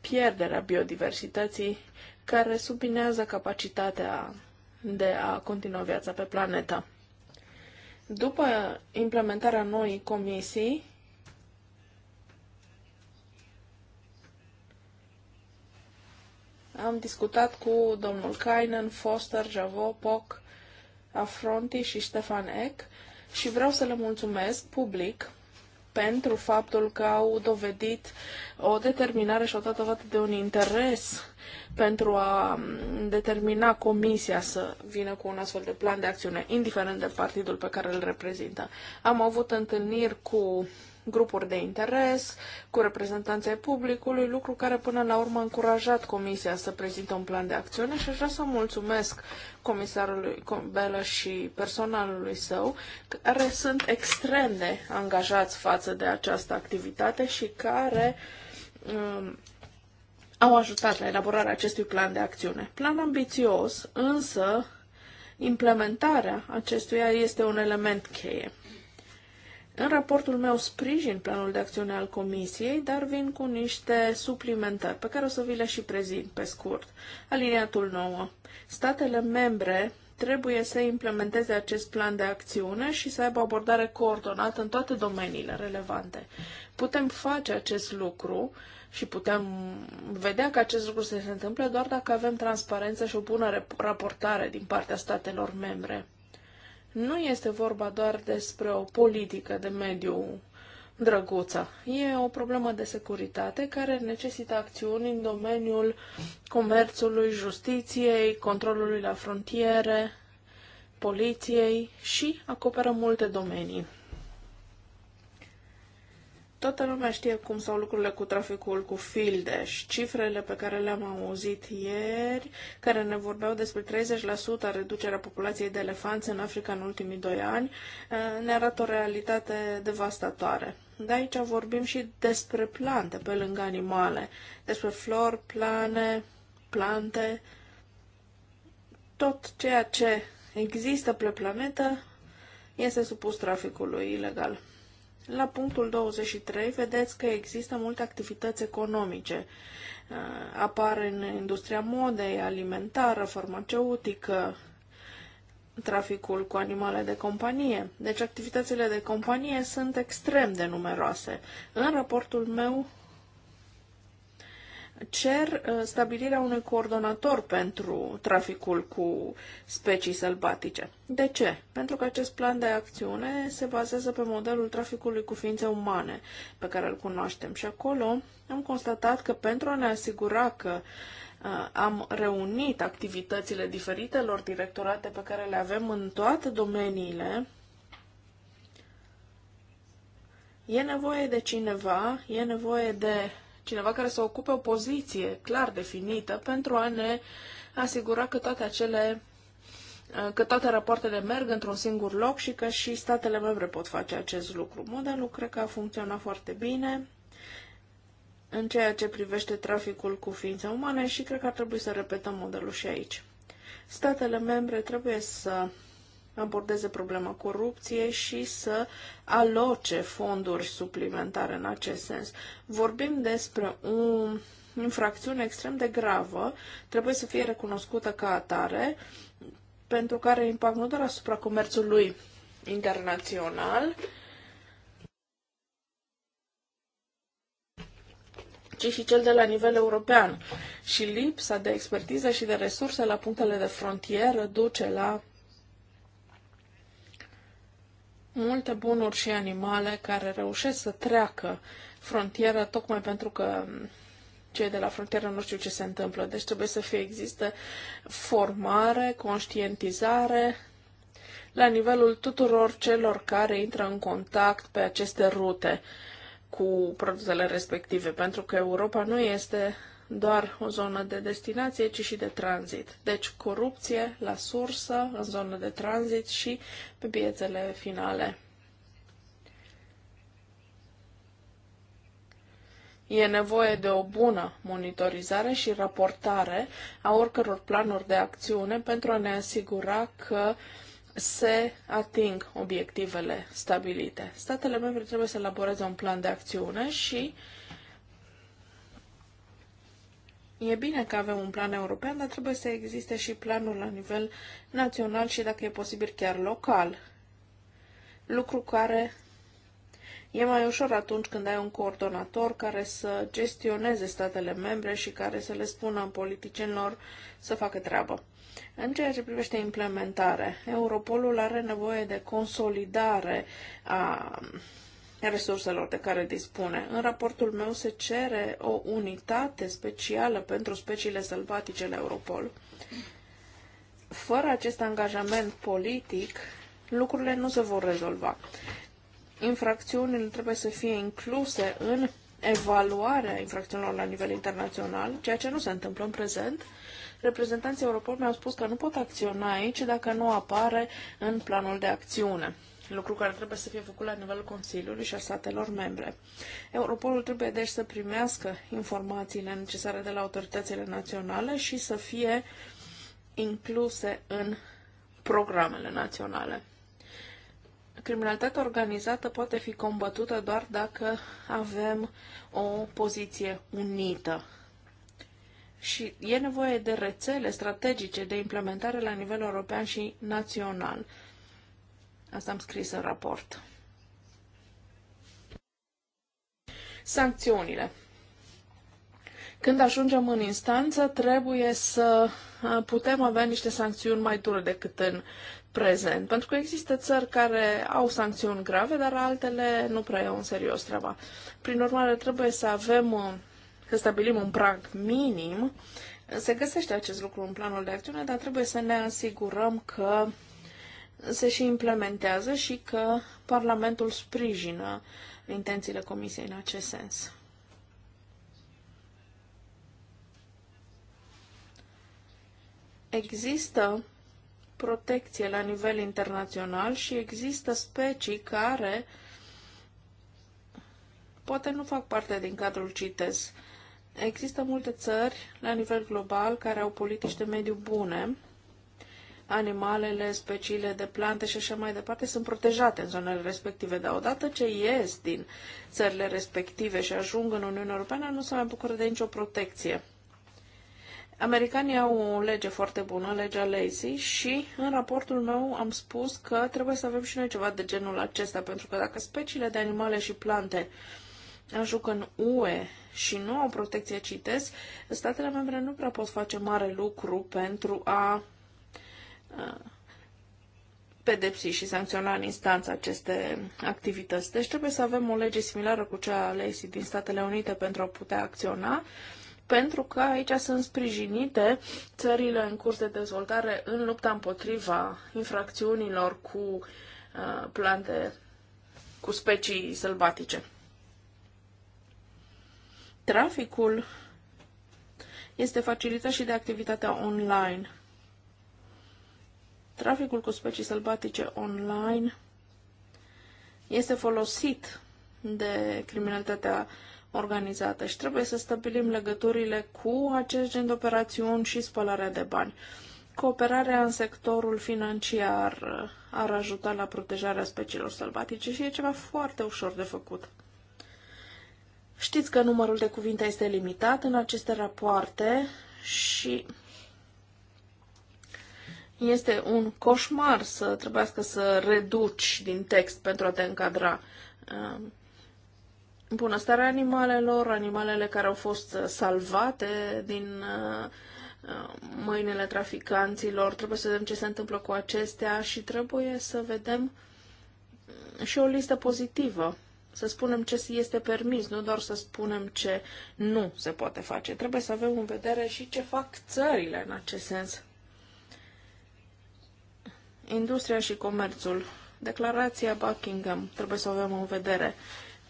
pierderea biodiversității care subminează capacitatea de a continua viața pe planetă. După implementarea noii comisii, am discutat cu domnul Kainen, Foster, Javo, Poc, Afronti și Stefan Eck și vreau să le mulțumesc public pentru faptul că au dovedit o determinare și o dat de un interes pentru a determina comisia să vină cu un astfel de plan de acțiune, indiferent de partidul pe care îl reprezintă. Am avut întâlniri cu grupuri de interes, cu reprezentanții publicului, lucru care până la urmă a încurajat Comisia să prezinte un plan de acțiune și aș vrea să mulțumesc comisarului Belă și personalului său, care sunt extrem de angajați față de această activitate și care um, au ajutat la elaborarea acestui plan de acțiune. Plan ambițios, însă implementarea acestuia este un element cheie. În raportul meu sprijin planul de acțiune al Comisiei, dar vin cu niște suplimentări pe care o să vi le și prezint pe scurt. Aliniatul 9. Statele membre trebuie să implementeze acest plan de acțiune și să aibă abordare coordonată în toate domeniile relevante. Putem face acest lucru și putem vedea că acest lucru se întâmplă doar dacă avem transparență și o bună raportare din partea statelor membre. Nu este vorba doar despre o politică de mediu drăguță. E o problemă de securitate care necesită acțiuni în domeniul comerțului, justiției, controlului la frontiere, poliției și acoperă multe domenii. Toată lumea știe cum sunt lucrurile cu traficul cu Fildeș. Cifrele pe care le-am auzit ieri, care ne vorbeau despre 30% reducerea populației de elefanți în Africa în ultimii doi ani, eh, ne arată o realitate devastatoare. De aici vorbim și despre plante pe lângă animale, despre flori, plane, plante, tot ceea ce există pe planetă este supus traficului ilegal. La punctul 23 vedeți că există multe activități economice. Uh, apar în industria modei, alimentară, farmaceutică, traficul cu animale de companie. Deci activitățile de companie sunt extrem de numeroase. În raportul meu cer uh, stabilirea unui coordonator pentru traficul cu specii sălbatice. De ce? Pentru că acest plan de acțiune se bazează pe modelul traficului cu ființe umane, pe care îl cunoaștem. Și acolo am constatat că pentru a ne asigura că uh, am reunit activitățile diferitelor directorate pe care le avem în toate domeniile E nevoie de cineva, e nevoie de cineva care să ocupe o poziție clar definită pentru a ne asigura că toate acele uh, că toate rapoartele merg într-un singur loc și că și statele membre pot face acest lucru. Modelul cred că a funcționat foarte bine în ceea ce privește traficul cu ființe umane și cred că ar trebui să repetăm modelul și aici. Statele membre trebuie să abordeze problema corupției și să aloce fonduri suplimentare în acest sens. Vorbim despre o infracțiune extrem de gravă, trebuie să fie recunoscută ca atare, pentru că are impact nu doar asupra comerțului internațional, ci și cel de la nivel european. Și lipsa de expertiză și de resurse la punctele de frontieră duce la multe bunuri și animale care reușesc să treacă frontiera tocmai pentru că cei de la frontieră nu știu ce se întâmplă. Deci trebuie să fie există formare, conștientizare la nivelul tuturor celor care intră în contact pe aceste rute cu produsele respective, pentru că Europa nu este doar o zonă de destinație, ci și de tranzit. Deci corupție la sursă, în zonă de tranzit și pe piețele finale. E nevoie de o bună monitorizare și raportare a oricăror planuri de acțiune pentru a ne asigura că se ating obiectivele stabilite. Statele membre trebuie să elaboreze un plan de acțiune și uh, E bine că avem un plan european, dar trebuie să existe și planul la nivel național și, dacă e posibil, chiar local. Lucru care E mai ușor atunci când ai un coordonator care să gestioneze statele membre și care să le spună politicienilor să facă treabă. În ceea ce privește implementare, Europolul are nevoie de consolidare a resurselor de care dispune. În raportul meu se cere o unitate specială pentru speciile sălbatice la Europol. Fără acest angajament politic, lucrurile nu se vor rezolva. Infracțiunile trebuie să fie incluse în evaluarea infracțiunilor la nivel internațional, ceea ce nu se întâmplă în prezent. Reprezentanții Europol mi-au spus că nu pot acționa aici dacă nu apare în planul de acțiune lucru care trebuie să fie făcut la nivelul Consiliului și a statelor membre. Europolul trebuie deci să primească informațiile necesare de la autoritățile naționale și să fie incluse în programele naționale. Criminalitatea organizată poate fi combătută doar dacă avem o poziție unită și e nevoie de rețele strategice de implementare la nivel european și național. Asta am scris în raport. Sancțiunile. Când ajungem în instanță, trebuie să putem avea niște sancțiuni mai dure decât în prezent. Pentru că există țări care au sancțiuni grave, dar altele nu prea iau în serios treaba. Prin urmare, trebuie să avem, să stabilim un prag minim. Se găsește acest lucru în planul de acțiune, dar trebuie să ne asigurăm că se și implementează și că Parlamentul sprijină intențiile Comisiei în acest sens. Există protecție la nivel internațional și există specii care poate nu fac parte din cadrul CITES. Există multe țări la nivel global care au politici de mediu bune animalele, speciile de plante și așa mai departe sunt protejate în zonele respective, dar odată ce ies din țările respective și ajung în Uniunea Europeană, nu se mai bucură de nicio protecție. Americanii au o lege foarte bună, legea Lacey, și în raportul meu am spus că trebuie să avem și noi ceva de genul acesta, pentru că dacă speciile de animale și plante ajung în UE și nu au protecție CITES, statele membre nu prea pot face mare lucru pentru a pedepsi și sancționa în instanță aceste activități. Deci trebuie să avem o lege similară cu cea a din Statele Unite pentru a putea acționa, pentru că aici sunt sprijinite țările în curs de dezvoltare în lupta împotriva infracțiunilor cu uh, plante, cu specii sălbatice. Traficul este facilitat și de activitatea online Traficul cu specii sălbatice online este folosit de criminalitatea organizată și trebuie să stabilim legăturile cu acest gen de operațiuni și spălarea de bani. Cooperarea în sectorul financiar uh, ar ajuta la protejarea speciilor sălbatice și e ceva foarte ușor de făcut. Știți că numărul de cuvinte este limitat în aceste rapoarte și este un coșmar să trebuiască să reduci din text pentru a te încadra um, bunăstarea animalelor, animalele care au fost uh, salvate din uh, um, mâinile traficanților. Trebuie să vedem ce se întâmplă cu acestea și trebuie să vedem um, și o listă pozitivă. Să spunem ce este permis, nu doar să spunem ce nu se poate face. Trebuie să avem în vedere și ce fac țările în acest sens. Industria și comerțul. Declarația Buckingham trebuie să o avem în vedere.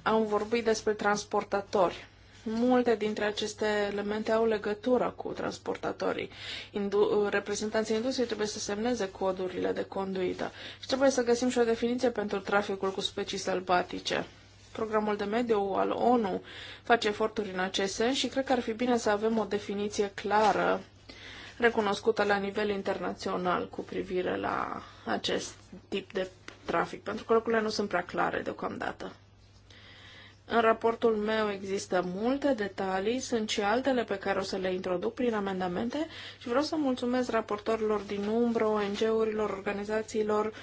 Am vorbit despre transportatori. Multe dintre aceste elemente au legătură cu transportatorii. Indu- reprezentanții industriei trebuie să semneze codurile de conduită și trebuie să găsim și o definiție pentru traficul cu specii sălbatice. Programul de mediu al ONU face eforturi în acest sens și cred că ar fi bine să avem o definiție clară recunoscută la nivel internațional cu privire la acest tip de trafic, pentru că lucrurile nu sunt prea clare deocamdată. În raportul meu există multe detalii, sunt și altele pe care o să le introduc prin amendamente și vreau să mulțumesc raportorilor din umbră, ONG-urilor, organizațiilor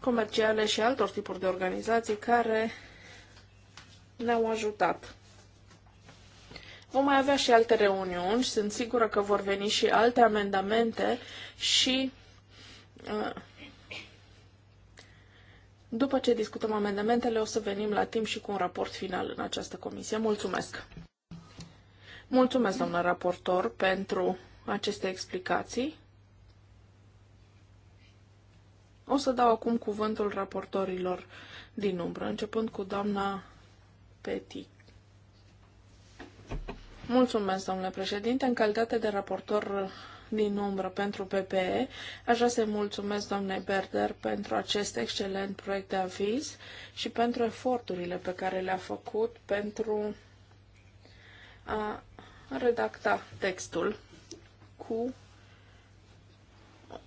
comerciale și altor tipuri de organizații care ne-au ajutat Vom mai avea și alte reuniuni, sunt sigură că vor veni și alte amendamente și uh, după ce discutăm amendamentele o să venim la timp și cu un raport final în această comisie. Mulțumesc! Mulțumesc, doamnă raportor, pentru aceste explicații. O să dau acum cuvântul raportorilor din umbră, începând cu doamna Petit. Mulțumesc, domnule președinte. În calitate de raportor din umbră pentru PPE, aș vrea să-i mulțumesc doamnei Berder pentru acest excelent proiect de aviz și pentru eforturile pe care le-a făcut pentru a redacta textul cu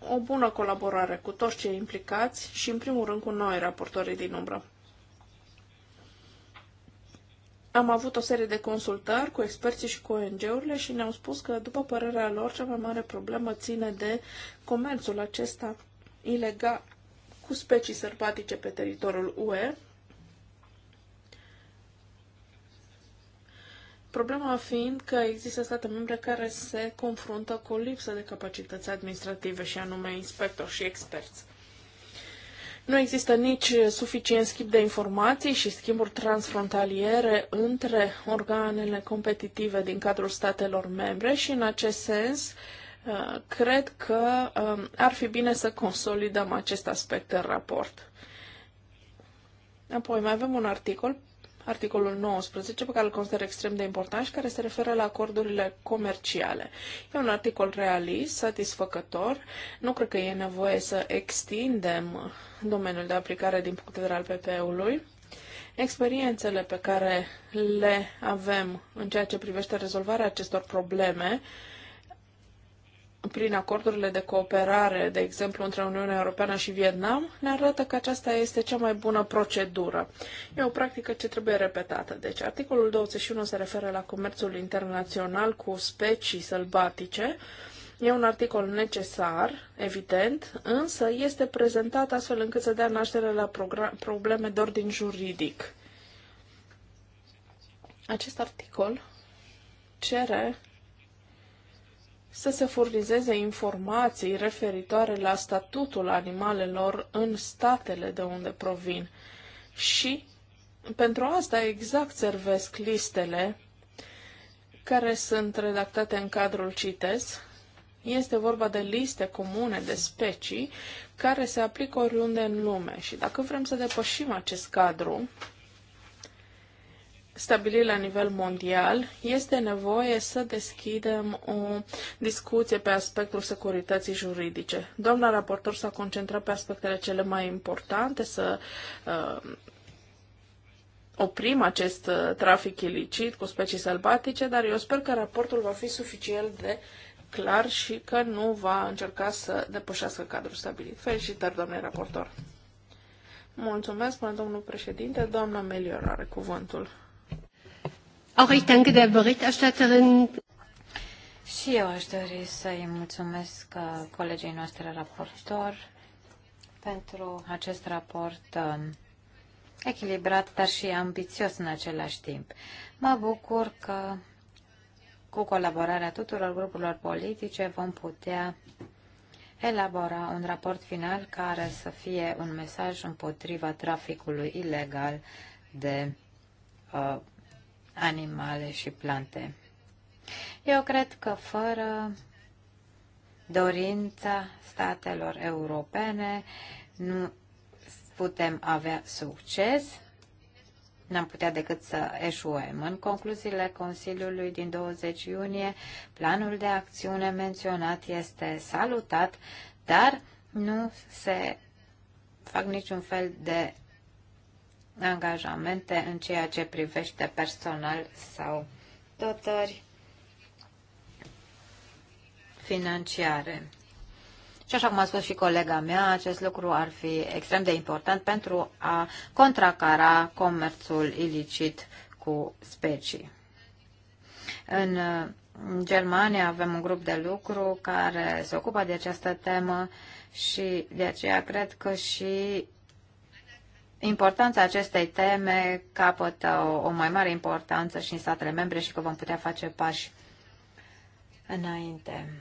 o bună colaborare cu toți cei implicați și, în primul rând, cu noi, raportorii din umbră. Am avut o serie de consultări cu experții și cu ONG-urile și ne-au spus că, după părerea lor, cea mai mare problemă ține de comerțul acesta ilegal cu specii sărbatice pe teritoriul UE. Problema fiind că există state membre care se confruntă cu o lipsă de capacități administrative și anume inspectori și experți. Nu există nici suficient schimb de informații și schimburi transfrontaliere între organele competitive din cadrul statelor membre și, în acest sens, uh, cred că um, ar fi bine să consolidăm acest aspect în raport. Apoi mai avem un articol articolul 19, pe care îl consider extrem de important și care se referă la acordurile comerciale. E un articol realist, satisfăcător. Nu cred că e nevoie să extindem domeniul de aplicare din punct de vedere al PPE-ului. Experiențele pe care le avem în ceea ce privește rezolvarea acestor probleme prin acordurile de cooperare, de exemplu, între Uniunea Europeană și Vietnam, ne arată că aceasta este cea mai bună procedură. E o practică ce trebuie repetată. Deci, articolul 21 se referă la comerțul internațional cu specii sălbatice. E un articol necesar, evident, însă este prezentat astfel încât să dea naștere la probleme de ordin juridic. Acest articol cere să se furnizeze informații referitoare la statutul animalelor în statele de unde provin. Și pentru asta exact servesc listele care sunt redactate în cadrul CITES. Este vorba de liste comune de specii care se aplică oriunde în lume și dacă vrem să depășim acest cadru, stabilit la nivel mondial, este nevoie să deschidem o discuție pe aspectul securității juridice. Doamna raportor s-a concentrat pe aspectele cele mai importante, să uh, oprim acest uh, trafic ilicit cu specii sălbatice, dar eu sper că raportul va fi suficient de clar și că nu va încerca să depășească cadrul stabilit. Felicitări, domnule raportor! Mulțumesc, până domnul președinte. Doamna Meliorare, cuvântul. Auch ich danke der Berichterstatterin. Și eu aș dori să-i mulțumesc uh, colegii noastre raportor pentru acest raport um, echilibrat, dar și ambițios în același timp. Mă bucur că cu colaborarea tuturor grupurilor politice vom putea elabora un raport final care să fie un mesaj împotriva traficului ilegal de uh, animale și plante. Eu cred că fără dorința statelor europene nu putem avea succes, n-am putea decât să eșuăm. În concluziile Consiliului din 20 iunie, planul de acțiune menționat este salutat, dar nu se fac niciun fel de angajamente în ceea ce privește personal sau dotări financiare. Și așa cum a spus și colega mea, acest lucru ar fi extrem de important pentru a contracara comerțul ilicit cu specii. În Germania avem un grup de lucru care se ocupă de această temă și de aceea cred că și importanța acestei teme capătă o, o mai mare importanță și în statele membre și că vom putea face pași înainte.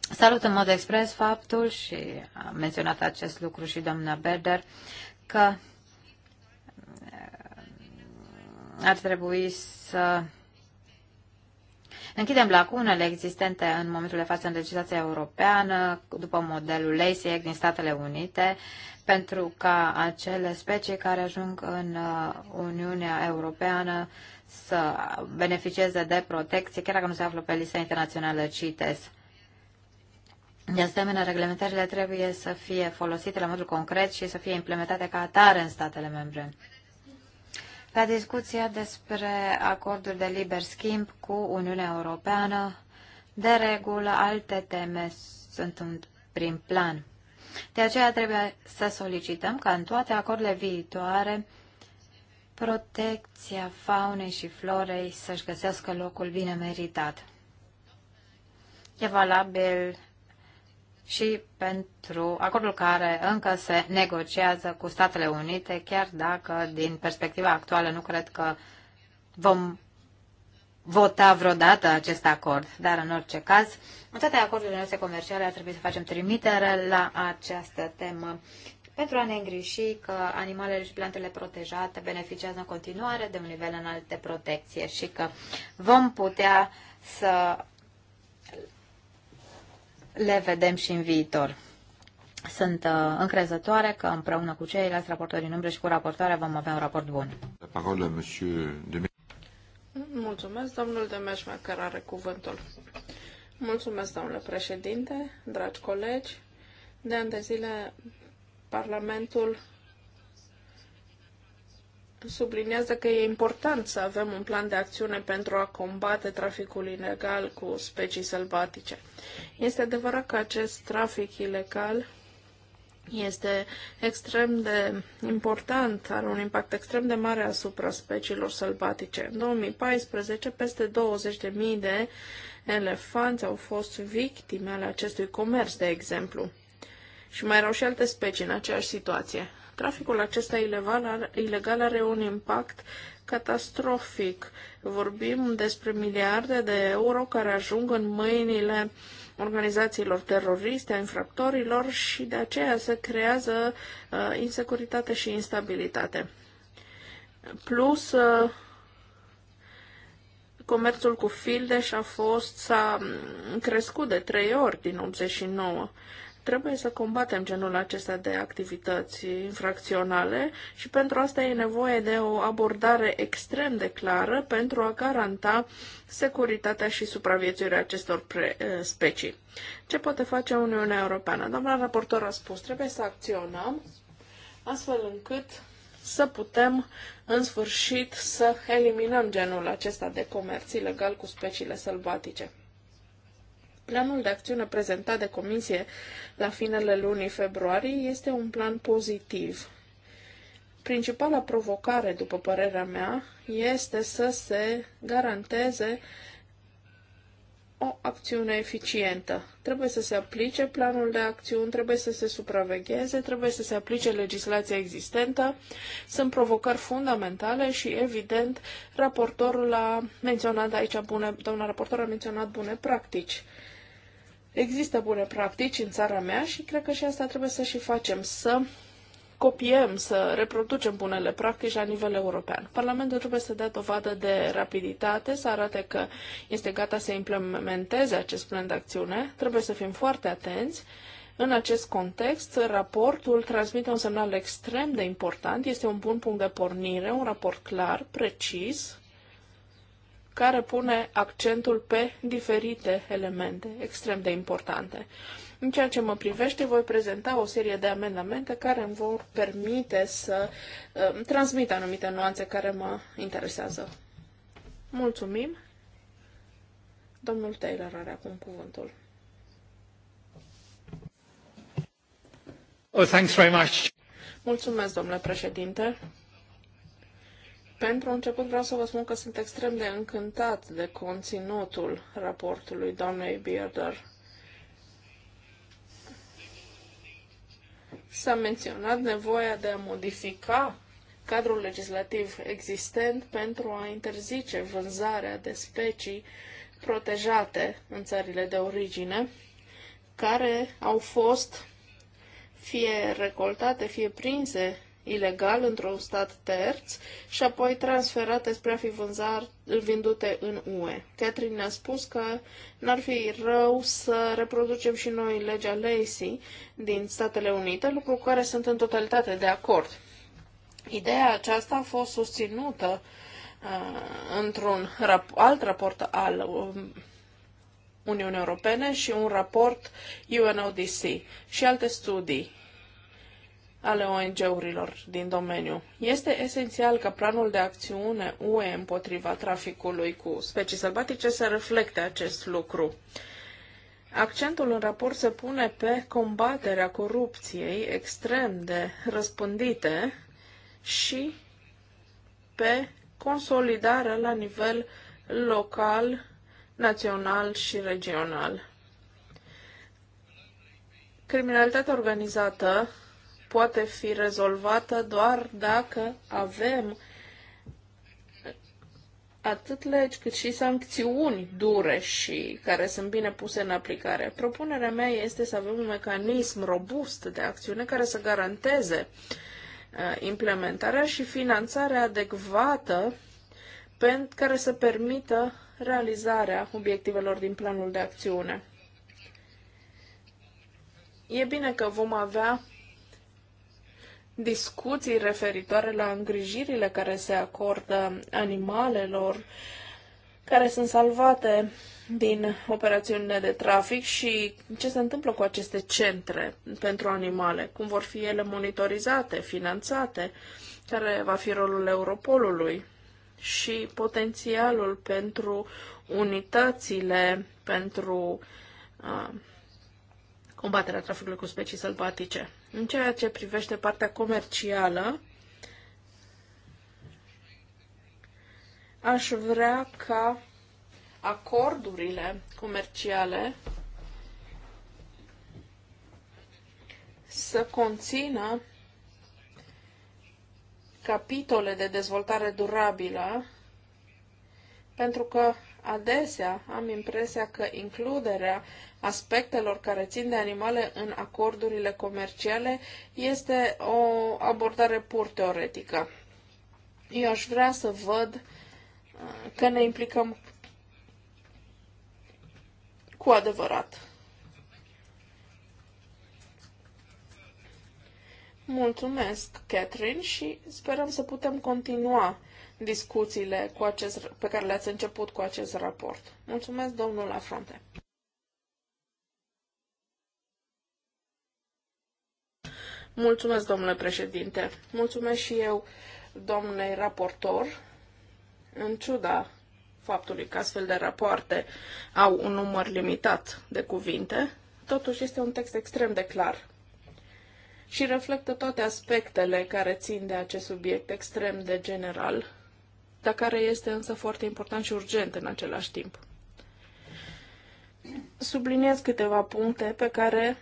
Salut în mod expres faptul și a menționat acest lucru și doamna Berder că ar trebui să Închidem lacunele existente în momentul de față în legislația europeană, după modelul LACIAC din Statele Unite, pentru ca acele specii care ajung în uh, Uniunea Europeană să beneficieze de protecție, chiar dacă nu se află pe lista internațională CITES. De asemenea, reglementările trebuie să fie folosite la modul concret și să fie implementate ca atare în statele membre. La discuția despre acordul de liber schimb cu Uniunea Europeană, de regulă, alte teme sunt în prim plan. De aceea trebuie să solicităm ca în toate acordurile viitoare protecția faunei și florei să-și găsească locul bine meritat. E valabil și pentru acordul care încă se negociază cu Statele Unite, chiar dacă din perspectiva actuală nu cred că vom vota vreodată acest acord. Dar în orice caz, în toate acordurile noastre comerciale ar trebui să facem trimitere la această temă pentru a ne îngriși că animalele și plantele protejate beneficiază în continuare de un nivel înalt de protecție și că vom putea să le vedem și în viitor. Sunt uh, încrezătoare că împreună cu ceilalți raportori din umbră și cu raportoarea vom avea un raport bun. parole, monsieur Mulțumesc, domnul Demeșme, care are cuvântul. Mulțumesc, domnule președinte, dragi colegi. De ani de zile, Parlamentul subliniază că e important să avem un plan de acțiune pentru a combate traficul ilegal cu specii sălbatice. Este adevărat că acest trafic ilegal este extrem de important, are un impact extrem de mare asupra speciilor sălbatice. În 2014, peste 20.000 de elefanți au fost victime ale acestui comerț, de exemplu. Și mai erau și alte specii în aceeași situație. Traficul acesta ilegal are un impact catastrofic. Vorbim despre miliarde de euro care ajung în mâinile organizațiilor teroriste, a infractorilor și de aceea se creează uh, insecuritate și instabilitate. Plus, uh, comerțul cu fildeș a fost, s-a mm, crescut de trei ori din 89. Trebuie să combatem genul acesta de activități infracționale și pentru asta e nevoie de o abordare extrem de clară pentru a garanta securitatea și supraviețuirea acestor pre, eh, specii. Ce poate face Uniunea Europeană? Doamna raportor a spus, trebuie să acționăm astfel încât să putem în sfârșit să eliminăm genul acesta de comerț ilegal cu speciile sălbatice. Planul de acțiune prezentat de comisie la finele lunii februarie este un plan pozitiv. Principala provocare, după părerea mea, este să se garanteze o acțiune eficientă. Trebuie să se aplice planul de acțiuni, trebuie să se supravegheze, trebuie să se aplice legislația existentă. Sunt provocări fundamentale și, evident, raportorul a menționat aici bune, doamna raportor a menționat bune practici. Există bune practici în țara mea și cred că și asta trebuie să și facem, să copiem, să reproducem bunele practici la nivel european. Parlamentul trebuie să dea dovadă de rapiditate, să arate că este gata să implementeze acest plan de acțiune. Trebuie să fim foarte atenți. În acest context, raportul transmite un semnal extrem de important, este un bun punct de pornire, un raport clar, precis, care pune accentul pe diferite elemente extrem de importante. În ceea ce mă privește, voi prezenta o serie de amendamente care îmi vor permite să uh, transmit anumite nuanțe care mă interesează. Mulțumim! Domnul Taylor are acum cuvântul. Oh, thanks very much. Mulțumesc, domnule președinte. Pentru început vreau să vă spun că sunt extrem de încântat de conținutul raportului doamnei Bearder. S-a menționat nevoia de a modifica cadrul legislativ existent pentru a interzice vânzarea de specii protejate în țările de origine, care au fost fie recoltate, fie prinse ilegal într-un stat terț și apoi transferate spre a fi vânzar, vândute în UE. Catherine ne-a spus că n-ar fi rău să reproducem și noi legea Lacey din Statele Unite, lucru cu care sunt în totalitate de acord. Ideea aceasta a fost susținută uh, într-un rap- alt raport al uh, Uniunii Europene și un raport UNODC și alte studii ale ONG-urilor din domeniu. Este esențial ca planul de acțiune UE împotriva traficului cu specii sălbatice să reflecte acest lucru. Accentul în raport se pune pe combaterea corupției extrem de răspândite și pe consolidarea la nivel local, național și regional. Criminalitatea organizată poate fi rezolvată doar dacă avem atât legi cât și sancțiuni dure și care sunt bine puse în aplicare. Propunerea mea este să avem un mecanism robust de acțiune care să garanteze uh, implementarea și finanțarea adecvată pentru care să permită realizarea obiectivelor din planul de acțiune. E bine că vom avea discuții referitoare la îngrijirile care se acordă animalelor care sunt salvate din operațiunile de trafic și ce se întâmplă cu aceste centre pentru animale, cum vor fi ele monitorizate, finanțate, care va fi rolul Europolului și potențialul pentru unitățile pentru uh, combaterea traficului cu specii sălbatice. În ceea ce privește partea comercială, aș vrea ca acordurile comerciale să conțină capitole de dezvoltare durabilă, pentru că Adesea am impresia că includerea aspectelor care țin de animale în acordurile comerciale este o abordare pur teoretică. Eu aș vrea să văd uh, că ne implicăm cu adevărat. Mulțumesc, Catherine, și sperăm să putem continua discuțiile cu acest, pe care le-ați început cu acest raport. Mulțumesc, domnul Lafronte. Mulțumesc, domnule președinte. Mulțumesc și eu, domnule raportor. În ciuda faptului că astfel de rapoarte au un număr limitat de cuvinte, totuși este un text extrem de clar și reflectă toate aspectele care țin de acest subiect extrem de general dar care este însă foarte important și urgent în același timp. Subliniez câteva puncte pe care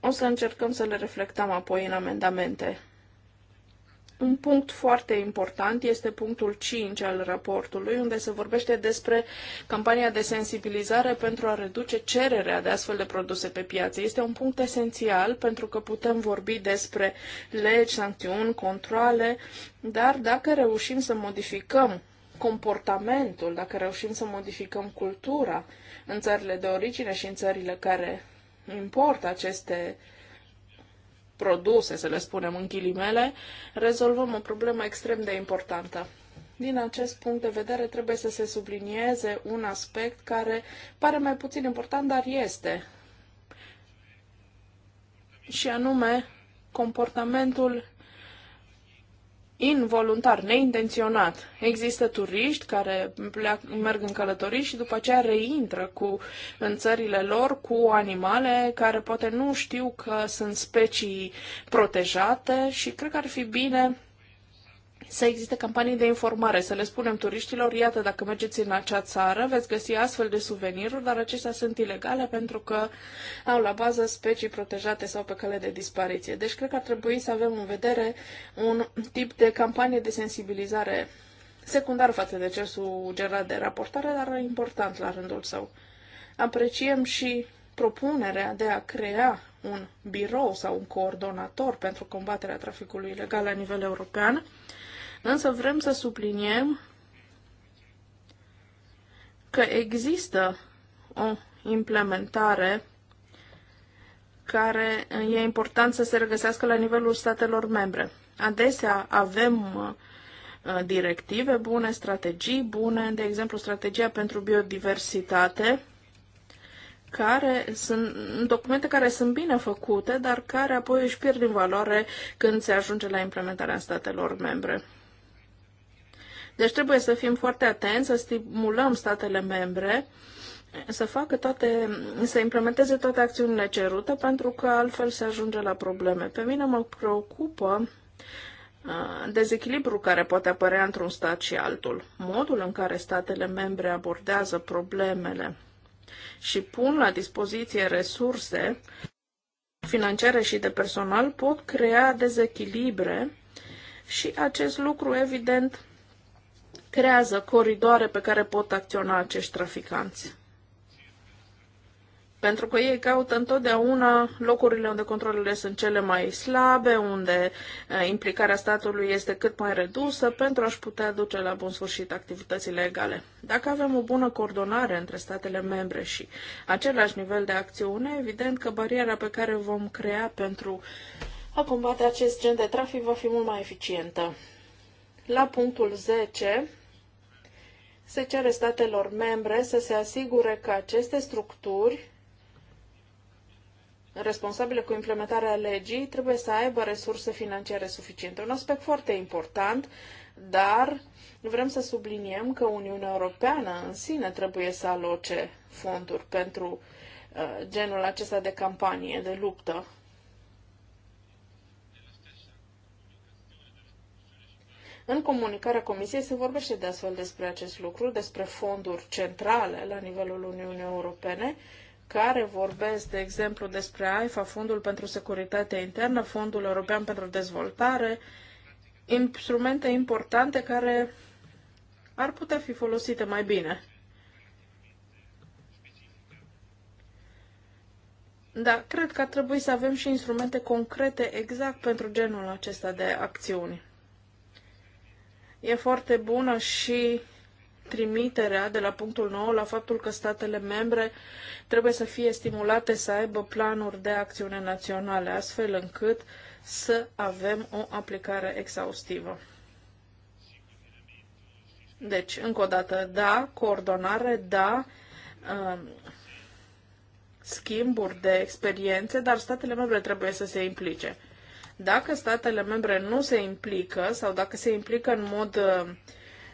o să încercăm să le reflectăm apoi în amendamente un punct foarte important este punctul 5 al raportului, unde se vorbește despre campania de sensibilizare pentru a reduce cererea de astfel de produse pe piață. Este un punct esențial pentru că putem vorbi despre legi, sancțiuni, controle, dar dacă reușim să modificăm comportamentul, dacă reușim să modificăm cultura în țările de origine și în țările care importă aceste uh, produse, să le spunem în ghilimele, rezolvăm o problemă extrem de importantă. Din acest punct de vedere, trebuie să se sublinieze un aspect care pare mai puțin important, dar este. Și anume, comportamentul involuntar, neintenționat. Există turiști care pleac, merg în călătorii și după aceea reintră cu, în țările lor cu animale care poate nu știu că sunt specii protejate și cred că ar fi bine să existe campanii de informare, să le spunem turiștilor, iată, dacă mergeți în acea țară, veți găsi astfel de suveniruri, dar acestea sunt ilegale pentru că au la bază specii protejate sau pe cale de dispariție. Deci cred că ar trebui să avem în vedere un tip de campanie de sensibilizare secundar față de ce sugerat de raportare, dar important la rândul său. Apreciem și propunerea de a crea un birou sau un coordonator pentru combaterea traficului ilegal la nivel european Însă vrem să subliniem că există o implementare care e important să se regăsească la nivelul statelor membre. Adesea avem uh, directive bune, strategii bune, de exemplu strategia pentru biodiversitate, care sunt documente care sunt bine făcute, dar care apoi își pierd din valoare când se ajunge la implementarea statelor membre. Deci trebuie să fim foarte atenți, să stimulăm statele membre să facă toate, să implementeze toate acțiunile cerute, pentru că altfel se ajunge la probleme. Pe mine mă preocupă uh, dezechilibru care poate apărea într-un stat și altul, modul în care statele membre abordează problemele și pun la dispoziție resurse financiare și de personal pot crea dezechilibre și acest lucru, evident, creează coridoare pe care pot acționa acești traficanți. Pentru că ei caută întotdeauna locurile unde controlele sunt cele mai slabe, unde eh, implicarea statului este cât mai redusă, pentru a-și putea duce la bun sfârșit activitățile legale. Dacă avem o bună coordonare între statele membre și același nivel de acțiune, evident că bariera pe care vom crea pentru a combate acest gen de trafic va fi mult mai eficientă. La punctul 10 se cere statelor membre să se asigure că aceste structuri responsabile cu implementarea legii trebuie să aibă resurse financiare suficiente. Un aspect foarte important, dar vrem să subliniem că Uniunea Europeană în sine trebuie să aloce fonduri pentru uh, genul acesta de campanie, de luptă În comunicarea Comisiei se vorbește de astfel despre acest lucru, despre fonduri centrale la nivelul Uniunii Europene, care vorbesc, de exemplu, despre AIFA, Fondul pentru Securitatea Internă, Fondul European pentru Dezvoltare, instrumente importante care ar putea fi folosite mai bine. Da, cred că ar trebui să avem și instrumente concrete exact pentru genul acesta de acțiuni. E foarte bună și trimiterea de la punctul 9 la faptul că statele membre trebuie să fie stimulate să aibă planuri de acțiune naționale, astfel încât să avem o aplicare exhaustivă. Deci, încă o dată, da, coordonare, da, um, schimburi de experiențe, dar statele membre trebuie să se implice. Dacă statele membre nu se implică sau dacă se implică în mod uh,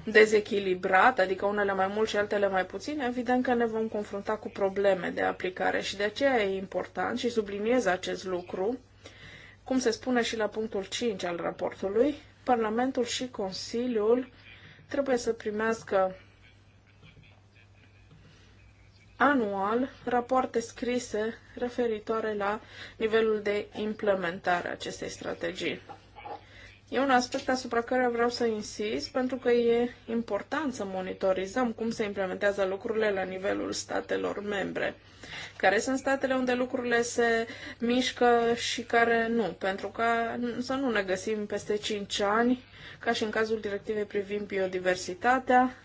dezechilibrat, adică unele mai mult și altele mai puțin, evident că ne vom confrunta cu probleme de aplicare și de aceea e important și subliniez acest lucru, cum se spune și la punctul 5 al raportului, Parlamentul și Consiliul trebuie să primească anual rapoarte scrise referitoare la nivelul de implementare a acestei strategii. E un aspect asupra care vreau să insist pentru că e important să monitorizăm cum se implementează lucrurile la nivelul statelor membre. Care sunt statele unde lucrurile se mișcă și care nu, pentru că să nu ne găsim peste 5 ani, ca și în cazul directivei privind biodiversitatea,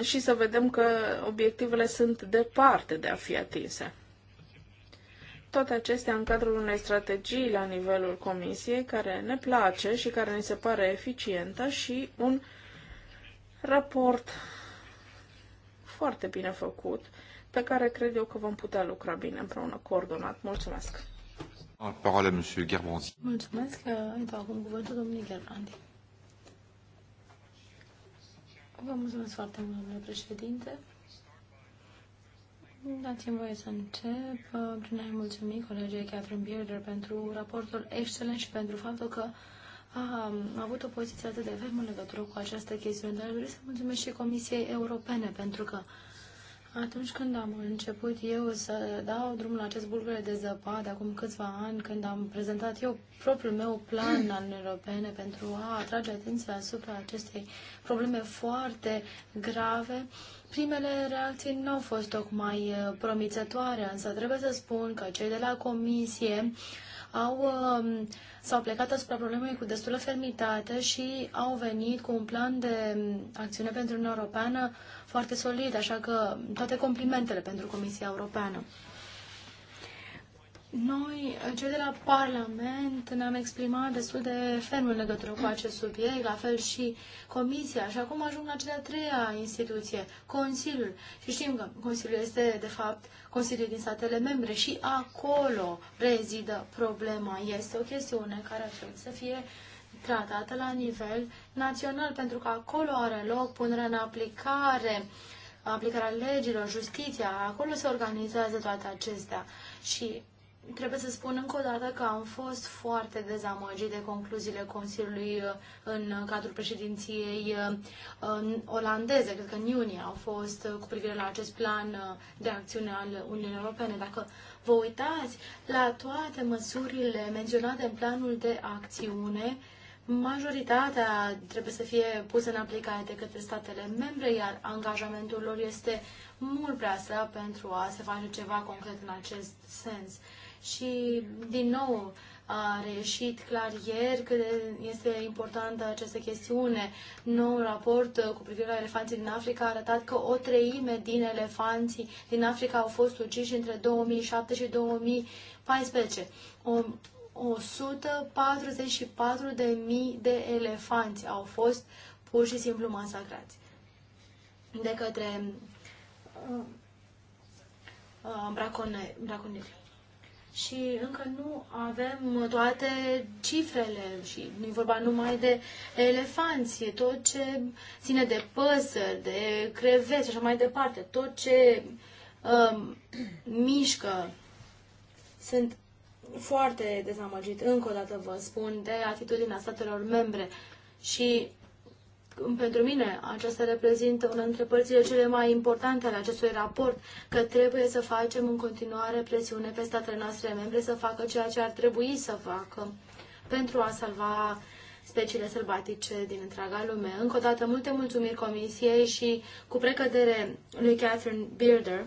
și să vedem că obiectivele sunt departe de a fi atinse. Toate acestea în cadrul unei strategii la nivelul Comisiei care ne place și care ne se pare eficientă și un raport foarte bine făcut pe care cred eu că vom putea lucra bine împreună coordonat. Mulțumesc! Parola, Mulțumesc că uh, îi dau acum cuvântul domnului Gerbrandi. Vă mulțumesc foarte mult, domnule președinte. Dați-mi voie să încep uh, prin a-i mulțumi colegii Catherine Bierder pentru raportul excelent și pentru faptul că um, a avut o poziție atât de fermă în legătură cu această chestiune, dar vreau să mulțumesc și Comisiei Europene pentru că atunci când am început eu să dau drumul la acest bulgăre de zăpadă, acum câțiva ani, când am prezentat eu propriul meu plan al Europene pentru a atrage atenția asupra acestei probleme foarte grave, primele reacții nu au fost tocmai uh, promițătoare, însă trebuie să spun că cei de la Comisie uh, au, um, s-au plecat asupra problemei cu destulă fermitate și au venit cu un plan de um, acțiune pentru Uniunea Europeană foarte solid, așa că toate complimentele pentru Comisia Europeană. Noi, cei de la Parlament, ne-am exprimat destul de ferm în legătură cu acest subiect, la fel și Comisia. Și acum ajung la cea de-a treia instituție, Consiliul. Și știm că Consiliul este, de fapt, Consiliul din statele membre și acolo rezidă problema. Este o chestiune care ar trebui să fie tratată la nivel național, pentru că acolo are loc punerea în aplicare, aplicarea legilor, justiția, acolo se organizează toate acestea. Și Trebuie să spun încă o dată că am fost foarte dezamăgit de concluziile Consiliului uh, în cadrul președinției uh, olandeze, cred că în iunie au fost uh, cu privire la acest plan de acțiune al Uniunii Europene. Dacă vă uitați la toate măsurile menționate în planul de acțiune, majoritatea trebuie să fie pusă în aplicare de către statele membre, iar angajamentul lor este mult prea slab pentru a se face ceva concret în acest sens și din nou a reieșit clar ieri că este importantă această chestiune. Nou raport uh, cu privire la elefanții din Africa a arătat că o treime din elefanții din Africa au fost uciși între 2007 și 2014. O, 144 de, mii de elefanți au fost pur și simplu masacrați de către uh, uh, braconieri și încă nu avem toate cifrele și nu e vorba numai de elefanți, tot ce ține de păsări, de creveți și așa mai departe, tot ce uh, mișcă. Sunt foarte dezamăgit, încă o dată vă spun, de atitudinea statelor membre și pentru mine aceasta reprezintă una dintre părțile cele mai importante ale acestui raport, că trebuie să facem în continuare presiune pe statele noastre membre să facă ceea ce ar trebui să facă pentru a salva speciile sălbatice din întreaga lume. Încă o dată, multe mulțumiri Comisiei și cu precădere lui Catherine Bearder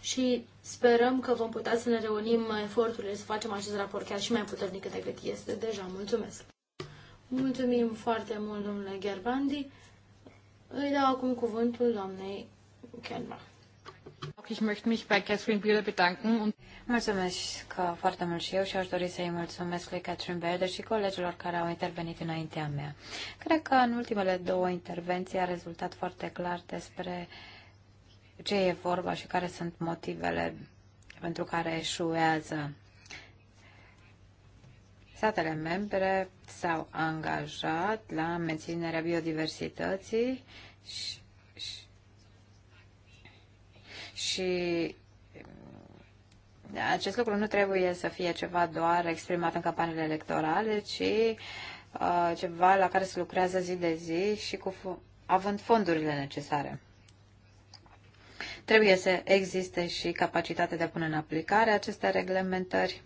și sperăm că vom putea să ne reunim eforturile să facem acest raport chiar și mai puternic decât este deja. Mulțumesc! Mulțumim foarte mult, domnule Gerbandi. Îi dau acum cuvântul doamnei Kenba. Ich möchte mich bei Catherine Bühler bedanken und Mulțumesc foarte mult și eu și aș dori să-i mulțumesc lui Catherine Berder și colegilor care au intervenit înaintea mea. Cred că în ultimele două intervenții a rezultat foarte clar despre ce e vorba și care sunt motivele pentru care eșuează statele membre s-au angajat la menținerea biodiversității și, și, și mm, acest lucru nu trebuie să fie ceva doar exprimat în campaniile electorale, ci uh, ceva la care se lucrează zi de zi și cu având fondurile necesare. Trebuie să existe și capacitatea de a pune în aplicare aceste reglementări.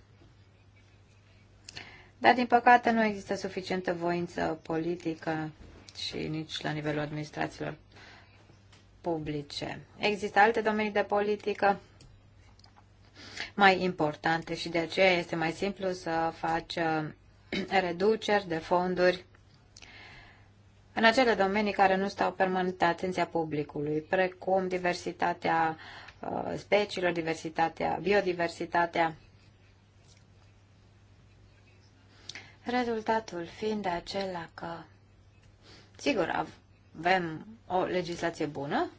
Dar, din păcate, nu există suficientă voință politică și nici la nivelul administrațiilor publice. Există alte domenii de politică mai importante și de aceea este mai simplu să faci eh, reduceri de fonduri în acele domenii care nu stau permanent atenția publicului, precum diversitatea eh, speciilor, diversitatea, biodiversitatea. Rezultatul fiind acela că, sigur, avem o legislație bună,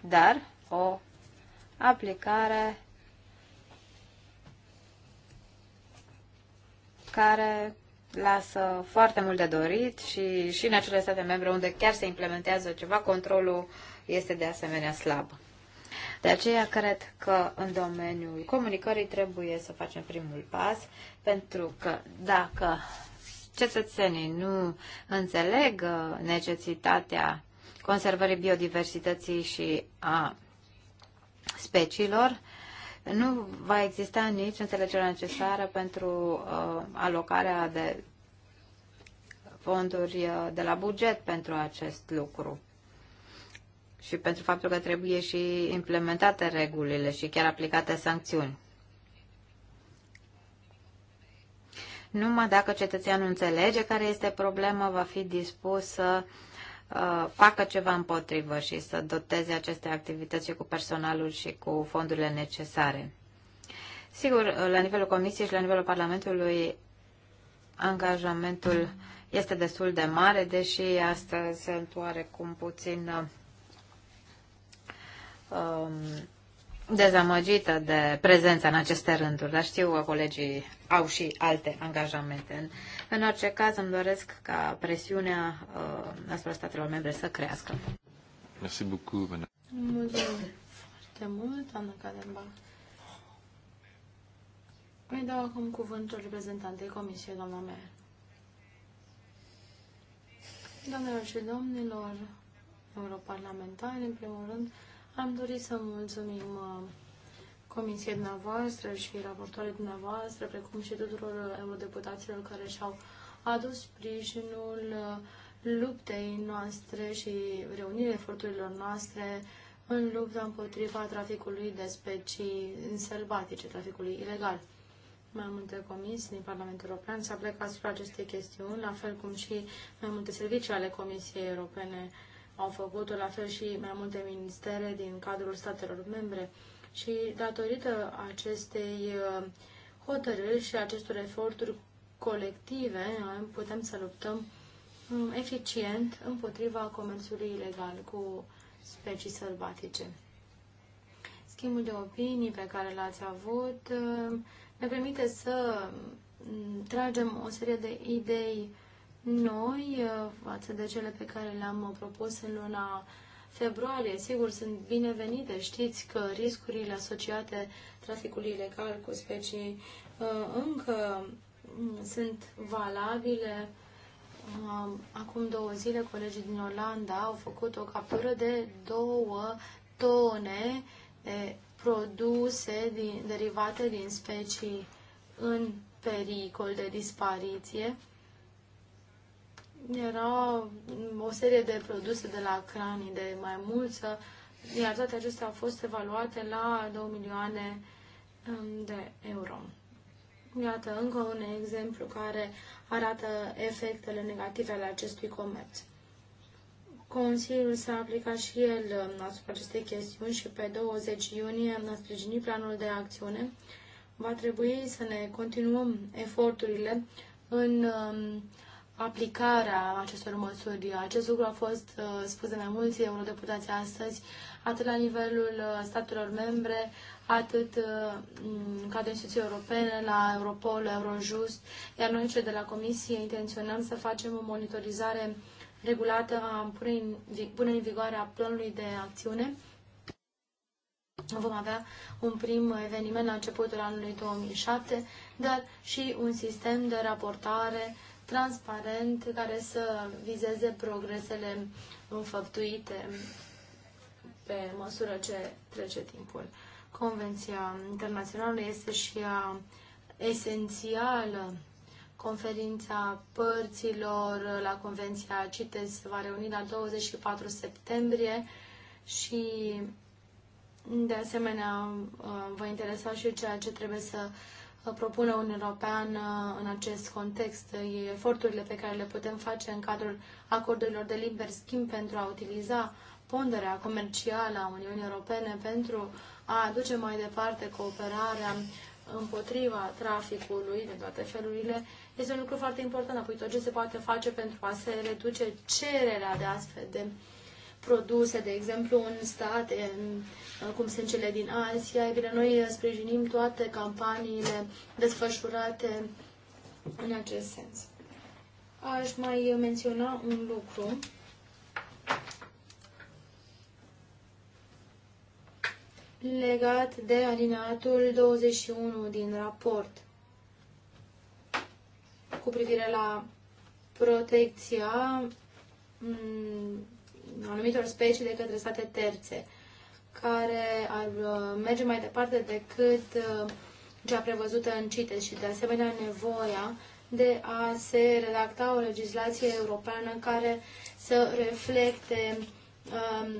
dar o aplicare care lasă foarte mult de dorit și, și în acele state membre unde chiar se implementează ceva, controlul este de asemenea slab. De aceea cred că în domeniul comunicării trebuie să facem primul pas, pentru că dacă cetățenii nu înțeleg uh, necesitatea conservării biodiversității și a speciilor, nu va exista nici înțelegerea necesară pentru uh, alocarea de fonduri uh, de la buget pentru acest lucru și pentru faptul că trebuie și implementate regulile și chiar aplicate sancțiuni. Numai dacă cetățeanul înțelege care este problema, va fi dispus să uh, facă ceva împotrivă și să doteze aceste activități cu personalul și cu fondurile necesare. Sigur, uh, la nivelul Comisiei și la nivelul Parlamentului, angajamentul este destul de mare, deși astăzi sunt oarecum puțin uh, um, dezamăgită de prezența în aceste rânduri, dar știu că colegii au și alte angajamente. În, în orice caz, îmi doresc ca presiunea uh, asupra statelor membre să crească. Merci beaucoup, Mulțumesc foarte mult, Ana Cadenbach. Îi dau acum cuvântul reprezentantei Comisiei, doamna mea. Doamnelor și domnilor, europarlamentari, în primul rând, am dorit să mulțumim uh, comisiei dumneavoastră și raportoarei dumneavoastră, precum și tuturor eurodeputaților care și-au adus sprijinul uh, luptei noastre și reunirea eforturilor noastre în lupta împotriva traficului de specii sălbatice, traficului ilegal. Mai multe comisii din Parlamentul European s au plecat asupra acestei chestiuni, la fel cum și mai multe servicii ale Comisiei Europene au făcut-o la fel și mai multe ministere din cadrul statelor membre și datorită acestei uh, hotărâri și acestor eforturi colective putem să luptăm um, eficient împotriva comerțului ilegal cu specii sălbatice. Schimbul de opinii pe care l-ați avut uh, ne permite să um, tragem o serie de idei noi uh, față de cele pe care le-am uh, propus în luna februarie. Sigur, sunt binevenite. Știți că riscurile asociate traficului ilegal cu specii uh, încă mm, sunt valabile. Um, acum două zile, colegii din Olanda au făcut o captură de două tone de produse din, derivate din specii în pericol de dispariție era o serie de produse de la cranii, de mai mulță, iar toate acestea au fost evaluate la 2 milioane um, de euro. Iată încă un exemplu care arată efectele negative ale acestui comerț. Consiliul s-a aplicat și el um, asupra acestei chestiuni și pe 20 iunie a sprijinit planul de acțiune. Va trebui să ne continuăm eforturile în um, aplicarea acestor măsuri. Acest lucru a fost uh, spus de mai mulți eurodeputați astăzi, atât la nivelul uh, statelor membre, atât în uh, cadrul instituției europene, la Europol, Eurojust, iar noi cei de la Comisie intenționăm să facem o monitorizare regulată a punerii în vigoare a planului de acțiune. Vom avea un prim eveniment la începutul anului 2007, dar și un sistem de raportare transparent care să vizeze progresele înfăptuite pe măsură ce trece timpul. Convenția internațională este și ea esențială. Conferința părților la Convenția CITES se va reuni la 24 septembrie și de asemenea vă interesa și ceea ce trebuie să propune un european în acest context, eforturile pe care le putem face în cadrul acordurilor de liber schimb pentru a utiliza ponderea comercială a Uniunii Europene pentru a aduce mai departe cooperarea împotriva traficului de toate felurile, este un lucru foarte important. Apoi tot ce se poate face pentru a se reduce cererea de astfel de uh, produse, de exemplu, în state, în, uh, cum sunt cele din Asia. E bine, noi uh, sprijinim toate campaniile desfășurate în acest sens. Aș mai menționa un lucru. legat de alineatul 21 din raport cu privire la protecția mm, anumitor specii de către state terțe, care ar uh, merge mai departe decât uh, cea prevăzută în CITES și, de asemenea, nevoia de a se redacta o legislație europeană care să reflecte um,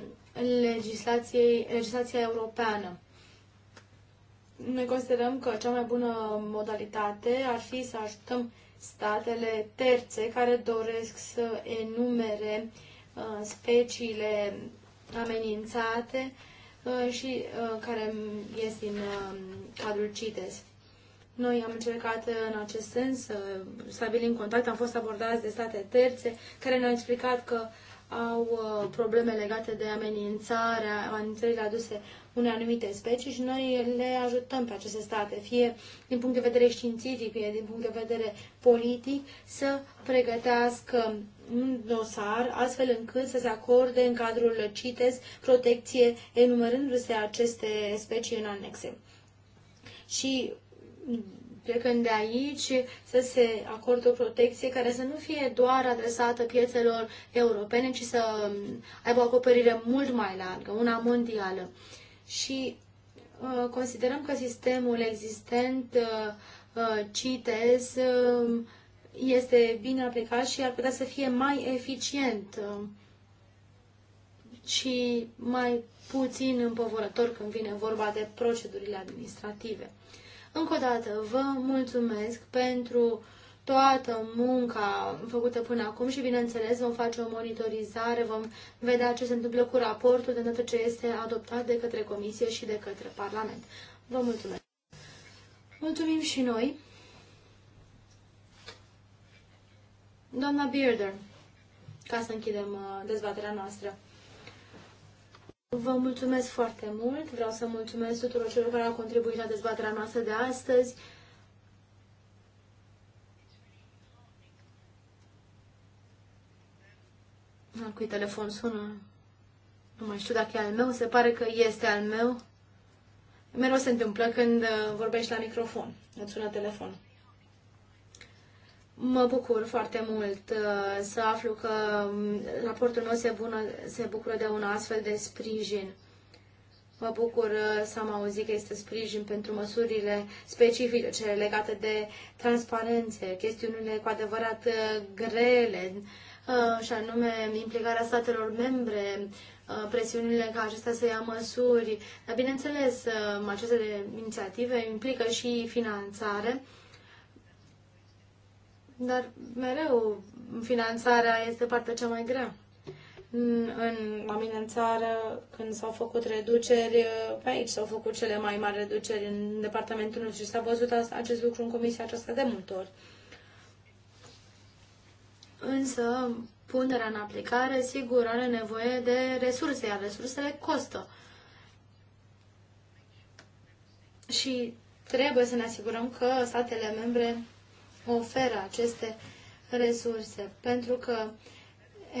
legislația europeană. Noi considerăm că cea mai bună modalitate ar fi să ajutăm statele terțe care doresc să enumere Uh, speciile amenințate uh, și uh, care ies din cadrul CITES. Noi am încercat în acest sens să stabilim contact, am fost abordați de state terțe care ne-au explicat că au probleme legate de amenințarea, amenințările aduse unei anumite specii și noi le ajutăm pe aceste state, fie din punct de vedere științific, fie din punct de vedere politic, să pregătească un dosar astfel încât să se acorde în cadrul CITES protecție enumerându-se aceste specii în anexe. Și plecând de aici, să se acorde o protecție care să nu fie doar adresată piețelor europene, ci să aibă o acoperire mult mai largă, una mondială. Și uh, considerăm că sistemul existent uh, uh CITES uh, este bine aplicat și ar putea să fie mai eficient uh, și mai puțin împovărător când vine vorba de procedurile administrative. Încă o dată, vă mulțumesc pentru toată munca făcută până acum și, bineînțeles, vom face o monitorizare, vom vedea ce se întâmplă cu raportul de dată ce este adoptat de către Comisie și de către Parlament. Vă mulțumesc! Mulțumim și noi! Doamna Bearder, ca să închidem uh, dezbaterea noastră. Vă mulțumesc foarte mult. Vreau să mulțumesc tuturor celor care au contribuit la dezbaterea noastră de astăzi. Al cui telefon sună? Nu mai știu dacă e al meu. Se pare că este al meu. Mereu se întâmplă când uh, vorbești la microfon. Îți sună telefonul. Mă bucur foarte mult uh, să aflu că um, raportul meu se, bună, se bucură de un astfel de sprijin. Mă bucur uh, să am auzit că este sprijin pentru măsurile specifice, cele legate de transparențe, chestiunile cu adevărat uh, grele, și anume implicarea statelor membre, presiunile ca acestea să ia măsuri. Dar, bineînțeles, aceste inițiative implică și finanțare dar mereu finanțarea este partea cea mai grea. În, în, la mine în țară, când s-au făcut reduceri, pe aici s-au făcut cele mai mari reduceri în departamentul nostru și s-a văzut acest lucru în comisia aceasta de multe ori. Însă, punerea în aplicare, sigur, are nevoie de resurse, iar resursele costă. Și trebuie să ne asigurăm că statele membre oferă aceste resurse, pentru că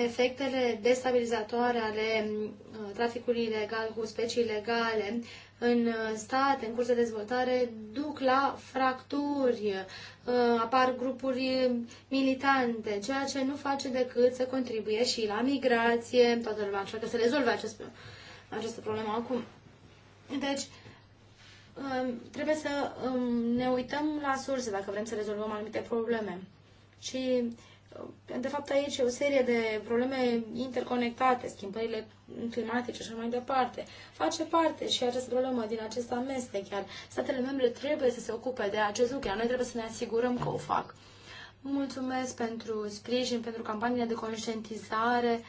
efectele destabilizatoare ale uh, traficului ilegal cu specii ilegale în uh, state, în curs de dezvoltare, duc la fracturi, uh, apar grupuri militante, ceea ce nu face decât să contribuie și la migrație, toată lumea încearcă să rezolve acest, această problemă acum. Deci, trebuie să ne uităm la surse dacă vrem să rezolvăm anumite probleme. Și, uh, de fapt, aici e o serie de probleme interconectate, schimbările climatice și așa mai departe. Face parte și această problemă din acest amestec, iar statele membre trebuie să se ocupe de acest lucru, iar noi trebuie să ne asigurăm că o fac. Mulțumesc pentru sprijin, pentru campaniile de conștientizare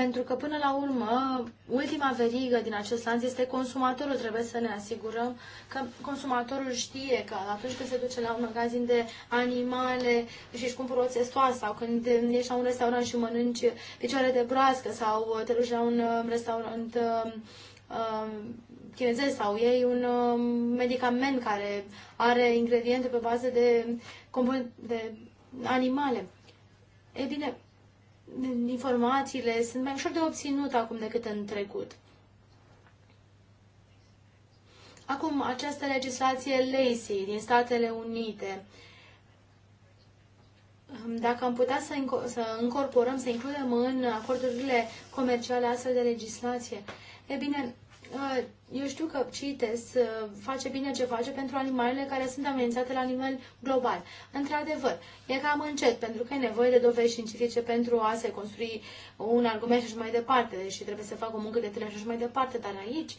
pentru că până la urmă, ultima verigă din acest lanț este consumatorul. Trebuie să ne asigurăm că consumatorul știe că atunci când se duce la un magazin de animale și își cumpără o țestoasă sau când ești la un restaurant și mănânci picioare de broască sau te duci la un um, restaurant um, um, chinezesc sau ei un medicament care are ingrediente pe bază de, de animale. E bine, informațiile sunt mai ușor de obținut acum decât în trecut. Acum, această legislație Lacey din Statele Unite, dacă am putea să, inco- să încorporăm, să includem în acordurile comerciale astfel de legislație, e bine, eu știu că CITES uh, face bine ce face pentru animalele care sunt amenințate la nivel global. Într-adevăr, e cam încet, pentru că e nevoie de dovezi științifice pentru a se construi un argument și mai departe, deci trebuie să facă o muncă de teren și mai departe, dar aici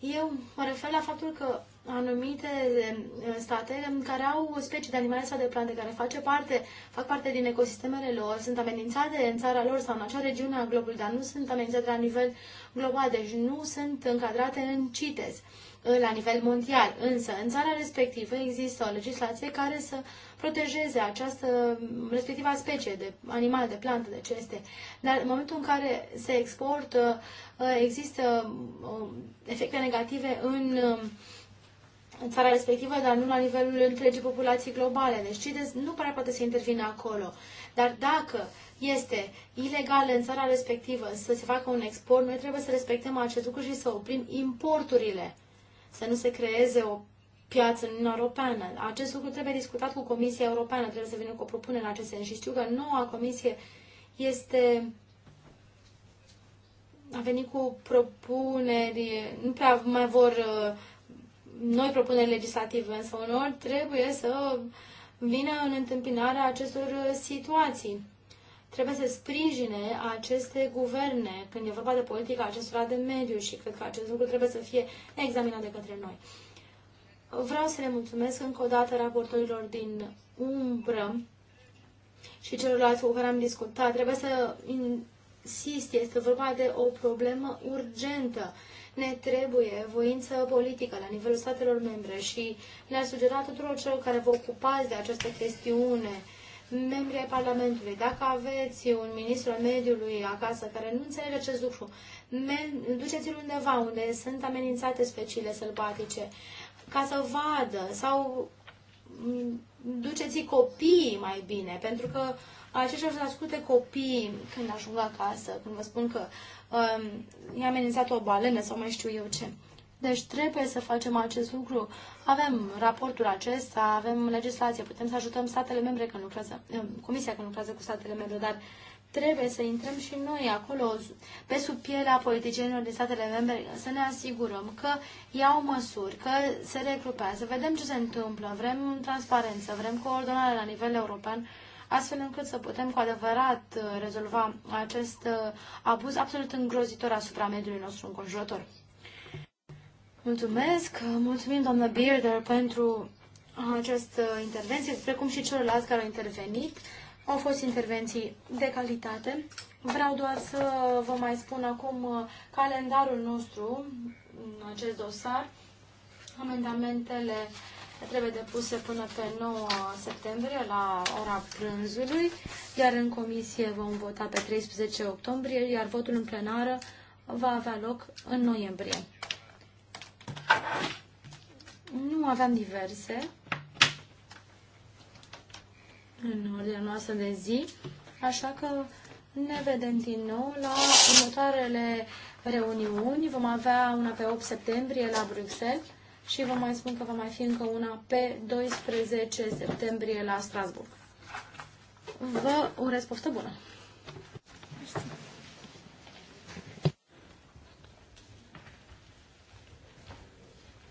eu mă refer la faptul că anumite uh, state care au o specie de animale sau de plante care face parte, fac parte din ecosistemele lor, sunt amenințate în țara lor sau în acea regiune a globului, dar nu sunt amenințate la nivel global, deci nu sunt încadrate în CITES la nivel mondial. Însă, în țara respectivă există o legislație care să protejeze această respectiva specie de animal, de plantă, de ce este. Dar în momentul în care se exportă, uh, există um, efecte negative um, în țara respectivă, dar nu la nivelul întregii populații globale. Deci CITES nu prea poate să intervină acolo. Dar dacă este ilegal în țara respectivă să se facă un export, noi trebuie să respectăm acest lucru și să oprim importurile, să nu se creeze o piață în Uniunea Europeană. Acest lucru trebuie discutat cu Comisia Europeană, trebuie să vină cu o propunere în acest sens și știu că noua Comisie este a venit cu propuneri, nu prea mai vor uh, noi propuneri legislative, însă unor trebuie să vină în întâmpinarea acestor uh, situații trebuie să sprijine aceste guverne când e vorba de politica acestora de mediu și cred că acest lucru trebuie să fie examinat de către noi. Vreau să le mulțumesc încă o dată raportorilor din umbră și celorlalți cu care am discutat. Trebuie să insist, este vorba de o problemă urgentă. Ne trebuie voință politică la nivelul statelor membre și le a sugera tuturor celor care vă ocupați de această chestiune membrii ai Parlamentului, dacă aveți un ministru al mediului acasă care nu înțelege acest lucru, duceți-l undeva unde sunt amenințate speciile sălbatice, ca să vadă sau mm, duceți copiii mai bine, pentru că aceștia își asculte copiii când ajung acasă, când vă spun că um, i-a amenințat o balenă sau mai știu eu ce. Deci trebuie să facem acest lucru. Avem raportul acesta, avem legislație, putem să ajutăm statele membre când lucrează, eh, comisia când lucrează cu statele membre, dar trebuie să intrăm și noi acolo, pe sub pielea politicienilor din statele membre, să ne asigurăm că iau măsuri, că se regrupează, vedem ce se întâmplă, vrem transparență, vrem coordonare la nivel european, astfel încât să putem cu adevărat eh, rezolva acest eh, abuz absolut îngrozitor asupra mediului nostru înconjurător. Mulțumesc, mulțumim doamnă Bearder pentru această intervenție, precum și celorlalți care au intervenit. Au fost intervenții de calitate. Vreau doar să vă mai spun acum uh, calendarul nostru în acest dosar. Amendamentele trebuie depuse până pe 9 septembrie la ora prânzului, iar în comisie vom vota pe 13 octombrie, iar votul în plenară va avea loc în noiembrie. Nu aveam diverse în ordinea noastră de zi, așa că ne vedem din nou la următoarele reuniuni. Vom avea una pe 8 septembrie la Bruxelles și vă mai spun că va mai fi încă una pe 12 septembrie la Strasburg. Vă urez poftă bună!